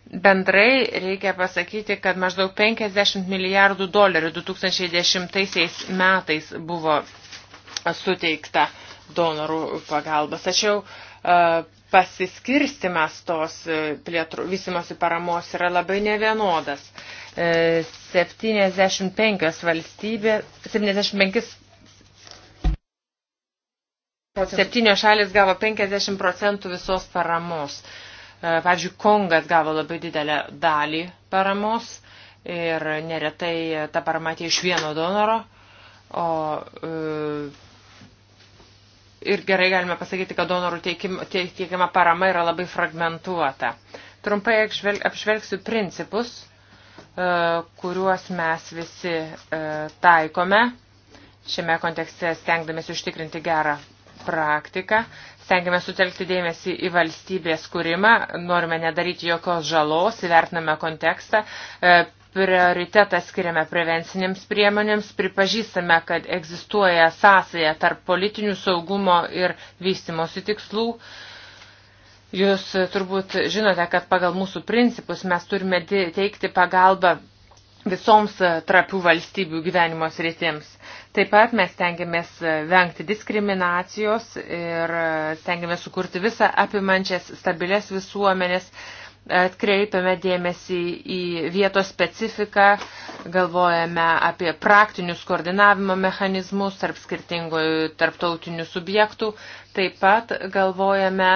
Bendrai reikia pasakyti, kad maždaug 50 milijardų dolerių 2010 metais buvo suteikta donorų pagalbas. Tačiau e, pasiskirstimas tos e, plėtrų, vysimosi paramos yra labai nevienodas. 75 e, valstybė, 75 Septynios šalis gavo 50 procentų visos paramos. E, pavyzdžiui, Kongas gavo labai didelę dalį paramos ir neretai ta parama atėjo iš vieno donoro, o ir gerai galime pasakyti, kad donorų teikiama parama yra labai fragmentuota. Trumpai apžvelgsiu principus, e, kuriuos mes visi e, taikome šiame kontekste stengdamės užtikrinti gerą praktiką, stengiamės sutelkti dėmesį į valstybės kūrimą, norime nedaryti jokios žalos, įvertiname kontekstą, e, prioritetą skiriame prevencinėms priemonėms, pripažįstame, kad egzistuoja sąsaja tarp politinių saugumo ir vystimosi tikslų. Jūs turbūt žinote, kad pagal mūsų principus mes turime teikti pagalbą visoms trapių valstybių gyvenimo sritims. Taip pat mes stengiamės vengti diskriminacijos ir stengiamės sukurti visą apimančias stabilės visuomenės atkreipiame dėmesį į vietos specifiką, galvojame apie praktinius koordinavimo mechanizmus tarp skirtingų tarptautinių subjektų, taip pat galvojame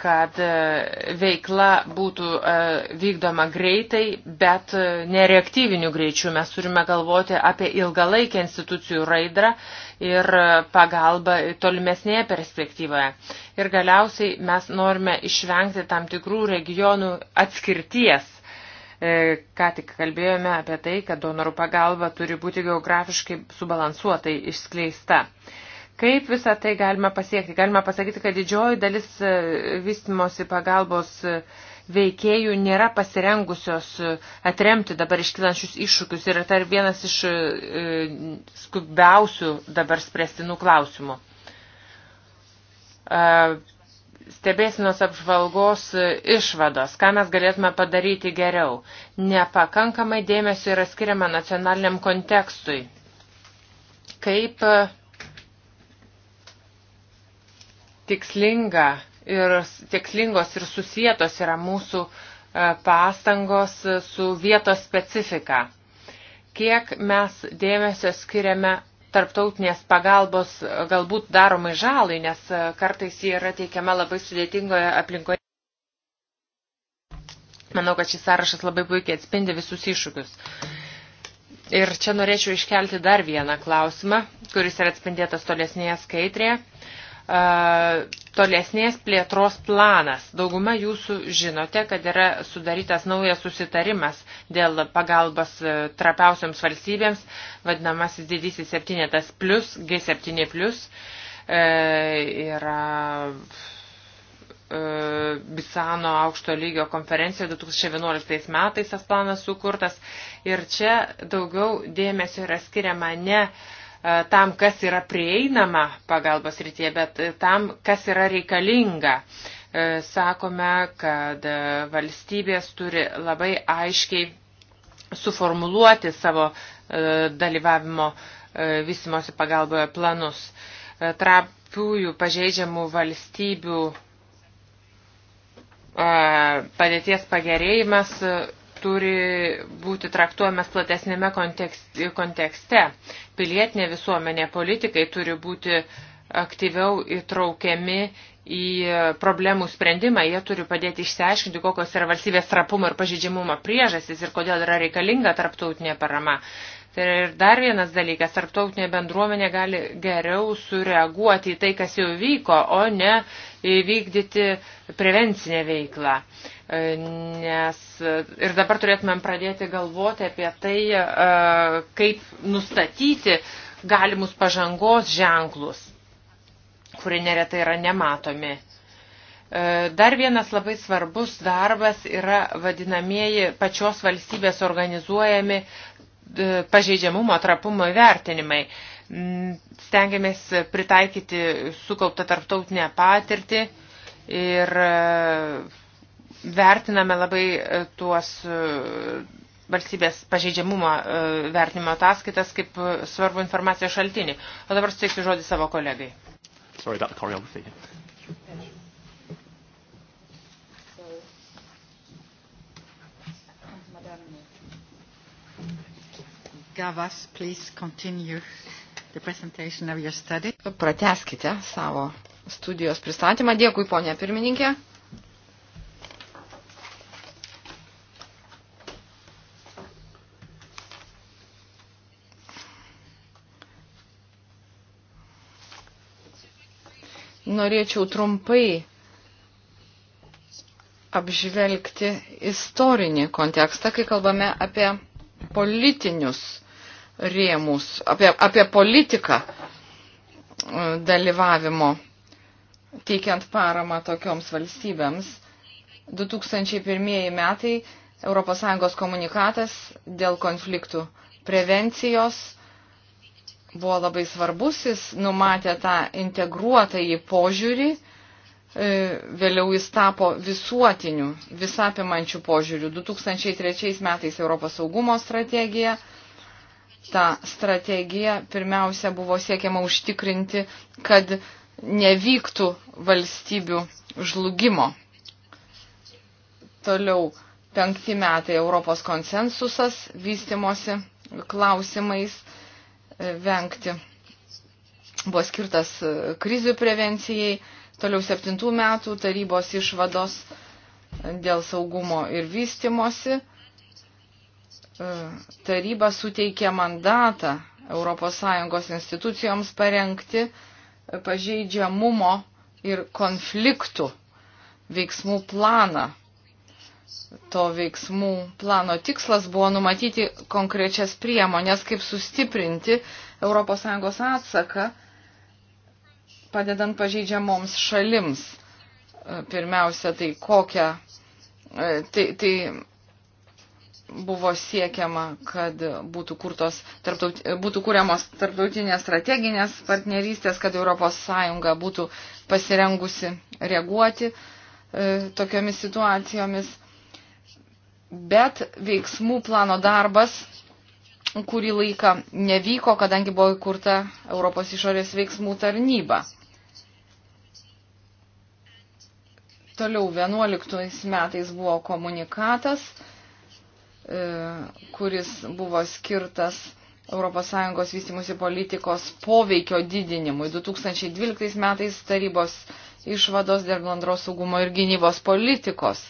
kad e, veikla būtų e, vykdoma greitai, bet e, nereaktyviniu greičiu. Mes turime galvoti apie ilgalaikę institucijų raidrą ir pagalbą tolimesnėje perspektyvoje. Ir galiausiai mes norime išvengti tam tikrų regionų atskirties. Ką tik kalbėjome apie tai, kad donorų pagalba turi būti geografiškai subalansuotai išskleista. Kaip visą tai galima pasiekti? Galima pasakyti, kad didžioji dalis e, vystimosi pagalbos e, veikėjų nėra pasirengusios e, atremti dabar iškilančius iššūkius ir tai vienas iš skubiausių dabar spręstinų klausimų. Stebėsinos apžvalgos išvados, ką mes galėtume padaryti geriau. Nepakankamai dėmesio yra skiriama nacionaliniam kontekstui. Kaip uh, tikslinga ir tikslingos ir susijėtos yra mūsų e, pastangos e, su vietos specifika. Kiek mes dėmesio skiriame tarptautinės pagalbos e, galbūt daromai žalai, nes kartais jie yra teikiama labai sudėtingoje aplinkoje. Manau, kad šis sąrašas labai puikiai atspindi visus iššūkius. Ir čia norėčiau iškelti dar vieną klausimą, kuris yra atspindėtas tolesnėje skaitrėje. E, tolesnės plėtros planas. Dauguma jūsų žinote, kad yra sudarytas naujas susitarimas dėl pagalbos e, trapiausiams valstybėms, vadinamasis didysis septynetas plus, G7 plus. E, yra e, Bisano aukšto lygio konferencijoje 2011 metais tas planas sukurtas ir čia daugiau dėmesio yra skiriama ne uh, E, tam, kas yra prieinama pagalbos rytie, bet tam, kas yra reikalinga. E, sakome, kad valstybės turi labai aiškiai suformuluoti savo e, dalyvavimo vystimosi pagalboje planus. Trapiųjų pažeidžiamų valstybių padėties pagerėjimas turi būti traktuojamas platesnėme kontekste. Pilietinė visuomenė, politikai turi būti aktyviau įtraukiami į problemų sprendimą, jie turi padėti išsiaiškinti, kokios yra valstybės trapumo ir pažydžiamumo priežastis ir kodėl yra reikalinga tarptautinė parama. Tai ir dar vienas dalykas, tarptautinė bendruomenė gali geriau sureaguoti į tai, kas jau vyko, o ne įvykdyti prevencinę veiklą. Nes ir dabar turėtumėm pradėti galvoti apie tai, e, kaip nustatyti galimus pažangos ženklus, kurie neretai yra nematomi. E, dar vienas labai svarbus darbas yra vadinamieji pačios valstybės organizuojami e, pažeidžiamumo trapumo vertinimai. Mm, stengiamės pritaikyti sukauptą tarptautinę patirtį ir vertiname labai e, tuos e, valstybės pažeidžiamumo e, vertinimo ataskaitas kaip svarbu informacijos šaltinį. O dabar suteiksiu žodį savo kolegai. Sorry about the choreography. Gavas, please continue the presentation of your study. Prateskite savo studijos pristatymą. Dėkui, ponė pirmininkė. norėčiau trumpai apžvelgti istorinį kontekstą, kai kalbame apie politinius rėmus, apie, apie politiką e, dalyvavimo, teikiant paramą tokioms valstybėms. 2001 metai ES komunikatas dėl konfliktų prevencijos buvo labai svarbus, jis numatė tą integruotąjį požiūrį, e, vėliau jis tapo visuotiniu, visapimančių požiūrių. 2003 metais Europos saugumo strategija. Ta strategija pirmiausia buvo siekiama užtikrinti, kad nevyktų valstybių žlugimo. Toliau penkti metai Europos konsensusas vystimosi klausimais vengti. Buvo skirtas e, krizių prevencijai, toliau septintų metų tarybos išvados dėl saugumo ir vystimosi. E, taryba suteikė mandatą ES institucijoms parengti pažeidžiamumo ir konfliktų veiksmų planą to veiksmų plano tikslas buvo numatyti konkrečias priemonės, kaip sustiprinti ES atsaką, padedant pažeidžiamoms šalims. E, pirmiausia, tai kokią, e, tai, tai buvo siekiama, kad būtų, kurtos, tarptaut, būtų kūriamos tarptautinės strateginės partnerystės, kad ES būtų pasirengusi reaguoti e, tokiomis situacijomis bet veiksmų plano darbas kurį laiką nevyko, kadangi buvo įkurta Europos išorės veiksmų tarnyba. Toliau 11 metais buvo komunikatas, e, kuris buvo skirtas ES vystimusi politikos poveikio didinimui. 2012 metais tarybos išvados dėl bendros saugumo ir gynybos politikos.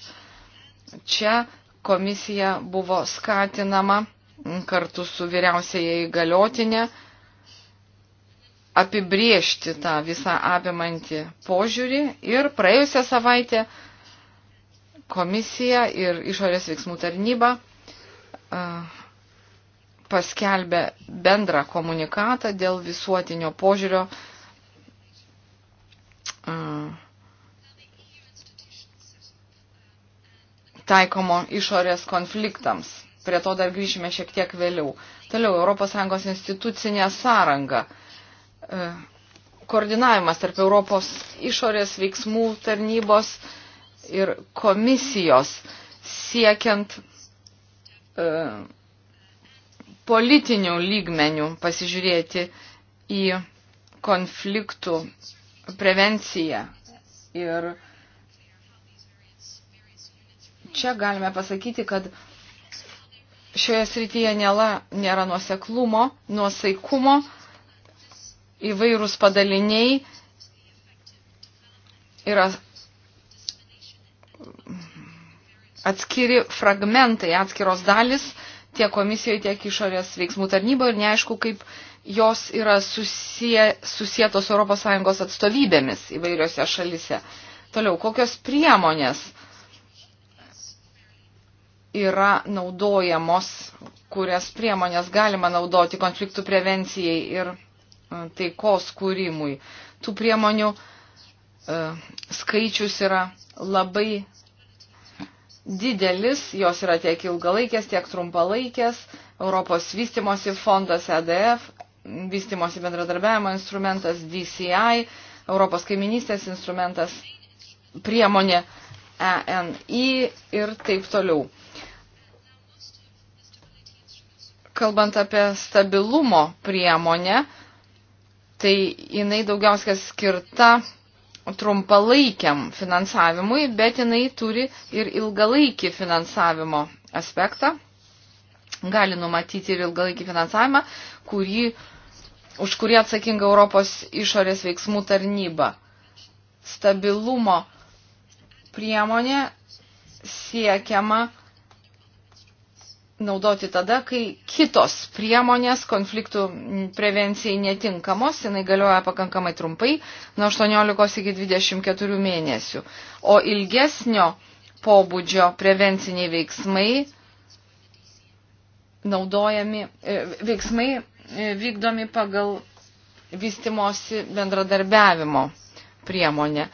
Čia komisija buvo skatinama kartu su vyriausiaja įgaliotinė apibriežti tą visą apimantį požiūrį ir praėjusią savaitę komisija ir išorės veiksmų tarnyba paskelbė bendrą komunikatą dėl visuotinio požiūrio taikomo išorės konfliktams. Prie to dar grįžime šiek tiek vėliau. Toliau, ES institucinė sąranga. E, koordinavimas tarp Europos išorės veiksmų tarnybos ir komisijos siekiant e, politinių lygmenių pasižiūrėti į konfliktų prevenciją ir e, čia galime pasakyti, kad šioje srityje nėla, nėra nuoseklumo, nuosaikumo, įvairūs padaliniai yra atskiri fragmentai, atskiros dalis tiek komisijoje, tiek išorės veiksmų tarnyboje ir neaišku, kaip jos yra susie, susietos ES atstovybėmis įvairiose šalise. Toliau, kokios priemonės uh, yra naudojamos, kurias priemonės galima naudoti konfliktų prevencijai ir e, taikos kūrimui. Tų priemonių e, skaičius yra labai didelis, jos yra tiek ilgalaikės, tiek trumpalaikės. Europos vystimosi fondas EDF, vystimosi bendradarbiavimo instrumentas DCI, Europos kaiminystės instrumentas priemonė ENI ir taip toliau. kalbant apie stabilumo priemonę, tai jinai daugiausia skirta trumpalaikiam finansavimui, bet jinai turi ir ilgalaikį finansavimo aspektą. Gali numatyti ir ilgalaikį finansavimą, kurį, už kurį atsakinga Europos išorės veiksmų tarnyba. Stabilumo priemonė siekiama naudoti tada, kai kitos priemonės konfliktų prevencijai netinkamos, jinai galioja pakankamai trumpai, nuo 18 iki 24 mėnesių. O ilgesnio pobūdžio prevenciniai veiksmai naudojami, e, veiksmai e, vykdomi pagal vystimosi bendradarbiavimo priemonę.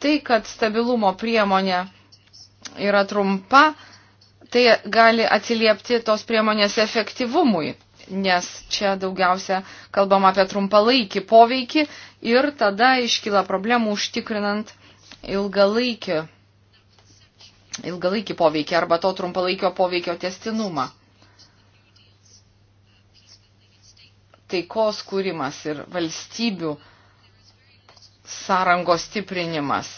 Tai, kad stabilumo priemonė yra trumpa, tai gali atsiliepti tos priemonės efektyvumui, nes čia daugiausia kalbam apie trumpalaikį poveikį ir tada iškyla problemų užtikrinant ilgalaikį, ilgalaikį poveikį arba to trumpalaikio poveikio testinumą. Taikos kūrimas ir valstybių sąrangos stiprinimas.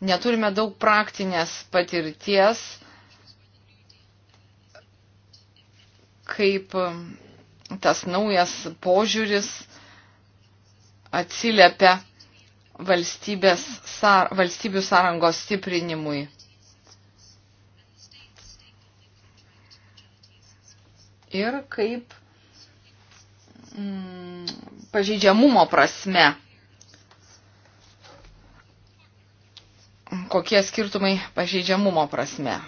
Neturime daug praktinės patirties kaip um, tas naujas požiūris atsiliepia sar, valstybių sąrangos stiprinimui. Ir kaip mm, pažeidžiamumo prasme, kokie skirtumai pažeidžiamumo prasme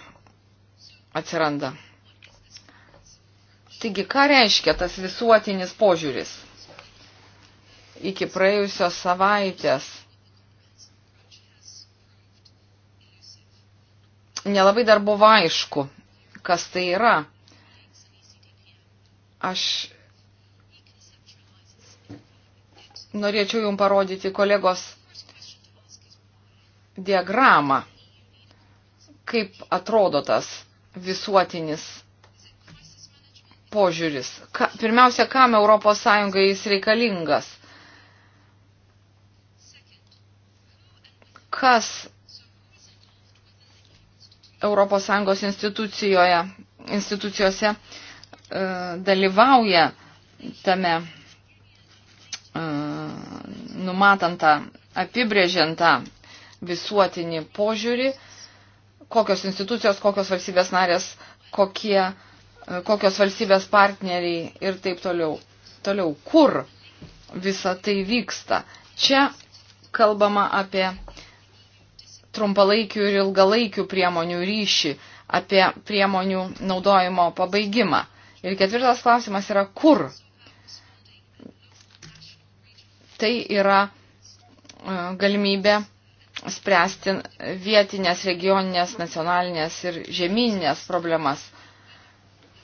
atsiranda. Taigi, ką reiškia tas visuotinis požiūris? Iki praėjusios savaitės nelabai dar buvo aišku, kas tai yra. Aš norėčiau Jums parodyti kolegos diagramą, kaip atrodo tas visuotinis požiūris. Ka, pirmiausia, kam ES jis reikalingas? Kas ES institucijoje, institucijose e, dalyvauja tame e, numatantą, apibrėžiantą visuotinį požiūrį, kokios institucijos, kokios valstybės narės, kokie e, kokios valstybės partneriai ir taip toliau. Toliau, kur visa tai vyksta? Čia kalbama apie trumpalaikių ir ilgalaikių priemonių ryšį, apie priemonių naudojimo pabaigimą. Ir ketvirtas klausimas yra, kur? Tai yra e, galimybė spręsti vietinės, regioninės, nacionalinės ir žemyninės problemas.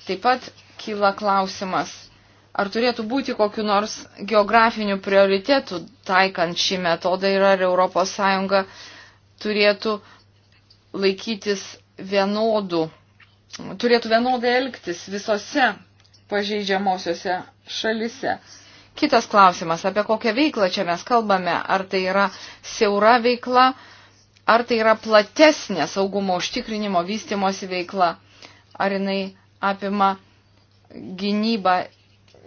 Taip pat kyla klausimas, ar turėtų būti kokiu nors geografiniu prioritetu taikant šį metodą ir ar ES turėtų laikytis vienodų, turėtų vienodai elgtis visose pažeidžiamosiose šalise. Kitas klausimas, apie kokią veiklą čia mes kalbame, ar tai yra siaura veikla, ar tai yra platesnė saugumo užtikrinimo vystimosi veikla, ar jinai apima gynybą,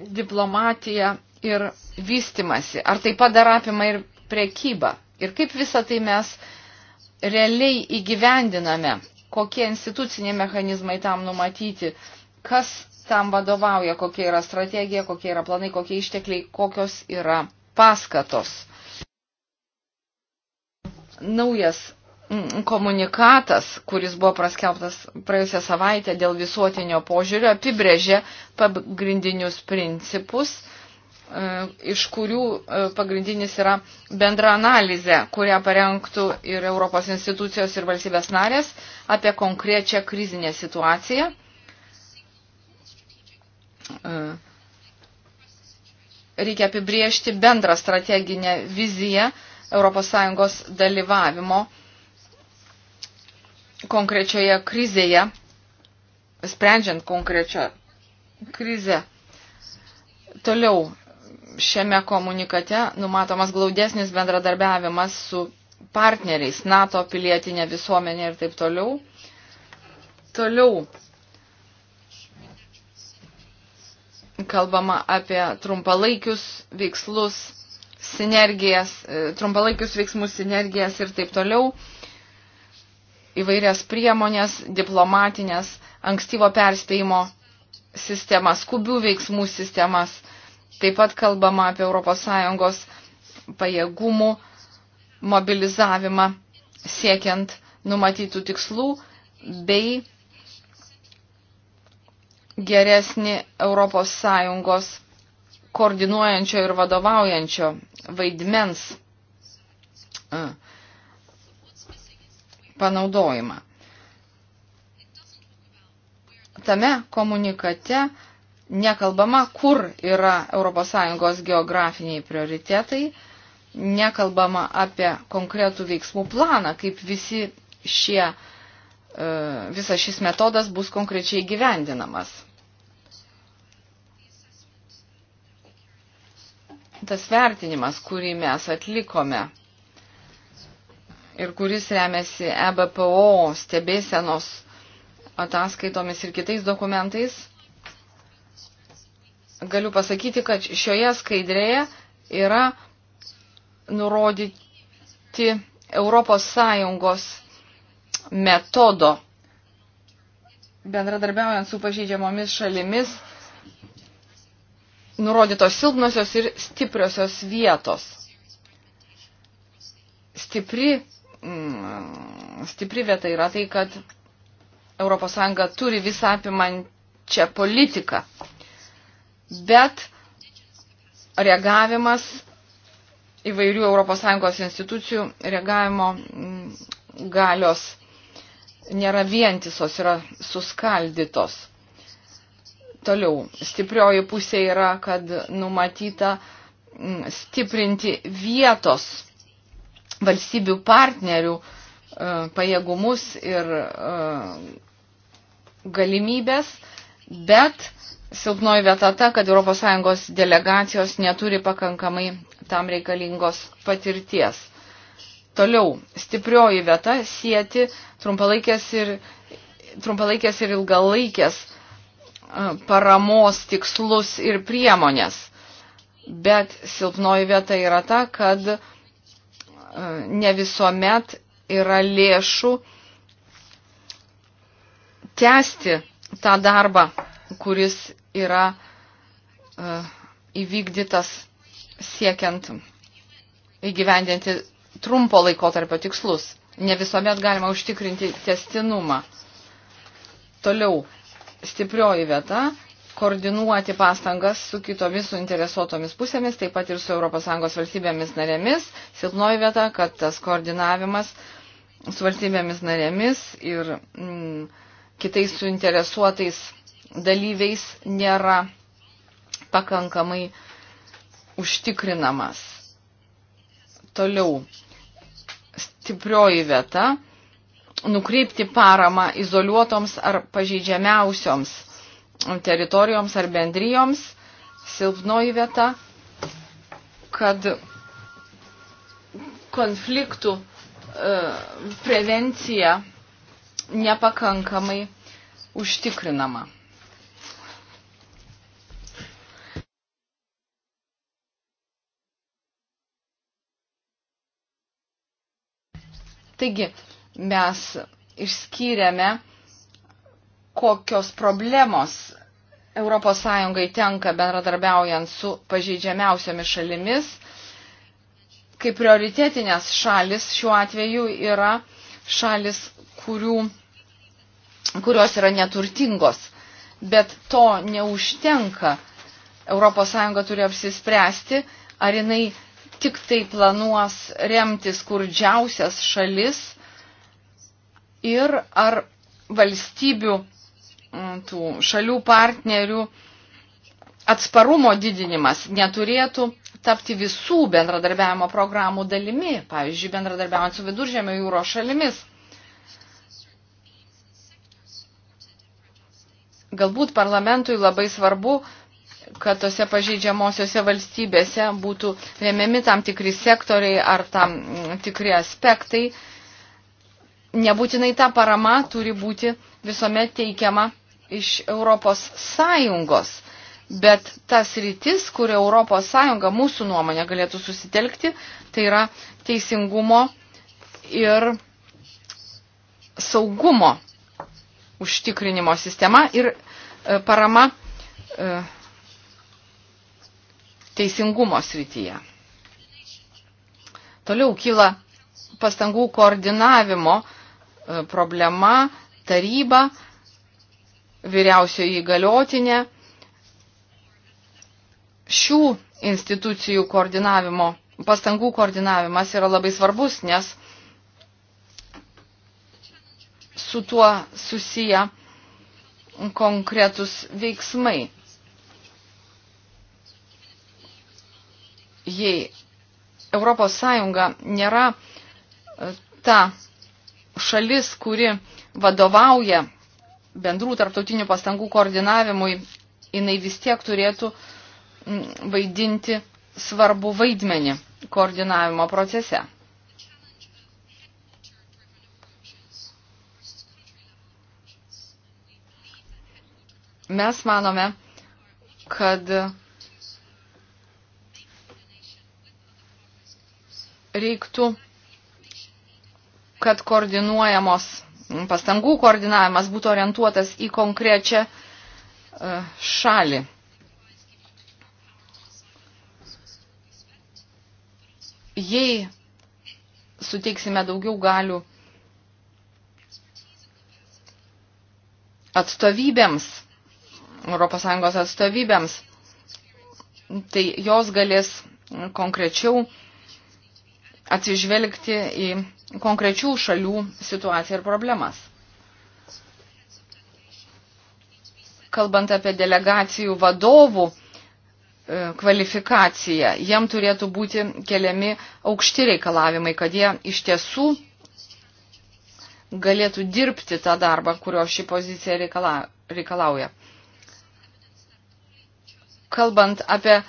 diplomatiją ir vystimasi. Ar taip pat dar apima ir priekybą? Ir kaip visą tai mes realiai įgyvendiname? Kokie instituciniai mechanizmai tam numatyti? Kas tam vadovauja? Kokia yra strategija, kokie yra planai, kokie ištekliai, kokios yra paskatos? Naujas Mm, komunikatas, kuris buvo praskelbtas praėjusią savaitę dėl visuotinio požiūrio, apibrėžė pagrindinius principus, e, iš kurių e, pagrindinis yra bendra analizė, kurią parengtų ir Europos institucijos ir valstybės narės apie konkrečią krizinę situaciją. E, reikia apibriežti bendrą strateginę viziją ES dalyvavimo konkrečioje krizėje, sprendžiant konkrečią krizę. Toliau šiame komunikate numatomas glaudesnis bendradarbiavimas su partneriais, NATO pilietinė visuomenė ir taip toliau. Toliau kalbama apie trumpalaikius veikslus, sinergijas, e, trumpalaikius veiksmus, sinergijas ir taip toliau įvairias priemonės, diplomatinės, ankstyvo perspėjimo sistemas, skubių veiksmų sistemas. Taip pat kalbama apie ES pajėgumų mobilizavimą siekiant numatytų tikslų bei geresnį ES koordinuojančio ir vadovaujančio vaidmens uh, panaudojimą. Tame komunikate nekalbama, kur yra ES geografiniai prioritetai, nekalbama apie konkretų veiksmų planą, kaip visi šie, e, visas šis metodas bus konkrečiai gyvendinamas. tas vertinimas, kurį mes atlikome, ir kuris remiasi EBPO stebėsenos ataskaitomis ir kitais dokumentais, galiu pasakyti, kad šioje skaidrėje yra nurodyti Europos Sąjungos metodo bendradarbiaujant su pažeidžiamomis šalimis nurodytos silpnosios ir stipriosios vietos. Stipri Mm, stipri vieta yra tai, kad ES turi visą apimančią politiką. Bet reagavimas įvairių ES institucijų reagavimo mm, galios nėra vientisos, yra suskaldytos. Toliau, stiprioji pusė yra, kad numatyta mm, stiprinti vietos valstybių partnerių e, pajėgumus ir e, galimybės, bet silpnoji vieta ta, kad ES delegacijos neturi pakankamai tam reikalingos patirties. Toliau, stiprioji vieta sieti trumpalaikės ir, trumpalaikės ir ilgalaikės e, paramos tikslus ir priemonės. Bet silpnoji vieta yra ta, kad uh, ne visuomet yra lėšų tęsti tą darbą, kuris yra e, įvykdytas siekiant įgyvendinti trumpo laikotarpio tikslus. Ne visuomet galima užtikrinti testinumą. Toliau, stiprioji vieta koordinuoti pastangas su kitomis suinteresuotomis pusėmis, taip pat ir su ES valstybėmis narėmis. Silpnoji vieta, kad tas koordinavimas su valstybėmis narėmis ir mm, kitais suinteresuotais dalyviais nėra pakankamai užtikrinamas. Toliau, stiprioji vieta nukreipti paramą izoliuotoms ar pažeidžiamiausioms teritorijoms ar bendrijoms silpnoji vieta, kad konfliktų e, prevencija nepakankamai užtikrinama. Taigi mes išskyrėme kokios problemos ES tenka bendradarbiaujant su pažeidžiamiausiomis šalimis. Kaip prioritetinės šalis šiuo atveju yra šalis, kurių, kurios yra neturtingos. Bet to neužtenka. ES turi apsispręsti, ar jinai tik tai planuos remti skurdžiausias šalis ir ar valstybių Mm, tų šalių partnerių atsparumo didinimas neturėtų tapti visų bendradarbiavimo programų dalimi, pavyzdžiui, bendradarbiaujant su viduržėmio jūros šalimis. Galbūt parlamentui labai svarbu, kad tose pažeidžiamosiose valstybėse būtų remiami tam tikri sektoriai ar tam mm, tikri aspektai, nebūtinai ta parama turi būti visuomet teikiama iš Europos Sąjungos, bet tas rytis, kur Europos Sąjunga mūsų nuomonė galėtų susitelkti, tai yra teisingumo ir saugumo užtikrinimo sistema ir e, parama e, teisingumo srityje. Toliau kyla pastangų koordinavimo E, problema, taryba, vyriausioji įgaliotinė. Šių institucijų koordinavimo, pastangų koordinavimas yra labai svarbus, nes su tuo susiję konkretus veiksmai. Jei Europos Sąjunga nėra e, ta šalis, kuri vadovauja bendrų tarptautinių pastangų koordinavimui, jinai vis tiek turėtų mm, vaidinti svarbu vaidmenį koordinavimo procese. Mes manome, kad reiktų kad koordinuojamos pastangų koordinavimas būtų orientuotas į konkrečią e, šalį. Jei suteiksime daugiau galių atstovybėms, ES atstovybėms, tai jos galės konkrečiau atsižvelgti į konkrečių šalių situaciją ir problemas. Kalbant apie delegacijų vadovų e, kvalifikaciją, jiem turėtų būti keliami aukšti reikalavimai, kad jie iš tiesų galėtų dirbti tą darbą, kurio ši pozicija reikala, reikalauja. Kalbant apie e,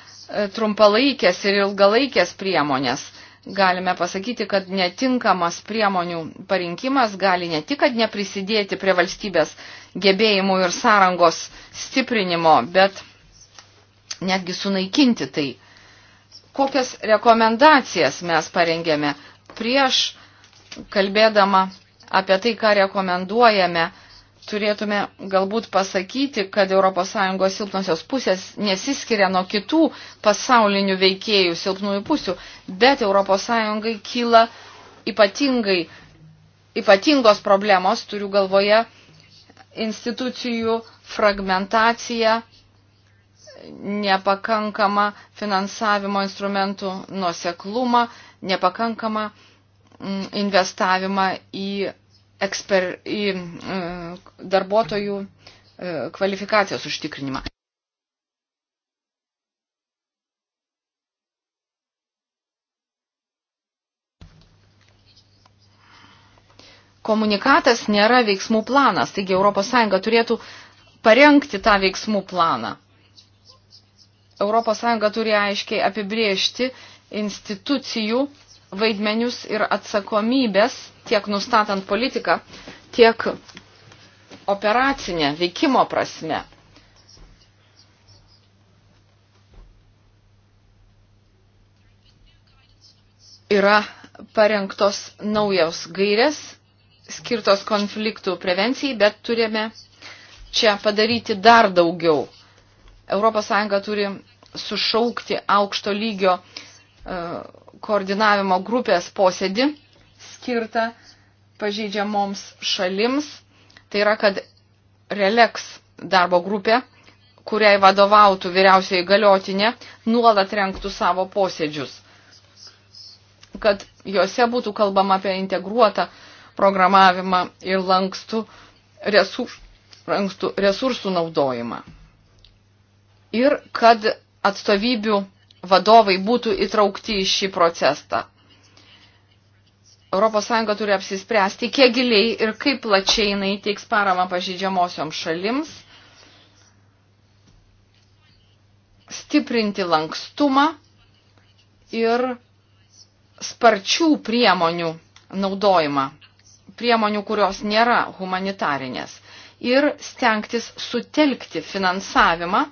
trumpalaikės ir ilgalaikės priemonės, galime pasakyti, kad netinkamas priemonių parinkimas gali ne tik, kad neprisidėti prie valstybės gebėjimų ir sąrangos stiprinimo, bet netgi sunaikinti tai. Kokias rekomendacijas mes parengėme prieš kalbėdama apie tai, ką rekomenduojame turėtume galbūt pasakyti, kad ES silpnosios pusės nesiskiria nuo kitų pasaulinių veikėjų silpnųjų pusių, bet ES kyla ypatingai, ypatingos problemos, turiu galvoje, institucijų fragmentacija, nepakankama finansavimo instrumentų nuoseklumą, nepakankama mm, investavimą į eksper, į e, darbuotojų e, kvalifikacijos užtikrinimą. Komunikatas nėra veiksmų planas, taigi ES turėtų parengti tą veiksmų planą. ES turi aiškiai apibriežti institucijų vaidmenius ir atsakomybės tiek nustatant politiką, tiek operacinę veikimo prasme. Yra parengtos naujos gairės, skirtos konfliktų prevencijai, bet turime čia padaryti dar daugiau. ES turi sušaukti aukšto lygio e, koordinavimo grupės posėdį skirtą pažeidžiamoms šalims. Tai yra, kad Releks darbo grupė, kuriai vadovautų vyriausiai galiotinė, nuolat renktų savo posėdžius. Kad juose būtų kalbama apie integruotą programavimą ir lankstų resursų, lankstų resursų naudojimą. Ir kad atstovybių vadovai būtų įtraukti į šį procesą. ES turi apsispręsti, kiek giliai ir kaip plačiai jinai teiks paramą pažydžiamosiom šalims, stiprinti lankstumą ir sparčių priemonių naudojimą, priemonių, kurios nėra humanitarinės, ir stengtis sutelkti finansavimą,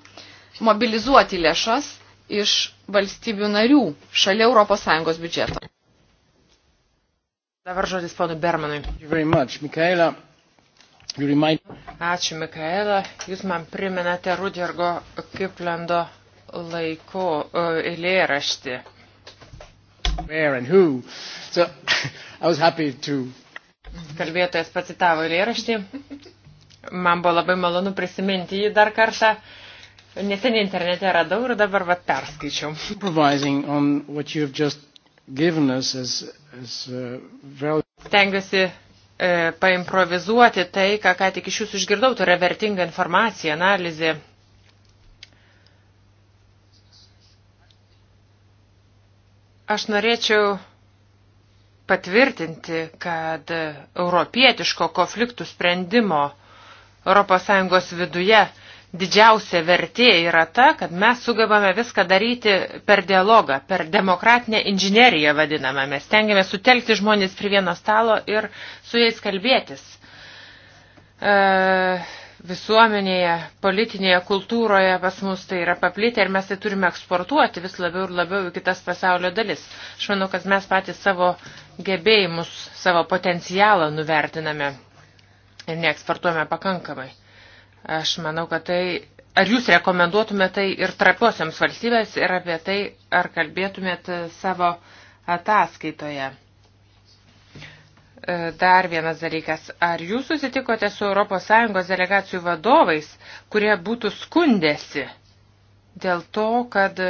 mobilizuoti lėšas iš valstybių narių šalia ES biudžeto. Dabar žodis ponui Bermanui. Much, Michaela. Remind... Ačiū, Mikaela. Jūs man priminate Rudjergo Kiplendo laikų eilėraštį. So, to... Kalbėtojas pacitavo eilėraštį. Man buvo labai malonu prisiminti jį dar kartą. Neseniai internete radau ir dabar vat perskaičiau given us as, as uh, valuable. Tengiuosi e, paimprovizuoti tai, ką ką tik iš jūsų išgirdau, tai yra vertinga informacija, analizė. Aš norėčiau patvirtinti, kad europietiško konfliktų sprendimo ES viduje didžiausia vertė yra ta, kad mes sugebame viską daryti per dialogą, per demokratinę inžineriją vadinamą. Mes tengiame sutelkti žmonės prie vieno stalo ir su jais kalbėtis. E, visuomenėje, politinėje kultūroje pas mus tai yra paplitę ir mes tai turime eksportuoti vis labiau ir labiau į kitas pasaulio dalis. Aš manau, kad mes patys savo gebėjimus, savo potencialą nuvertiname ir neeksportuojame pakankamai. Aš manau, kad tai. Ar jūs rekomenduotumėte tai ir trapiosiams valstybės ir apie tai, ar kalbėtumėt savo ataskaitoje? E, dar vienas dalykas. Ar jūs susitikote su ES delegacijų vadovais, kurie būtų skundėsi dėl to, kad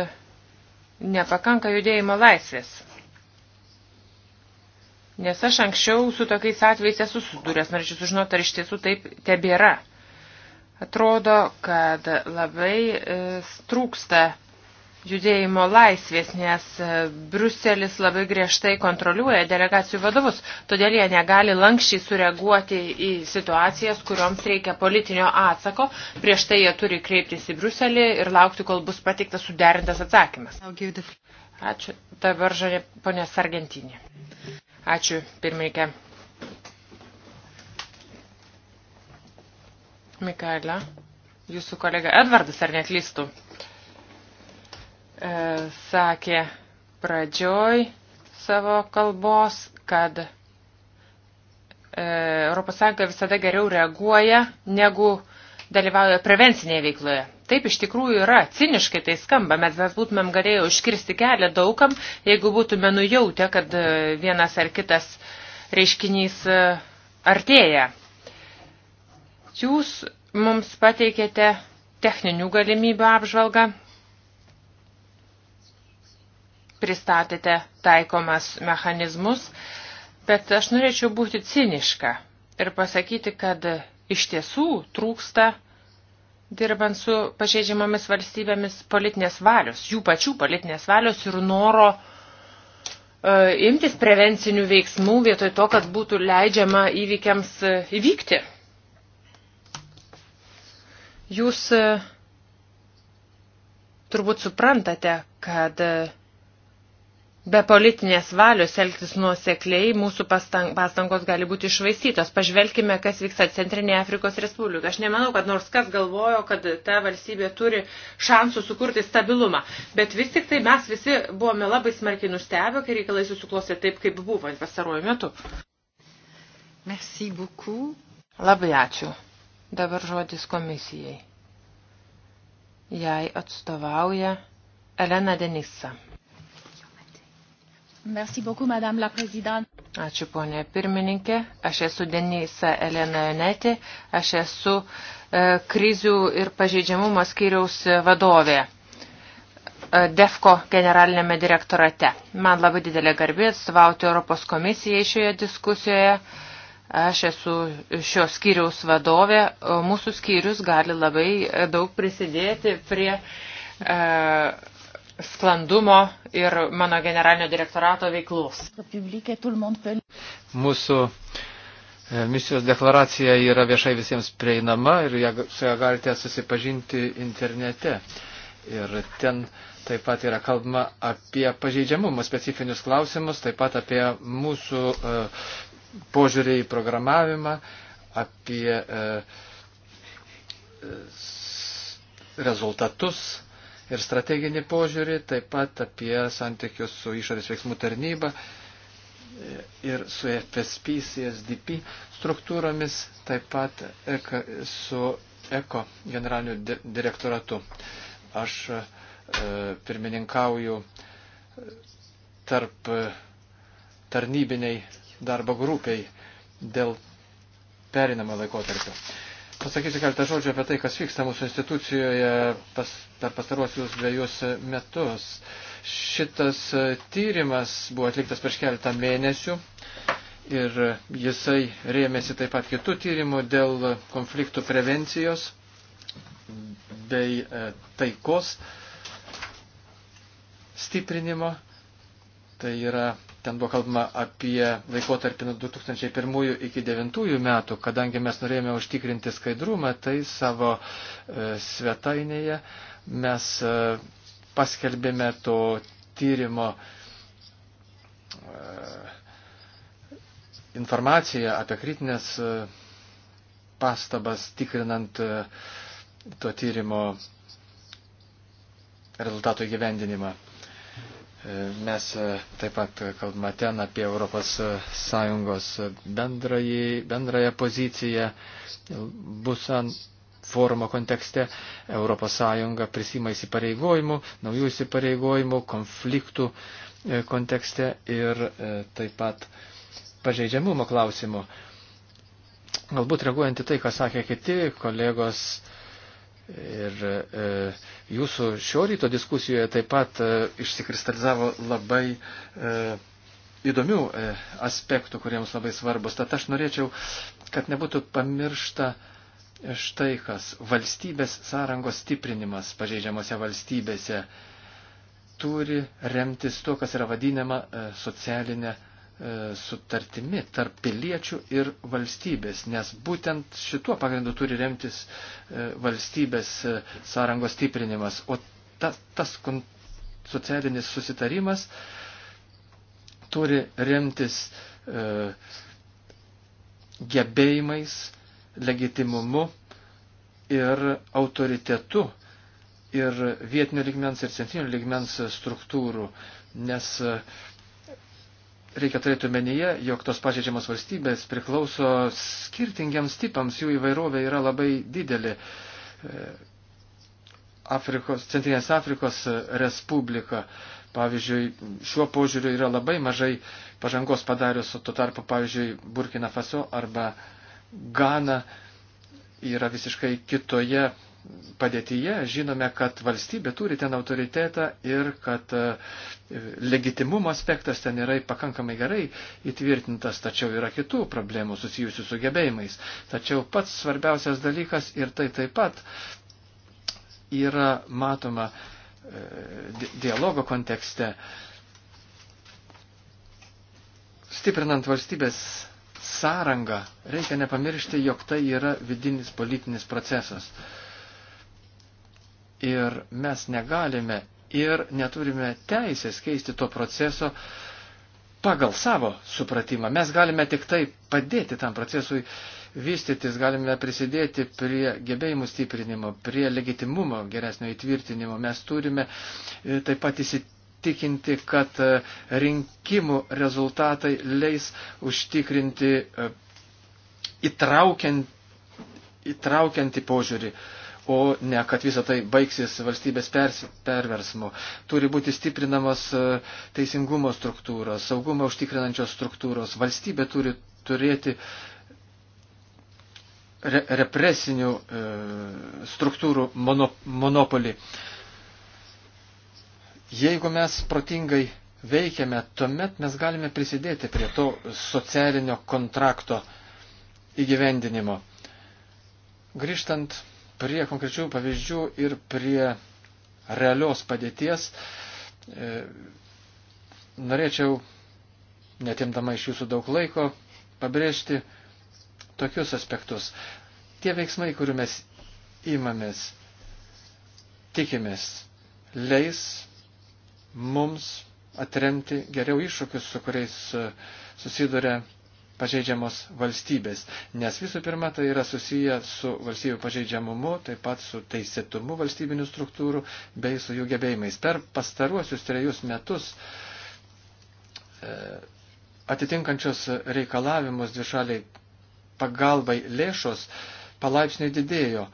nepakanka judėjimo laisvės? Nes aš anksčiau su tokiais atvejais esu susidūręs, norėčiau sužinoti, ar iš tiesų taip tebėra. yra. Atrodo, kad labai e, trūksta judėjimo laisvės, nes e, Bruselis labai griežtai kontroliuoja delegacijų vadovus, todėl jie negali lankščiai sureaguoti į situacijas, kurioms reikia politinio atsako, prieš tai jie turi kreiptis į Bruselį ir laukti, kol bus pateiktas suderintas atsakymas. Ačiū. Dabar žodė ponė Sargentinė. Ačiū, pirmininkė. Mikaela, jūsų kolega Edvardas, ar neklystų, e, sakė pradžioj savo kalbos, kad e, ES visada geriau reaguoja negu dalyvauja prevencinėje veikloje. Taip iš tikrųjų yra, ciniškai tai skamba, bet mes būtumėm galėję užkirsti kelią daugam, jeigu būtume nujautę, kad e, vienas ar kitas reiškinys e, artėja. Jūs mums pateikėte techninių galimybių apžvalgą, pristatėte taikomas mechanizmus, bet aš norėčiau būti ciniška ir pasakyti, kad iš tiesų trūksta, dirbant su pažeidžiamomis valstybėmis, politinės valios, jų pačių politinės valios ir noro e, imtis prevencinių veiksmų vietoj to, kad būtų leidžiama įvykiams e, įvykti. Jūs e, turbūt suprantate, kad e, be politinės valios elgtis nuosekliai mūsų pastangos gali būti išvaistytos. Pažvelkime, kas vyksta Centrinėje Afrikos Respublikoje. Aš nemanau, kad nors kas galvojo, kad ta valstybė turi šansų sukurti stabilumą. Bet vis tik tai mes visi buvome labai smarkiai nustebę, kai reikalai susiklostė taip, kaip buvo pastaruoju metu. Merci beaucoup. Labai ačiū. Dabar žodis komisijai. Jai atstovauja Elena Denisa. Merci beaucoup, Madame la Présidente. Ačiū, ponė pirmininkė. Aš esu Denisa Elena Jonetė. Aš esu e, krizių ir pažeidžiamumo skyriaus e, vadovė e, DEFCO generalinėme direktorate. Man labai didelė garbė atstovauti Europos komisijai šioje diskusijoje. E, Aš esu šios skyriaus vadovė, o mūsų skyrius gali labai daug prisidėti prie e, sklandumo ir mano generalinio direktorato veiklos. Mūsų e, misijos deklaracija yra viešai visiems prieinama ir su ją galite susipažinti internete. Ir ten Taip pat yra kalbama apie pažeidžiamumą specifinius klausimus, taip pat apie mūsų e, požiūrį į programavimą, apie e, rezultatus ir strateginį požiūrį, taip pat apie santykius su išorės veiksmų tarnyba ir su FSP, CSDP struktūromis, taip pat su ECO generaliniu direktoratu. Aš e, pirmininkauju tarp tarnybiniai darbo grupiai dėl perinamo laikotarpio. Pasakysiu keletą žodžių apie tai, kas vyksta mūsų institucijoje pas, per pastaruosius dviejus metus. Šitas tyrimas buvo atliktas prieš keletą mėnesių ir jisai rėmėsi taip pat kitų tyrimų dėl konfliktų prevencijos bei e, taikos stiprinimo. Tai yra ten buvo kalbama apie laikotarpį nuo 2001 iki 2009 metų, kadangi mes norėjome užtikrinti skaidrumą, tai savo e, svetainėje mes e, paskelbėme to tyrimo e, informaciją apie kritinės e, pastabas tikrinant e, to tyrimo rezultato įgyvendinimą. E, mes e, taip pat kalbame ten apie ES e, bendrąjį, bendrąją poziciją. Busan forumo kontekste ES prisima įsipareigojimų, naujų įsipareigojimų, konfliktų kontekste ir taip pat pažeidžiamumo klausimų. Galbūt reaguojant į tai, ką sakė kiti kolegos, Ir e, jūsų šio ryto diskusijoje taip pat e, išsikristalizavo labai e, įdomių e, aspektų, kuriems labai svarbus. Tad aš norėčiau, kad nebūtų pamiršta štai kas. Valstybės sąrangos stiprinimas pažeidžiamose valstybėse turi remtis tuo, kas yra vadinama e, socialinė E, sutartimi tarp piliečių ir valstybės, nes būtent šituo pagrindu turi remtis e, valstybės e, sąrangos stiprinimas. O ta, tas socialinis susitarimas turi remtis e, gebėjimais, legitimumu ir autoritetu ir vietinio ligmens ir centrinio ligmens struktūrų, nes e, reikia turėti omenyje, jog tos pažeidžiamos valstybės priklauso skirtingiams tipams, jų įvairovė yra labai didelė. E, Afrikos, Centrinės Afrikos Respublika, pavyzdžiui, šiuo požiūriu yra labai mažai pažangos padarius, o tuo tarpu, pavyzdžiui, Burkina Faso arba Gana yra visiškai kitoje padėtyje žinome, kad valstybė turi ten autoritetą ir kad e, legitimumo aspektas ten yra pakankamai gerai įtvirtintas, tačiau yra kitų problemų susijusių su gebėjimais. Tačiau pats svarbiausias dalykas ir tai taip pat yra matoma e, dialogo kontekste, stiprinant valstybės sąrangą, reikia nepamiršti, jog tai yra vidinis politinis procesas ir mes negalime ir neturime teisės keisti to proceso pagal savo supratimą. Mes galime tik tai padėti tam procesui vystytis, galime prisidėti prie gebėjimų stiprinimo, prie legitimumo geresnio įtvirtinimo. Mes turime e, taip pat įsitikinti, kad e, rinkimų rezultatai leis užtikrinti e, įtraukiant, įtraukiantį požiūrį o ne kad visą tai baigsis valstybės pers, perversmu. Turi būti stiprinamos e, teisingumo struktūros, saugumą užtikrinančios struktūros. Valstybė turi turėti re, represinių e, struktūrų mono, monopolį. Jeigu mes protingai veikiame, tuomet mes galime prisidėti prie to socialinio kontrakto įgyvendinimo. Grįžtant prie konkrečių pavyzdžių ir prie realios padėties, e, norėčiau, netimdama iš jūsų daug laiko, pabrėžti tokius aspektus. Tie veiksmai, kurių mes įmamės, tikimės, leis mums atremti geriau iššūkius, su kuriais susiduria pažeidžiamos valstybės, nes visų pirma tai yra susiję su valstybių pažeidžiamumu, taip pat su teisėtumu valstybinių struktūrų bei su jų gebėjimais. Per pastaruosius trejus metus e, atitinkančios reikalavimus dvišaliai pagalbai lėšos palaipsniui didėjo.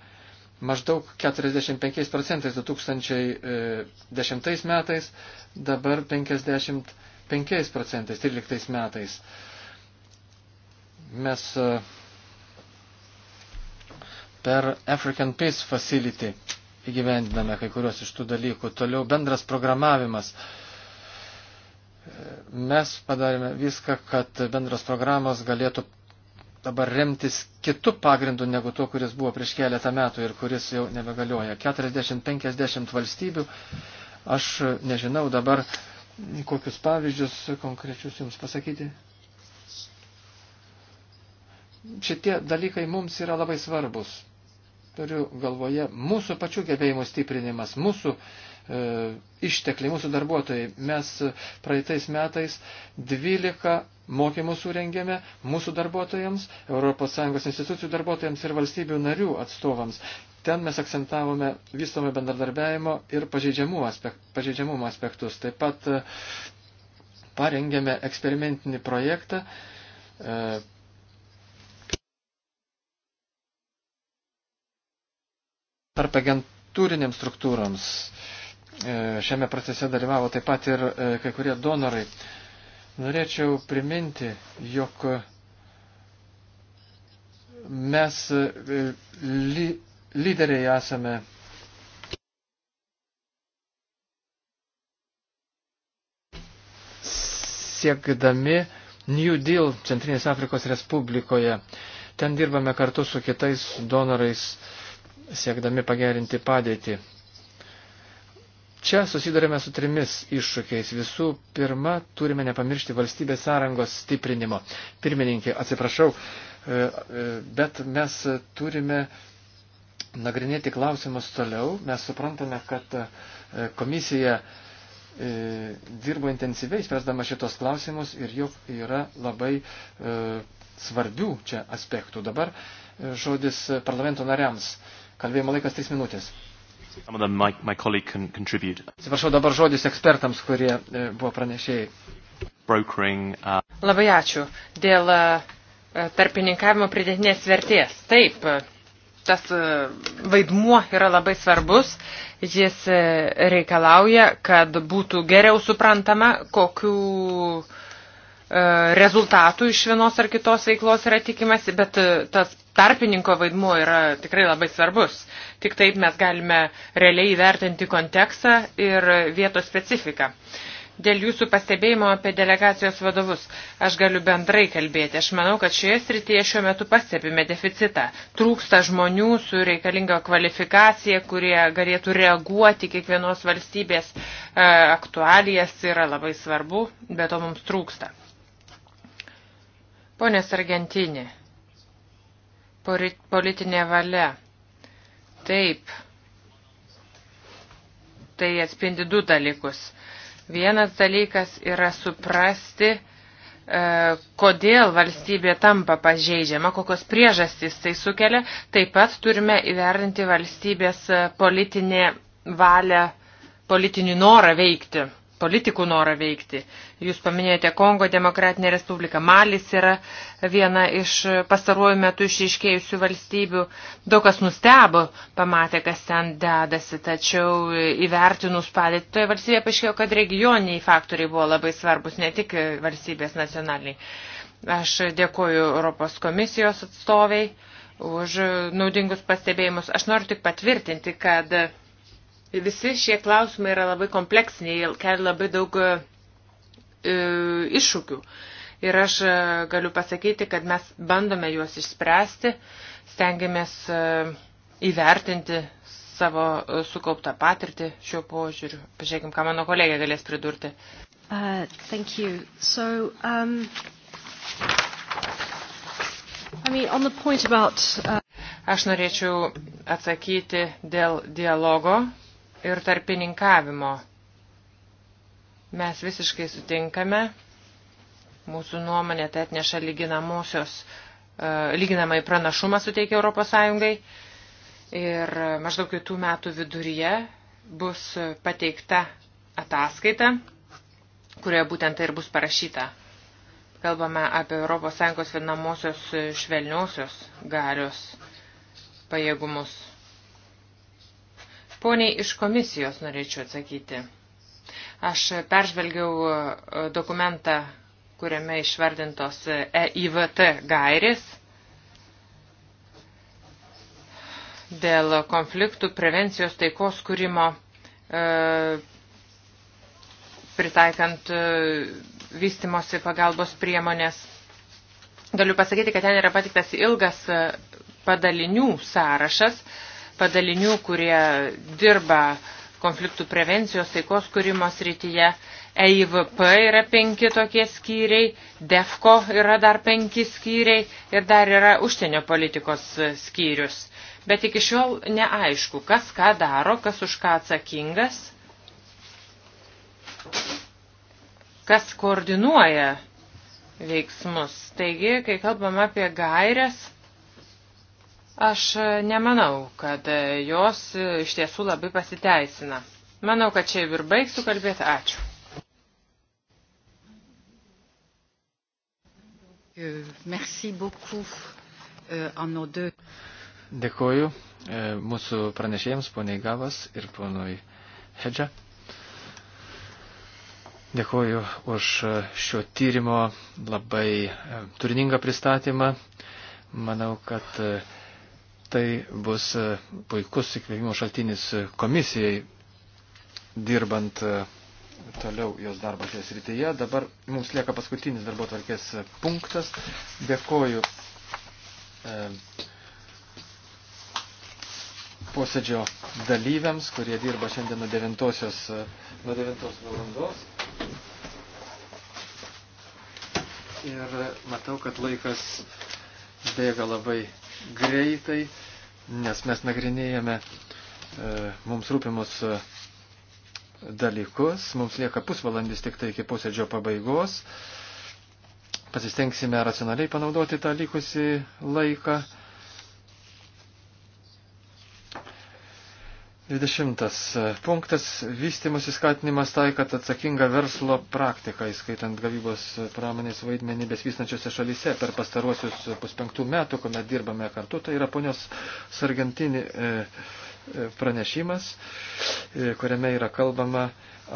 Maždaug 45 procentais 2010 e, metais, dabar 55 procentais 13 metais. Mes e, per African Peace Facility įgyvendiname kai kurios iš tų dalykų. Toliau bendras programavimas. E, mes padarėme viską, kad bendras programas galėtų dabar remtis kitų pagrindų negu to, kuris buvo prieš keletą metų ir kuris jau nebegalioja. 40-50 valstybių. Aš nežinau dabar kokius pavyzdžius konkrečius jums pasakyti šitie dalykai mums yra labai svarbus. Turiu galvoje mūsų pačių gebėjimų stiprinimas, mūsų e, ištekliai, mūsų darbuotojai. Mes e, praeitais metais 12 mokymų surengėme mūsų darbuotojams, ES institucijų darbuotojams ir valstybių narių atstovams. Ten mes akcentavome vystomą bendradarbiavimo ir pažeidžiamumo, aspek pažeidžiamumo aspektus. Taip pat e, parengėme eksperimentinį projektą, e, tarp agentūrinėms struktūroms. E, šiame procese dalyvavo taip pat ir e, kai kurie donorai. Norėčiau priminti, jog mes e, ly, lyderiai esame siekdami New Deal Centrinės Afrikos Respublikoje. Ten dirbame kartu su kitais donorais siekdami pagerinti padėtį. Čia susidurime su trimis iššūkiais. Visų pirma, turime nepamiršti valstybės sąrangos stiprinimo. Pirmininkė, atsiprašau, e, e, bet mes turime nagrinėti klausimus toliau. Mes suprantame, kad e, komisija dirbo intensyviai, spręsdama šitos klausimus ir jog yra labai svarbių čia aspektų. Dabar žodis parlamento nariams. Kalbėjimo laikas 3 minutės. Atsiprašau dabar žodis ekspertams, kurie e, buvo pranešėjai. Brokering, uh... Labai ačiū. Dėl uh, tarpininkavimo pridėtinės vertės. Taip, tas vaidmuo yra labai svarbus. Jis reikalauja, kad būtų geriau suprantama, kokiu rezultatų iš vienos ar kitos veiklos yra tikimasi, bet tas tarpininko vaidmuo yra tikrai labai svarbus. Tik taip mes galime realiai įvertinti kontekstą ir vietos specifiką. Dėl jūsų pastebėjimo apie delegacijos vadovus aš galiu bendrai kalbėti. Aš manau, kad šioje srityje šiuo metu pastebime deficitą. Trūksta žmonių su reikalinga kvalifikacija, kurie galėtų reaguoti kiekvienos valstybės e, aktualijas tai yra labai svarbu, bet to mums trūksta. Pone Sargentinė politinė valia. Taip, tai atspindi du dalykus. Vienas dalykas yra suprasti, e, kodėl valstybė tampa pažeidžiama, kokios priežastys tai sukelia. Taip pat turime įvertinti valstybės politinę valią, politinį norą veikti politikų norą veikti. Jūs paminėjote Kongo demokratinę respubliką. Malis yra viena iš pastaruoju metu išaiškėjusių valstybių. Daug kas nustebo, pamatė, kas ten dedasi, tačiau įvertinus padėtį toje valstybėje paaiškėjo, kad regioniniai faktoriai buvo labai svarbus, ne tik valstybės nacionaliniai. Aš dėkoju Europos komisijos atstoviai už naudingus pastebėjimus. Aš noriu tik patvirtinti, kad Visi šie klausimai yra labai kompleksiniai, kelia labai daug e, e iššūkių. Ir aš e, galiu pasakyti, kad mes bandome juos išspręsti, stengiamės e, įvertinti savo e, sukauptą patirtį šiuo požiūriu. Pažiūrėkime, ką mano kolegė galės pridurti. Uh, thank you. So, um, I mean, on the point about, uh... Aš norėčiau atsakyti dėl dialogo ir tarpininkavimo. Mes visiškai sutinkame, mūsų nuomonė tai atneša lyginamosios, e, lyginamai pranašumą suteikia Europos Sąjungai ir maždaug kitų metų viduryje bus pateikta ataskaita, kurioje būtent tai ir bus parašyta. Kalbame apie ES vienamosios švelniosios galios pajėgumus. Poniai iš komisijos norėčiau atsakyti. Aš peržvelgiau e, dokumentą, kuriame išvardintos EIVT e gairės dėl konfliktų prevencijos taikos kūrimo e, pritaikant vystimosi pagalbos priemonės. Galiu pasakyti, kad ten yra patiktas ilgas padalinių sąrašas, padalinių, kurie dirba konfliktų prevencijos taikos kūrimo srityje. EIVP yra penki tokie skyriai, DEFCO yra dar penki skyriai ir dar yra užsienio politikos skyrius. Bet iki šiol neaišku, kas ką daro, kas už ką atsakingas, kas koordinuoja veiksmus. Taigi, kai kalbam apie gairias, Aš e, nemanau, kad e, jos e, iš tiesų labai pasiteisina. Manau, kad čia ir baigsiu kalbėti. Ačiū. Euh, merci beaucoup en euh, nos deux. Dėkoju mūsų pranešėjams, poniai Gavas ir ponui Hedža. Dėkoju už šio tyrimo labai turiningą pristatymą. Manau, kad tai bus e, puikus įkvėpimo šaltinis e, komisijai dirbant e, toliau jos darbo šioje srityje. Dabar mums lieka paskutinis darbo tvarkės punktas. Dėkoju e, posėdžio dalyviams, kurie dirba šiandien nuo 9, nuo 9 valandos. Ir matau, kad laikas bėga labai greitai, nes mes nagrinėjame e, mums rūpimus e, dalykus. Mums lieka pusvalandis tik tai iki posėdžio pabaigos. Pasistengsime racionaliai panaudoti tą likusį laiką. 20 e, punktas - vystimus įskatinimas taikat atsakingą verslo praktiką, įskaitant gavybos e, pramonės vaidmenį besvystančiose šalyse per pastaruosius puspenktų metų, kuomet dirbame kartu. Tai yra ponios Sargentini e, pranešimas, kuriame yra kalbama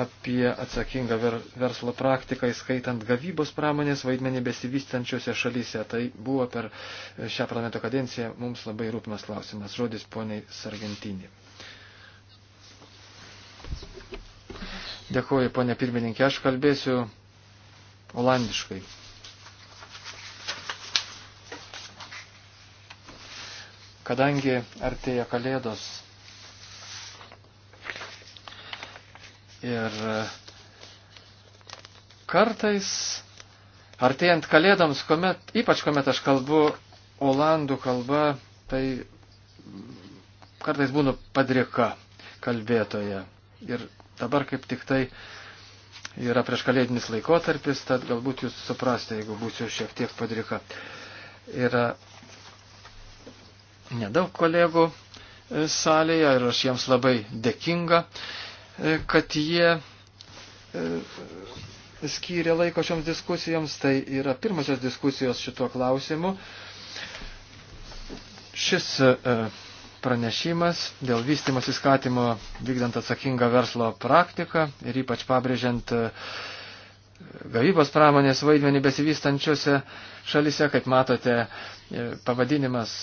apie atsakingą verslo praktiką, įskaitant gavybos pramonės vaidmenį besivystančiose šalyse. Tai buvo per šią parlamento kadenciją mums labai rūpimas klausimas. Žodis poniai Sargentini. Dėkuoju, ponė pirmininkė, aš kalbėsiu olandiškai. Kadangi artėja kalėdos ir kartais artėjant kalėdoms, kuomet, ypač kuomet aš kalbu olandų kalba, tai kartais būnu padrika kalbėtoje. Ir Dabar kaip tik tai yra prieškalėdinis laikotarpis, tad galbūt jūs suprastė, jeigu būsiu šiek tiek padrika. Yra nedaug kolegų e, salėje ir aš jiems labai dėkinga, e, kad jie e, skyrė laiko šioms diskusijoms. Tai yra pirmosios diskusijos šituo klausimu. Šis pranešimas dėl vystimas įskatymo vykdant atsakingą verslo praktiką ir ypač pabrėžiant e, gavybos pramonės vaidmenį besivystančiose šalise, kaip matote, e, pavadinimas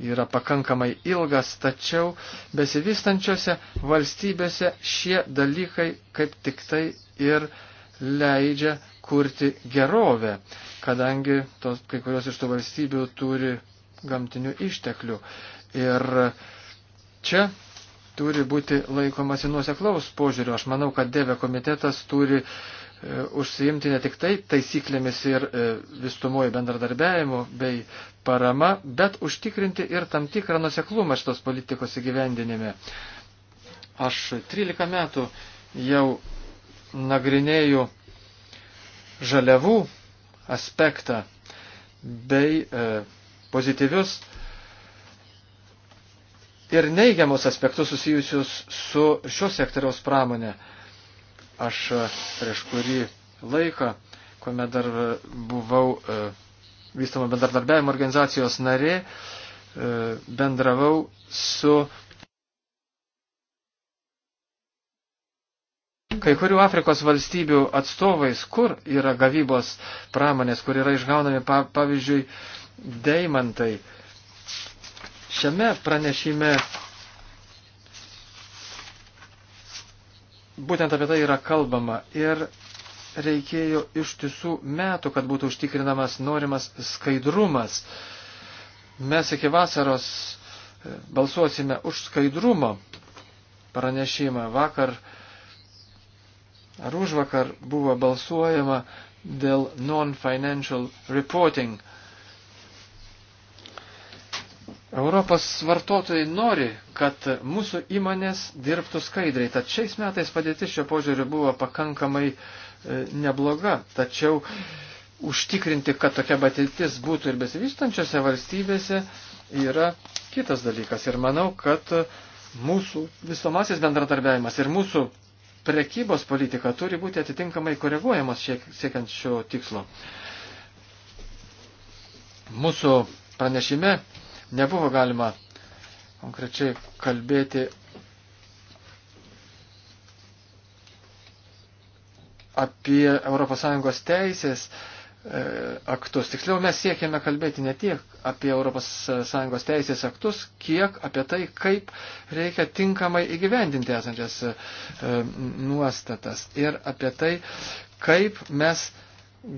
yra pakankamai ilgas, tačiau besivystančiose valstybėse šie dalykai kaip tik tai ir leidžia kurti gerovę, kadangi tos, kai kurios iš tų valstybių turi gamtinių išteklių. Ir čia turi būti laikomasi nuoseklaus požiūrio. Aš manau, kad dėvė komitetas turi e, užsiimti ne tik tai taisyklėmis ir e, visumoji bendradarbiavimu bei parama, bet užtikrinti ir tam tikrą nuseklumą šitos politikos įgyvendinime. Aš 13 metų jau nagrinėju žaliavų aspektą bei e, pozityvius ir neigiamus aspektus susijusius su šio sektoriaus pramonė. Aš e, prieš kurį laiką, kuomet dar e, buvau e, vystamo bendradarbiavimo organizacijos narė, bendravau su kai kurių Afrikos valstybių atstovais, kur yra gavybos pramonės, kur yra išgaunami, pavyzdžiui, deimantai šiame pranešime būtent apie tai yra kalbama ir reikėjo ištisų metų, kad būtų užtikrinamas norimas skaidrumas. Mes iki vasaros e, balsuosime už skaidrumo pranešimą. Vakar ar už vakar buvo balsuojama dėl non-financial reporting Europos vartotojai nori, kad mūsų įmonės dirbtų skaidriai. Tad šiais metais padėtis šio požiūriu buvo pakankamai e, nebloga. Tačiau užtikrinti, kad tokia patirtis būtų ir besivystančiose valstybėse, yra kitas dalykas. Ir manau, kad mūsų visomasis bendradarbiavimas ir mūsų prekybos politika turi būti atitinkamai koreguojamas šiek, siekiant šio tikslo. Mūsų pranešime nebuvo galima konkrečiai kalbėti apie ES teisės e, aktus. Tiksliau, mes siekėme kalbėti ne tiek apie ES teisės aktus, kiek apie tai, kaip reikia tinkamai įgyvendinti esančias e, nuostatas ir apie tai, kaip mes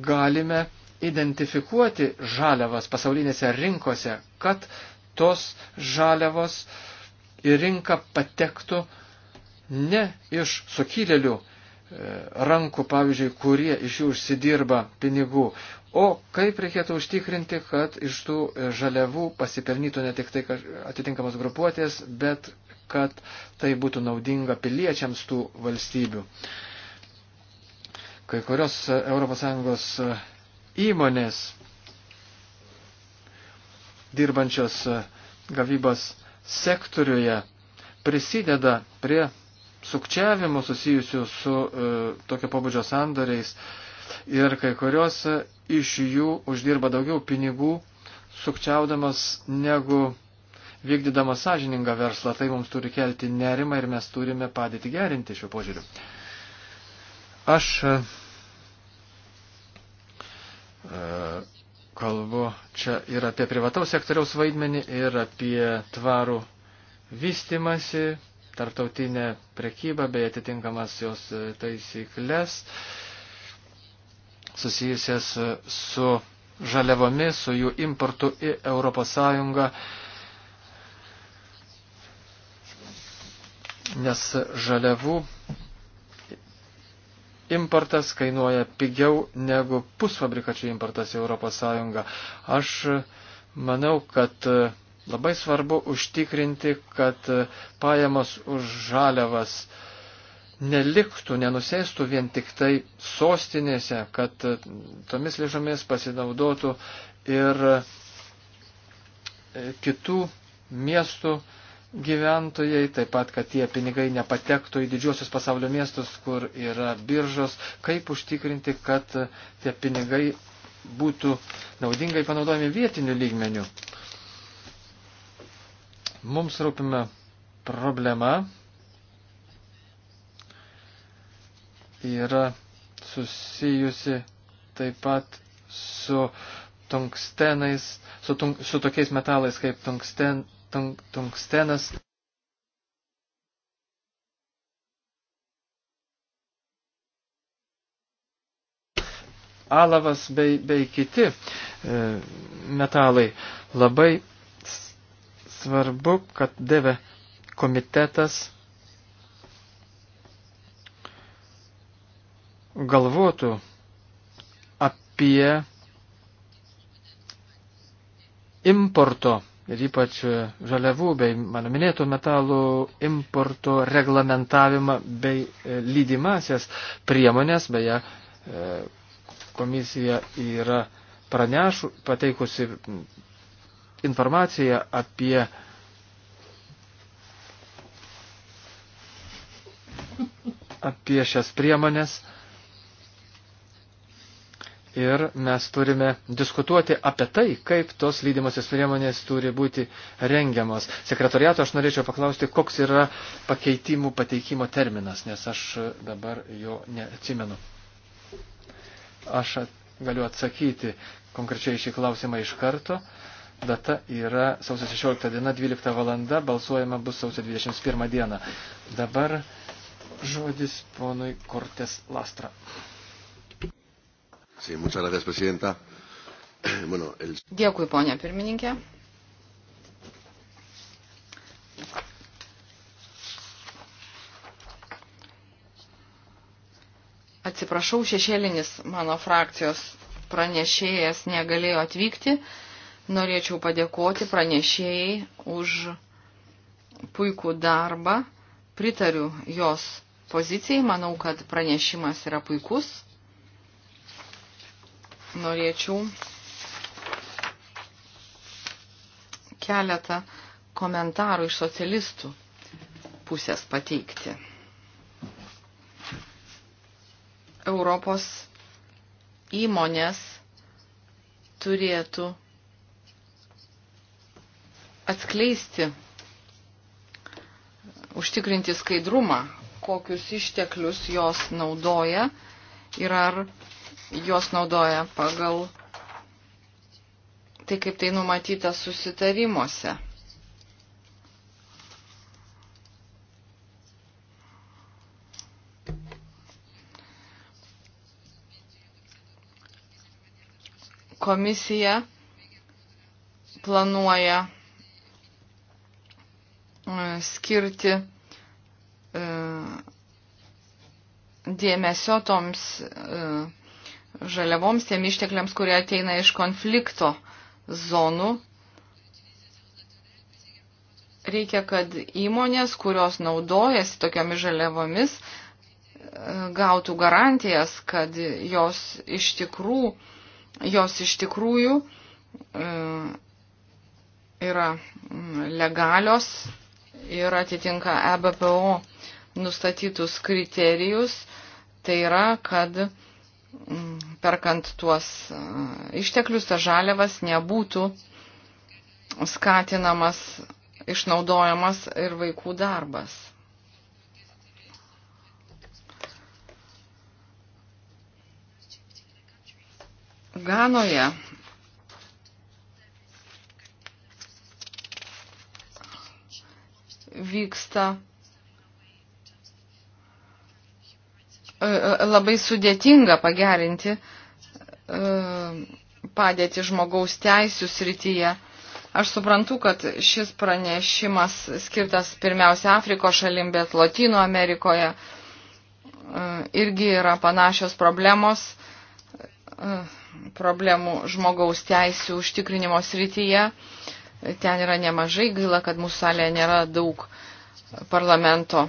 galime identifikuoti žaliavas pasaulinėse rinkose, kad tos žaliavos į rinką patektų ne iš sukilėlių e, rankų, pavyzdžiui, kurie iš jų užsidirba pinigų, o kaip reikėtų užtikrinti, kad iš tų e, žaliavų pasipelnytų ne tik tai atitinkamos grupuotės, bet kad tai būtų naudinga piliečiams tų valstybių. Kai kurios ES įmonės dirbančios e, gavybos sektoriuje prisideda prie sukčiavimų susijusių su e, tokio pobūdžio sandoriais ir kai kurios e, iš jų uždirba daugiau pinigų sukčiaudamas negu vykdydamas sąžiningą verslą. Tai mums turi kelti nerimą ir mes turime padėti gerinti šiuo požiūriu. Aš e, E, kalbu čia ir apie privataus sektoriaus vaidmenį, ir apie tvarų vystimasi, tartautinę prekybą bei atitinkamas jos taisyklės susijusias su žaliavomis, su jų importu į ES. Nes žaliavų importas kainuoja pigiau negu pusfabrikačių importas į ES. Aš e, manau, kad e, labai svarbu užtikrinti, kad e, pajamos už žaliavas neliktų, nenusėstų vien tik tai sostinėse, kad tomis lėšomis pasinaudotų ir kitų miestų gyventojai, taip pat, kad tie pinigai nepatektų į didžiosius pasaulio miestus, kur yra biržos, kaip užtikrinti, kad tie pinigai būtų naudingai panaudojami vietiniu lygmeniu. Mums rūpime problema yra susijusi taip pat su tungstenais, su, tung, su tokiais metalais kaip tungsten, tung, tungstenas. Alavas bei, bei kiti e, metalai. Labai svarbu, kad dėvė komitetas galvotų apie importo ir ypač e, žaliavų bei mano minėtų metalų importo reglamentavimą bei e, lydimasias priemonės, beje, e, komisija yra pranešų, pateikusi informaciją apie apie šias priemonės ir mes turime diskutuoti apie tai, kaip tos lydimosios priemonės turi būti rengiamos. Sekretariato aš norėčiau paklausti, koks yra pakeitimų pateikimo terminas, nes aš dabar jo neatsimenu. Aš galiu atsakyti konkrečiai šį klausimą iš karto. Data yra sausio 16 diena, 12 valanda, balsuojama bus sausio 21 diena. Dabar žodis ponui Kortes Lastra. Sí, muchas gracias, presidenta. Bueno, el... Dėkui, ponė pirmininkė. Atsiprašau, šešėlinis mano frakcijos pranešėjas negalėjo atvykti. Norėčiau padėkoti pranešėjai už puikų darbą. Pritariu jos pozicijai, manau, kad pranešimas yra puikus norėčiau keletą komentarų iš socialistų pusės pateikti. Europos įmonės turėtų atskleisti, užtikrinti skaidrumą, kokius išteklius jos naudoja ir ar juos naudoja pagal tai, kaip tai numatyta susitarimuose. Komisija planuoja e, skirti e, dėmesio toms uh, žaliavoms, tiem ištekliams, kurie ateina iš konflikto zonų. Reikia, kad įmonės, kurios naudojasi tokiomis žaliavomis, gautų garantijas, kad jos iš, tikrų, jos iš tikrųjų e, yra legalios ir atitinka EBPO nustatytus kriterijus. Tai yra, kad mm, perkant tuos e, išteklius, tas žaliavas nebūtų skatinamas, išnaudojamas ir vaikų darbas. Ganoje vyksta E, e, labai sudėtinga pagerinti e, padėti žmogaus teisų srityje. Aš suprantu, kad šis pranešimas skirtas pirmiausia Afrikos šalim, bet Latino Amerikoje irgi yra panašios problemos, problemų žmogaus teisų užtikrinimo srityje. Ten yra nemažai gaila, kad mūsų salėje nėra daug parlamento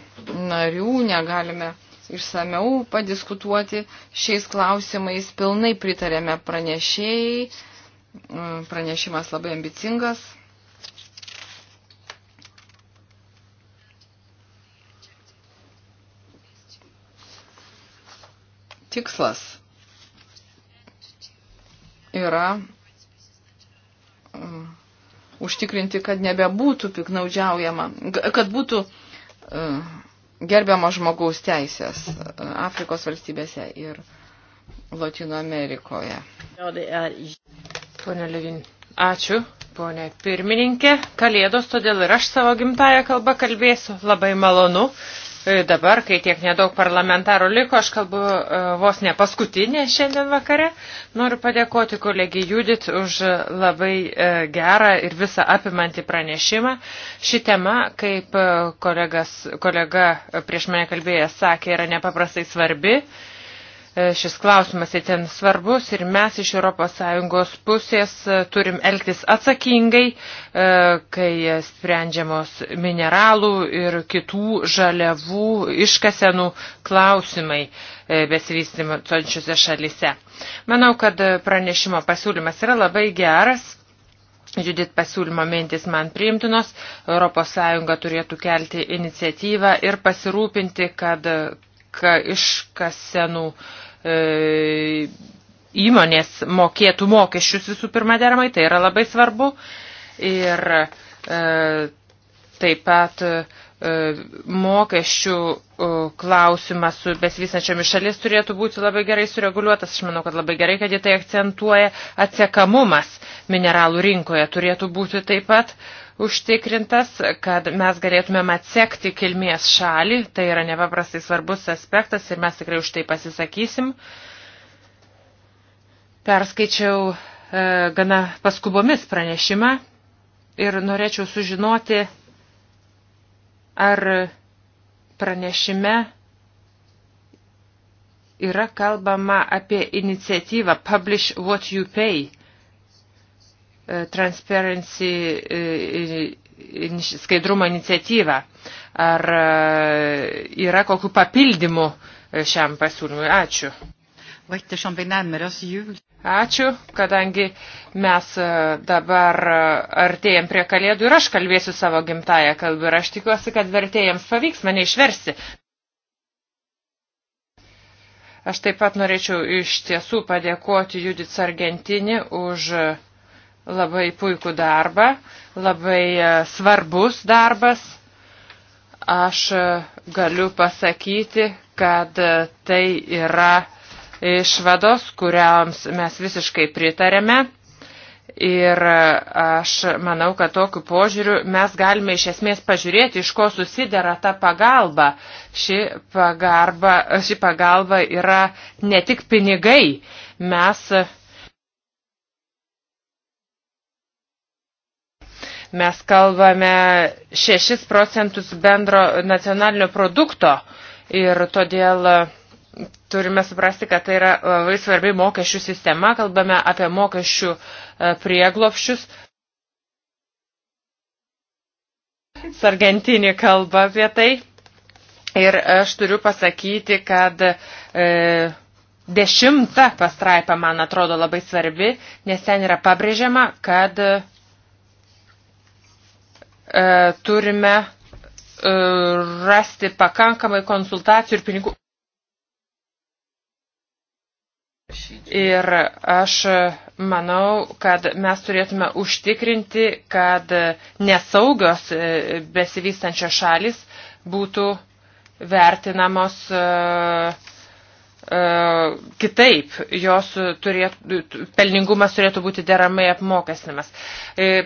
narių, negalime išsameu padiskutuoti šiais klausimais. Pilnai pritarėme pranešėjai. Mm, pranešimas labai ambicingas. Tikslas yra mm, užtikrinti, kad nebebūtų piknaudžiaujama, kad būtų uh, gerbiamo žmogaus teisės Afrikos valstybėse ir Latino Amerikoje. Pone Levin, ačiū, ponė pirmininkė. Kalėdos, todėl ir aš savo gimtają kalbą kalbėsiu. Labai malonu Dabar, kai tiek nedaug parlamentarų liko, aš kalbu e, vos ne paskutinė šiandien vakare. Noriu padėkoti kolegijai Judit už labai e, gerą ir visą apimantį pranešimą. Ši tema, kaip e, kolegas, kolega prieš mane kalbėjęs sakė, yra nepaprastai svarbi. E, šis klausimas įten svarbus ir mes iš ES pusės e, turim elgtis atsakingai, e, kai sprendžiamos mineralų ir kitų žaliavų iškasenų klausimai besivystymuose šalise. Manau, kad pranešimo pasiūlymas yra labai geras. Judit pasiūlymo mintis man priimtinos, ES turėtų kelti iniciatyvą ir pasirūpinti, kad iškasenų e, įmonės mokėtų mokesčius visų pirma deramai, tai yra labai svarbu. Ir e, taip pat e, E, mokesčių e, klausimas su besvysančiomis šalis turėtų būti labai gerai sureguliuotas. Aš manau, kad labai gerai, kad jie tai akcentuoja. Atsekamumas mineralų rinkoje turėtų būti taip pat užtikrintas, kad mes galėtumėm atsekti kilmės šalį. Tai yra nepaprastai svarbus aspektas ir mes tikrai už tai pasisakysim. Perskaičiau e, gana paskubomis pranešimą ir norėčiau sužinoti, Ar pranešime yra kalbama apie iniciatyvą Publish What You Pay, e, Transparency e, skaidrumo iniciatyvą. Ar e, yra kokių papildymų šiam pasiūlymui? Ačiū. Ačiū, kadangi mes e, dabar e, artėjom prie kalėdų ir aš kalbėsiu savo gimtają kalbą ir aš tikiuosi, kad vertėjams pavyks mane išversti. Aš taip pat norėčiau iš tiesų padėkoti Judith Argentinį už e, labai puikų darbą, labai svarbus darbas. Aš galiu pasakyti, kad tai yra išvados, kuriams mes visiškai pritarėme. Ir aš manau, kad tokiu požiūriu mes galime iš esmės pažiūrėti, iš ko susidera ta pagalba. Ši pagarba, ši pagalba yra ne tik pinigai. Mes mes kalbame 6 procentus bendro nacionalinio produkto ir todėl turime suprasti, kad tai yra labai svarbi mokesčių sistema, kalbame apie mokesčių e, prieglopščius. Sargentinį kalbą apie tai. Ir aš turiu pasakyti, kad e, dešimta pastraipa man atrodo labai svarbi, nes ten yra pabrėžiama, kad e, turime e, rasti pakankamai konsultacijų ir pinigų. Ir aš manau, kad mes turėtume užtikrinti, kad nesaugios e, besivystančios šalis būtų vertinamos e, e, kitaip, jos turėtų, pelningumas turėtų būti deramai apmokestinamas.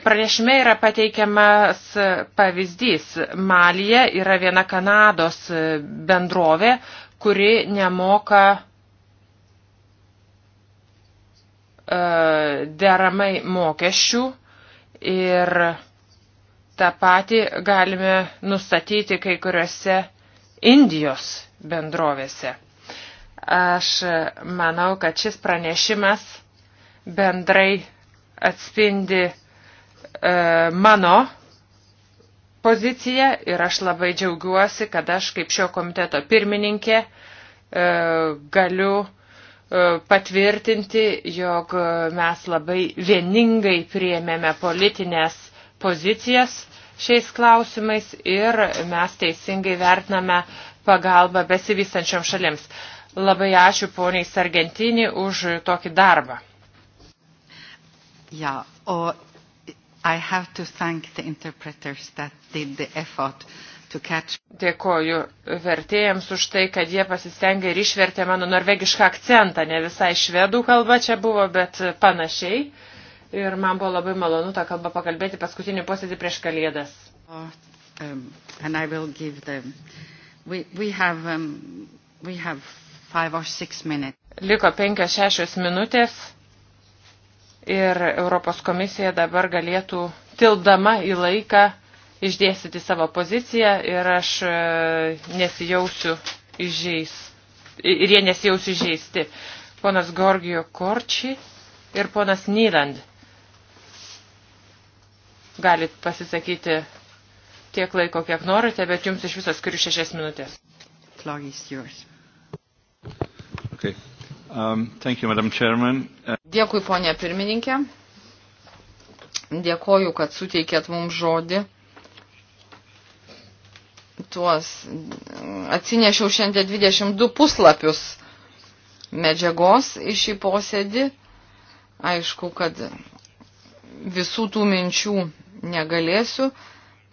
Pranešime yra pateikiamas pavyzdys. Malija yra viena Kanados bendrovė, kuri nemoka E, deramai mokesčių ir tą patį galime nustatyti kai kuriuose Indijos bendrovėse. Aš manau, kad šis pranešimas bendrai atspindi e, mano poziciją ir aš labai džiaugiuosi, kad aš kaip šio komiteto pirmininkė e, galiu e, E, patvirtinti, jog mes labai vieningai priėmėme politinės pozicijas šiais klausimais ir mes teisingai vertiname pagalbą besivystančiom šalims. Labai ačiū poniai Sargentinį už tokį darbą. Yeah, or I have to thank the interpreters that did the effort. Uh, Dėkoju vertėjams už tai, kad jie pasistengė ir išvertė mano norvegišką akcentą. Ne visai švedų kalba čia buvo, bet panašiai. Ir man buvo labai malonu tą kalbą pakalbėti paskutinį posėdį prieš kalėdas. Oh, um, we, we have, um, we have Liko penkios šešios minutės ir Europos komisija dabar galėtų tildama į laiką išdėstyti savo poziciją ir aš e, nesijausiu įžeis, ir jie nesijausiu įžeisti. Ponas Gorgijo Korči ir ponas Nyland. Galit pasisakyti tiek laiko, kiek norite, bet jums iš viso skiriu šešias minutės. Okay. Um, thank you, Madam Chairman. Dėkui, ponė pirmininkė. Dėkoju, kad suteikėt mums žodį tuos, atsinešiau šiandien 22 puslapius medžiagos iš į posėdį. Aišku, kad visų tų minčių negalėsiu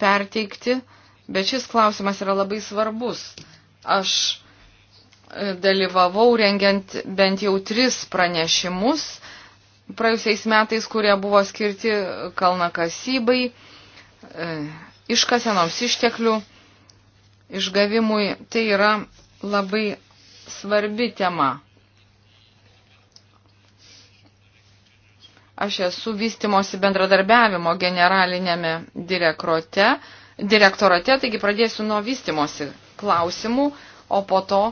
perteikti, bet šis klausimas yra labai svarbus. Aš e, dalyvavau rengiant bent jau tris pranešimus praėjusiais metais, kurie buvo skirti kalnakasybai, e, iškasenoms išteklių išgavimui, tai yra labai svarbi tema. Aš esu vystimosi bendradarbiavimo generalinėme direktorate, direktorate, taigi pradėsiu nuo vystimosi klausimų, o po to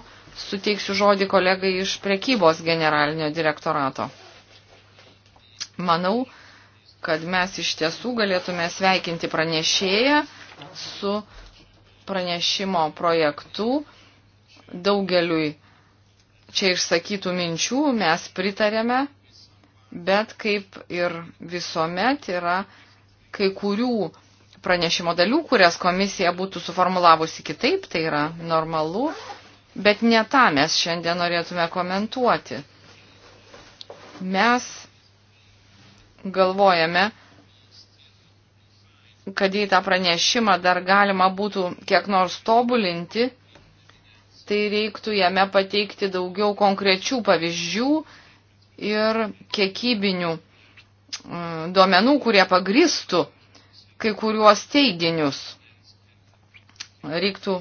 suteiksiu žodį kolegai iš prekybos generalinio direktorato. Manau, kad mes iš tiesų galėtume sveikinti pranešėją su pranešimo projektų daugeliui čia išsakytų minčių mes pritarėme, bet kaip ir visuomet yra kai kurių pranešimo dalių, kurias komisija būtų suformulavusi kitaip, tai yra normalu, bet ne tą mes šiandien norėtume komentuoti. Mes galvojame, kad į tą pranešimą dar galima būtų kiek nors tobulinti, tai reiktų jame pateikti daugiau konkrečių pavyzdžių ir kiekybinių mm, duomenų, kurie pagristų kai kuriuos teiginius. Reiktų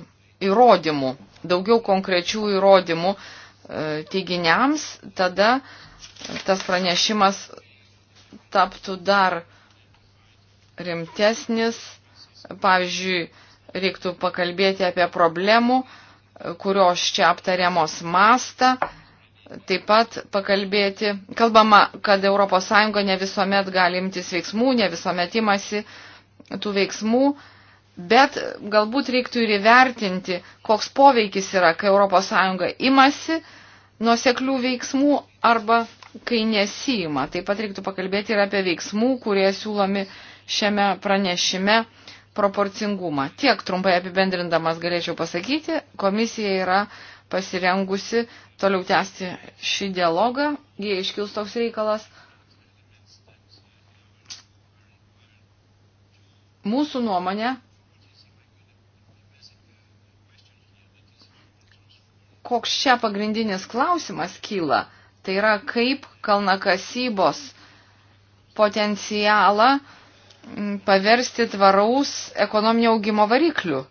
įrodymų, daugiau konkrečių įrodymų e, teiginiams, tada tas pranešimas taptų dar rimtesnis. Pavyzdžiui, reiktų pakalbėti apie problemų, kurios čia aptariamos mastą. Taip pat pakalbėti, kalbama, kad ES ne visuomet gali imtis veiksmų, ne visuomet imasi tų veiksmų, bet galbūt reiktų ir įvertinti, koks poveikis yra, kai ES imasi nuoseklių veiksmų arba kai nesijima. Taip pat reiktų pakalbėti ir apie veiksmų, kurie siūlomi šiame pranešime proporcingumą. Tiek trumpai apibendrindamas galėčiau pasakyti, komisija yra pasirengusi toliau tęsti šį dialogą, jei iškils toks reikalas. Mūsų nuomonė, koks čia pagrindinis klausimas kyla, tai yra kaip kalnakasybos potencialą uh, paversti tvaraus ekonominio augimo variklių.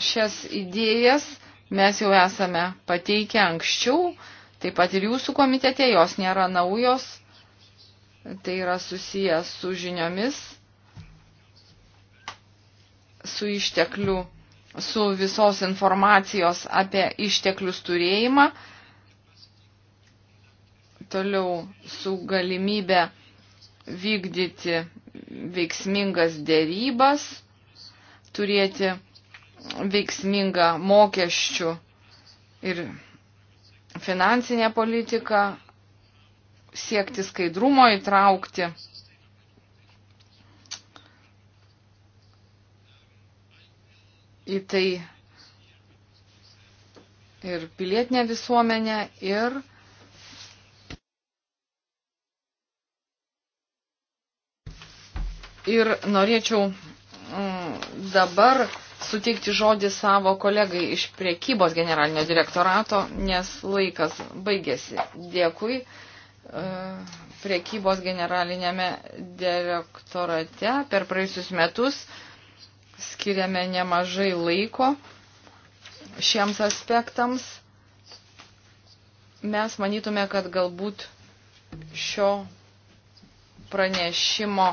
Šias idėjas mes jau esame pateikę anksčiau, taip pat ir jūsų komitete, jos nėra naujos, tai yra susijęs su žiniomis, su išteklių, su visos informacijos apie išteklius turėjimą toliau su galimybė vykdyti veiksmingas dėrybas, turėti veiksmingą mokesčių ir finansinę politiką, siekti skaidrumo įtraukti. Į tai ir pilietinę visuomenę, ir Ir norėčiau mm, dabar suteikti žodį savo kolegai iš priekybos generalinio direktorato, nes laikas baigėsi. Dėkui. E, priekybos generalinėme direktorate per praėjusius metus skiriame nemažai laiko šiems aspektams. Mes manytume, kad galbūt šio pranešimo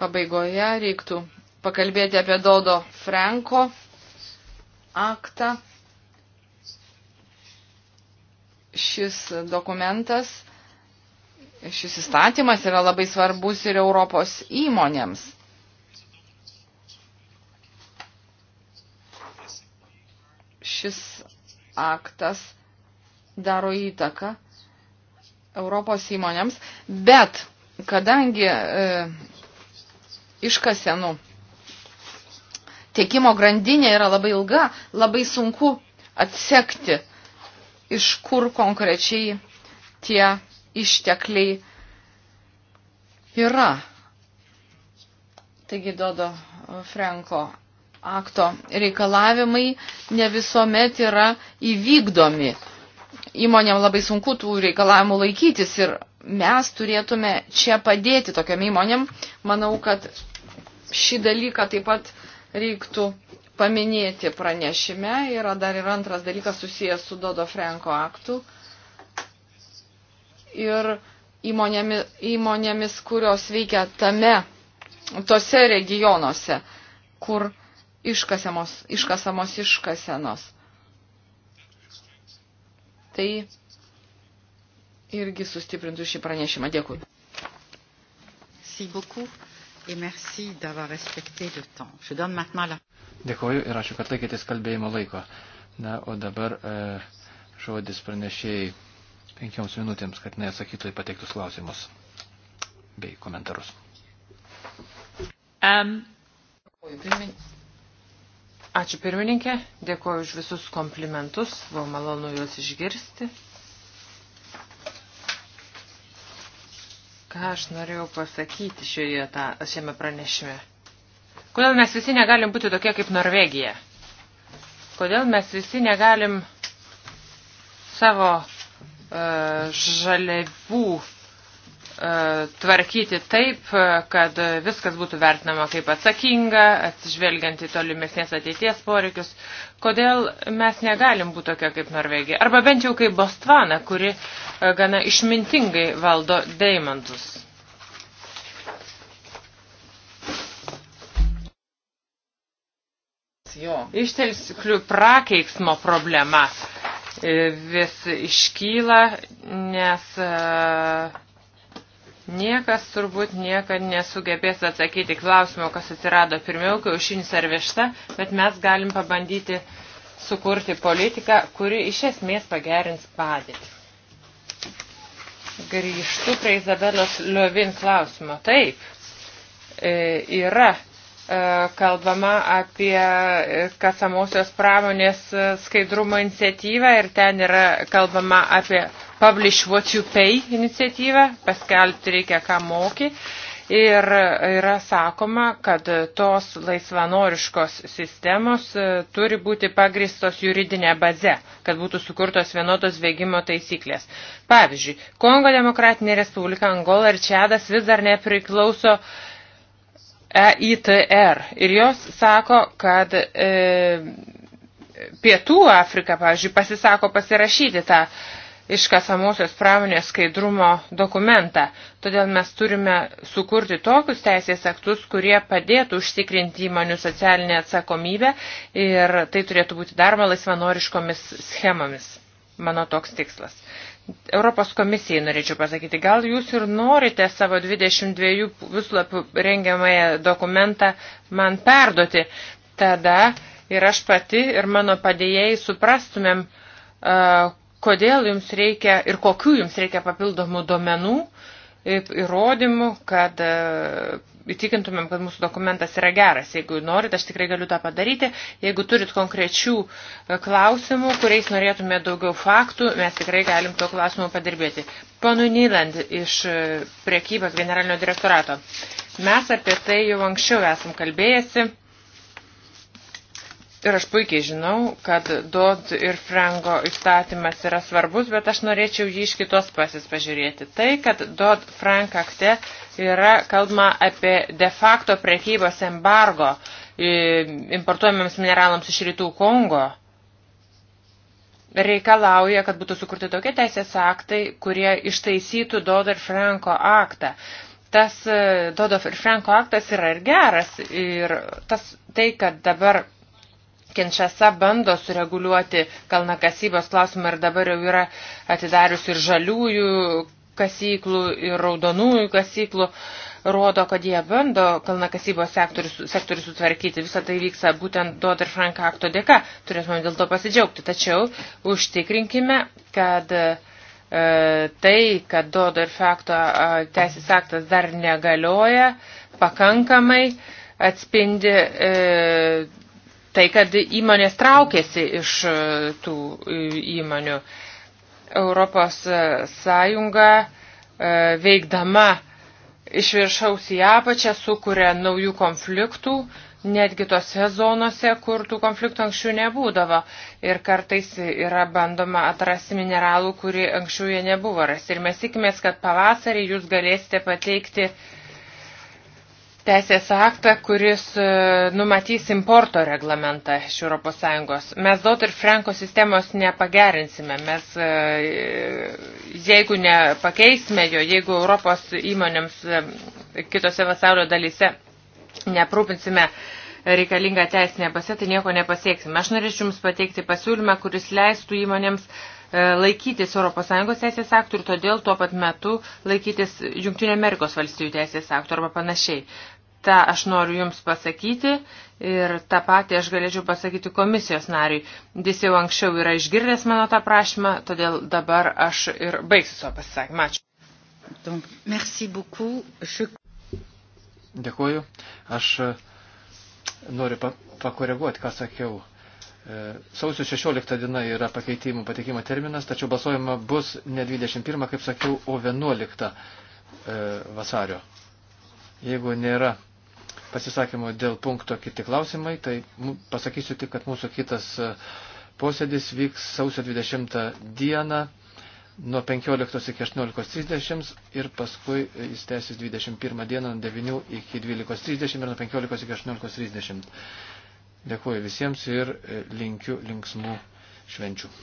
pabaigoje reiktų pakalbėti apie Dodo Franko aktą. Šis dokumentas, šis įstatymas yra labai svarbus ir Europos įmonėms. Šis aktas daro įtaką Europos įmonėms, bet kadangi e, iškasenų tiekimo grandinė yra labai ilga, labai sunku atsekti, iš kur konkrečiai tie ištekliai yra. Taigi Dodo Franko akto reikalavimai ne visuomet yra įvykdomi. Įmonėm labai sunku tų reikalavimų laikytis ir mes turėtume čia padėti tokiam įmonėm. Manau, kad šį dalyką taip pat reiktų paminėti pranešime. Yra dar ir antras dalykas susijęs su Dodo Franko aktu. Ir įmonėmis, įmonėmis kurios veikia tame, tose regionuose, kur iškasamos, iškasamos iškasenos. Tai irgi sustiprintų šį pranešimą. Dėkui. Merci beaucoup. Dėkuoju ir ačiū, kad laikėtės kalbėjimo laiko. Na, o dabar e, žodis pranešėjai penkioms minutėms, kad neatsakytų į pateiktus klausimus bei komentarus. Um, ačiū pirmininkė, dėkuoju už visus komplimentus, buvo malonu juos išgirsti. ką aš norėjau pasakyti šioje ta, šiame pranešime. Kodėl mes visi negalim būti tokie kaip Norvegija? Kodėl mes visi negalim savo uh, žaliavų E, tvarkyti taip, e, kad viskas būtų vertinama kaip atsakinga, atsižvelgiant į tolimesnės ateities poreikius. Kodėl mes negalim būti tokia kaip Norvegija? Arba bent jau kaip Bostvana, kuri e, gana išmintingai valdo deimantus. Ištelslių prakeiksmo problema vis iškyla, nes uh, Niekas turbūt niekad nesugebės atsakyti klausimo, kas atsirado pirmiau, kiaušinis ar višta, bet mes galim pabandyti sukurti politiką, kuri iš esmės pagerins padėtį. Grįžtu prie Izabelos Liovin klausimo. Taip, e, yra e, kalbama apie e, kasamosios pramonės skaidrumo iniciatyvą ir ten yra kalbama apie Publish What You Pay iniciatyvą, paskelbti reikia, ką moki. Ir yra sakoma, kad tos laisvanoriškos sistemos e, turi būti pagristos juridinė baze, kad būtų sukurtos vienodos veikimo taisyklės. Pavyzdžiui, Kongo demokratinė respublika Angola ir Čedas vis dar nepriklauso EITR. Ir jos sako, kad e, Pietų Afrika, pavyzdžiui, pasisako pasirašyti tą e, iškasamosios pramonės skaidrumo dokumentą. Todėl mes turime sukurti tokius teisės aktus, kurie padėtų užtikrinti įmonių socialinę atsakomybę ir tai turėtų būti daroma laisvanoriškomis schemomis. Mano toks tikslas. Europos komisijai norėčiau pasakyti, gal jūs ir norite savo 22 puslapių rengiamąją dokumentą man perduoti, tada ir aš pati ir mano padėjėjai suprastumėm, uh, kodėl jums reikia ir kokių jums reikia papildomų duomenų, įrodymų, kad e, įtikintumėm, kad mūsų dokumentas yra geras. Jeigu norit, aš tikrai galiu tą padaryti. Jeigu turit konkrečių e, klausimų, kuriais norėtumėt daugiau faktų, mes tikrai galim tuo klausimu padirbėti. Ponu Nyland iš e, priekybos generalinio direktorato. Mes apie tai jau anksčiau esam kalbėjęsi. Ir aš puikiai žinau, kad Dodd ir Frango įstatymas yra svarbus, bet aš norėčiau jį iš kitos pasės pažiūrėti. Tai, kad Dodd Frank akte yra kalbama apie de facto prekybos embargo e, importuojamiams mineralams iš rytų Kongo, reikalauja, kad būtų sukurti tokie teisės aktai, kurie ištaisytų Dodd ir Franko aktą tas e, Dodo ir Franko aktas yra ir geras. Ir tas tai, kad dabar Kinšasa bando sureguliuoti kalnakasybos klausimą ir dabar jau yra atidarius ir žaliųjų kasyklų, ir raudonųjų kasyklų. Rodo, kad jie bando kalnakasybos sektorių, sektorių sutvarkyti. Visą tai vyksta būtent Dodd Frank akto dėka. Turėtume dėl to pasidžiaugti. Tačiau užtikrinkime, kad e, tai, kad Dodo ir Fakto teisės aktas dar negalioja, pakankamai atspindi e, tai, kad įmonės traukėsi iš e, tų e, įmonių. Europos e, Sąjunga veikdama iš viršaus į apačią sukuria naujų konfliktų, netgi tose zonose, kur tų konfliktų anksčiau nebūdavo. Ir kartais yra bandoma atrasti mineralų, kurie anksčiau jie nebuvo rasti. Ir mes tikimės, kad pavasarį jūs galėsite pateikti uh, teisės aktą, kuris e, numatys importo reglamentą iš ES. Mes DOT ir Franko sistemos nepagerinsime, mes e, jeigu nepakeisime jo, jeigu Europos įmonėms e, kitose pasaulio dalyse neprūpinsime reikalingą teisinę pasę, tai nieko nepasieksime. Aš norėčiau Jums pateikti pasiūlymą, kuris leistų įmonėms laikytis ES teisės aktų ir todėl tuo pat metu laikytis JAV teisės aktų arba panašiai. Ta aš noriu Jums pasakyti ir tą patį aš galėčiau pasakyti komisijos nariui. Jis jau anksčiau yra išgirdęs mano tą prašymą, todėl dabar aš ir baigsiu savo pasisakymą. Ačiū. Donc, merci beaucoup. Je... Dėkuoju. Aš e, noriu pa pakoreguoti, ką sakiau. E, sausio 16 diena yra pakeitimų pateikimo terminas, tačiau balsuojama bus ne 21, kaip sakiau, o 11 e, vasario. Jeigu nėra pasisakymų dėl punkto kiti klausimai, tai pasakysiu tik, kad mūsų kitas e, posėdis vyks sausio 20 dieną nuo 15 iki 18.30 ir paskui e, jis tęsis 21 dieną nuo 9 iki 12.30 ir nuo 15 iki 18.30. Dėkuoju visiems ir e, linkiu linksmų švenčių.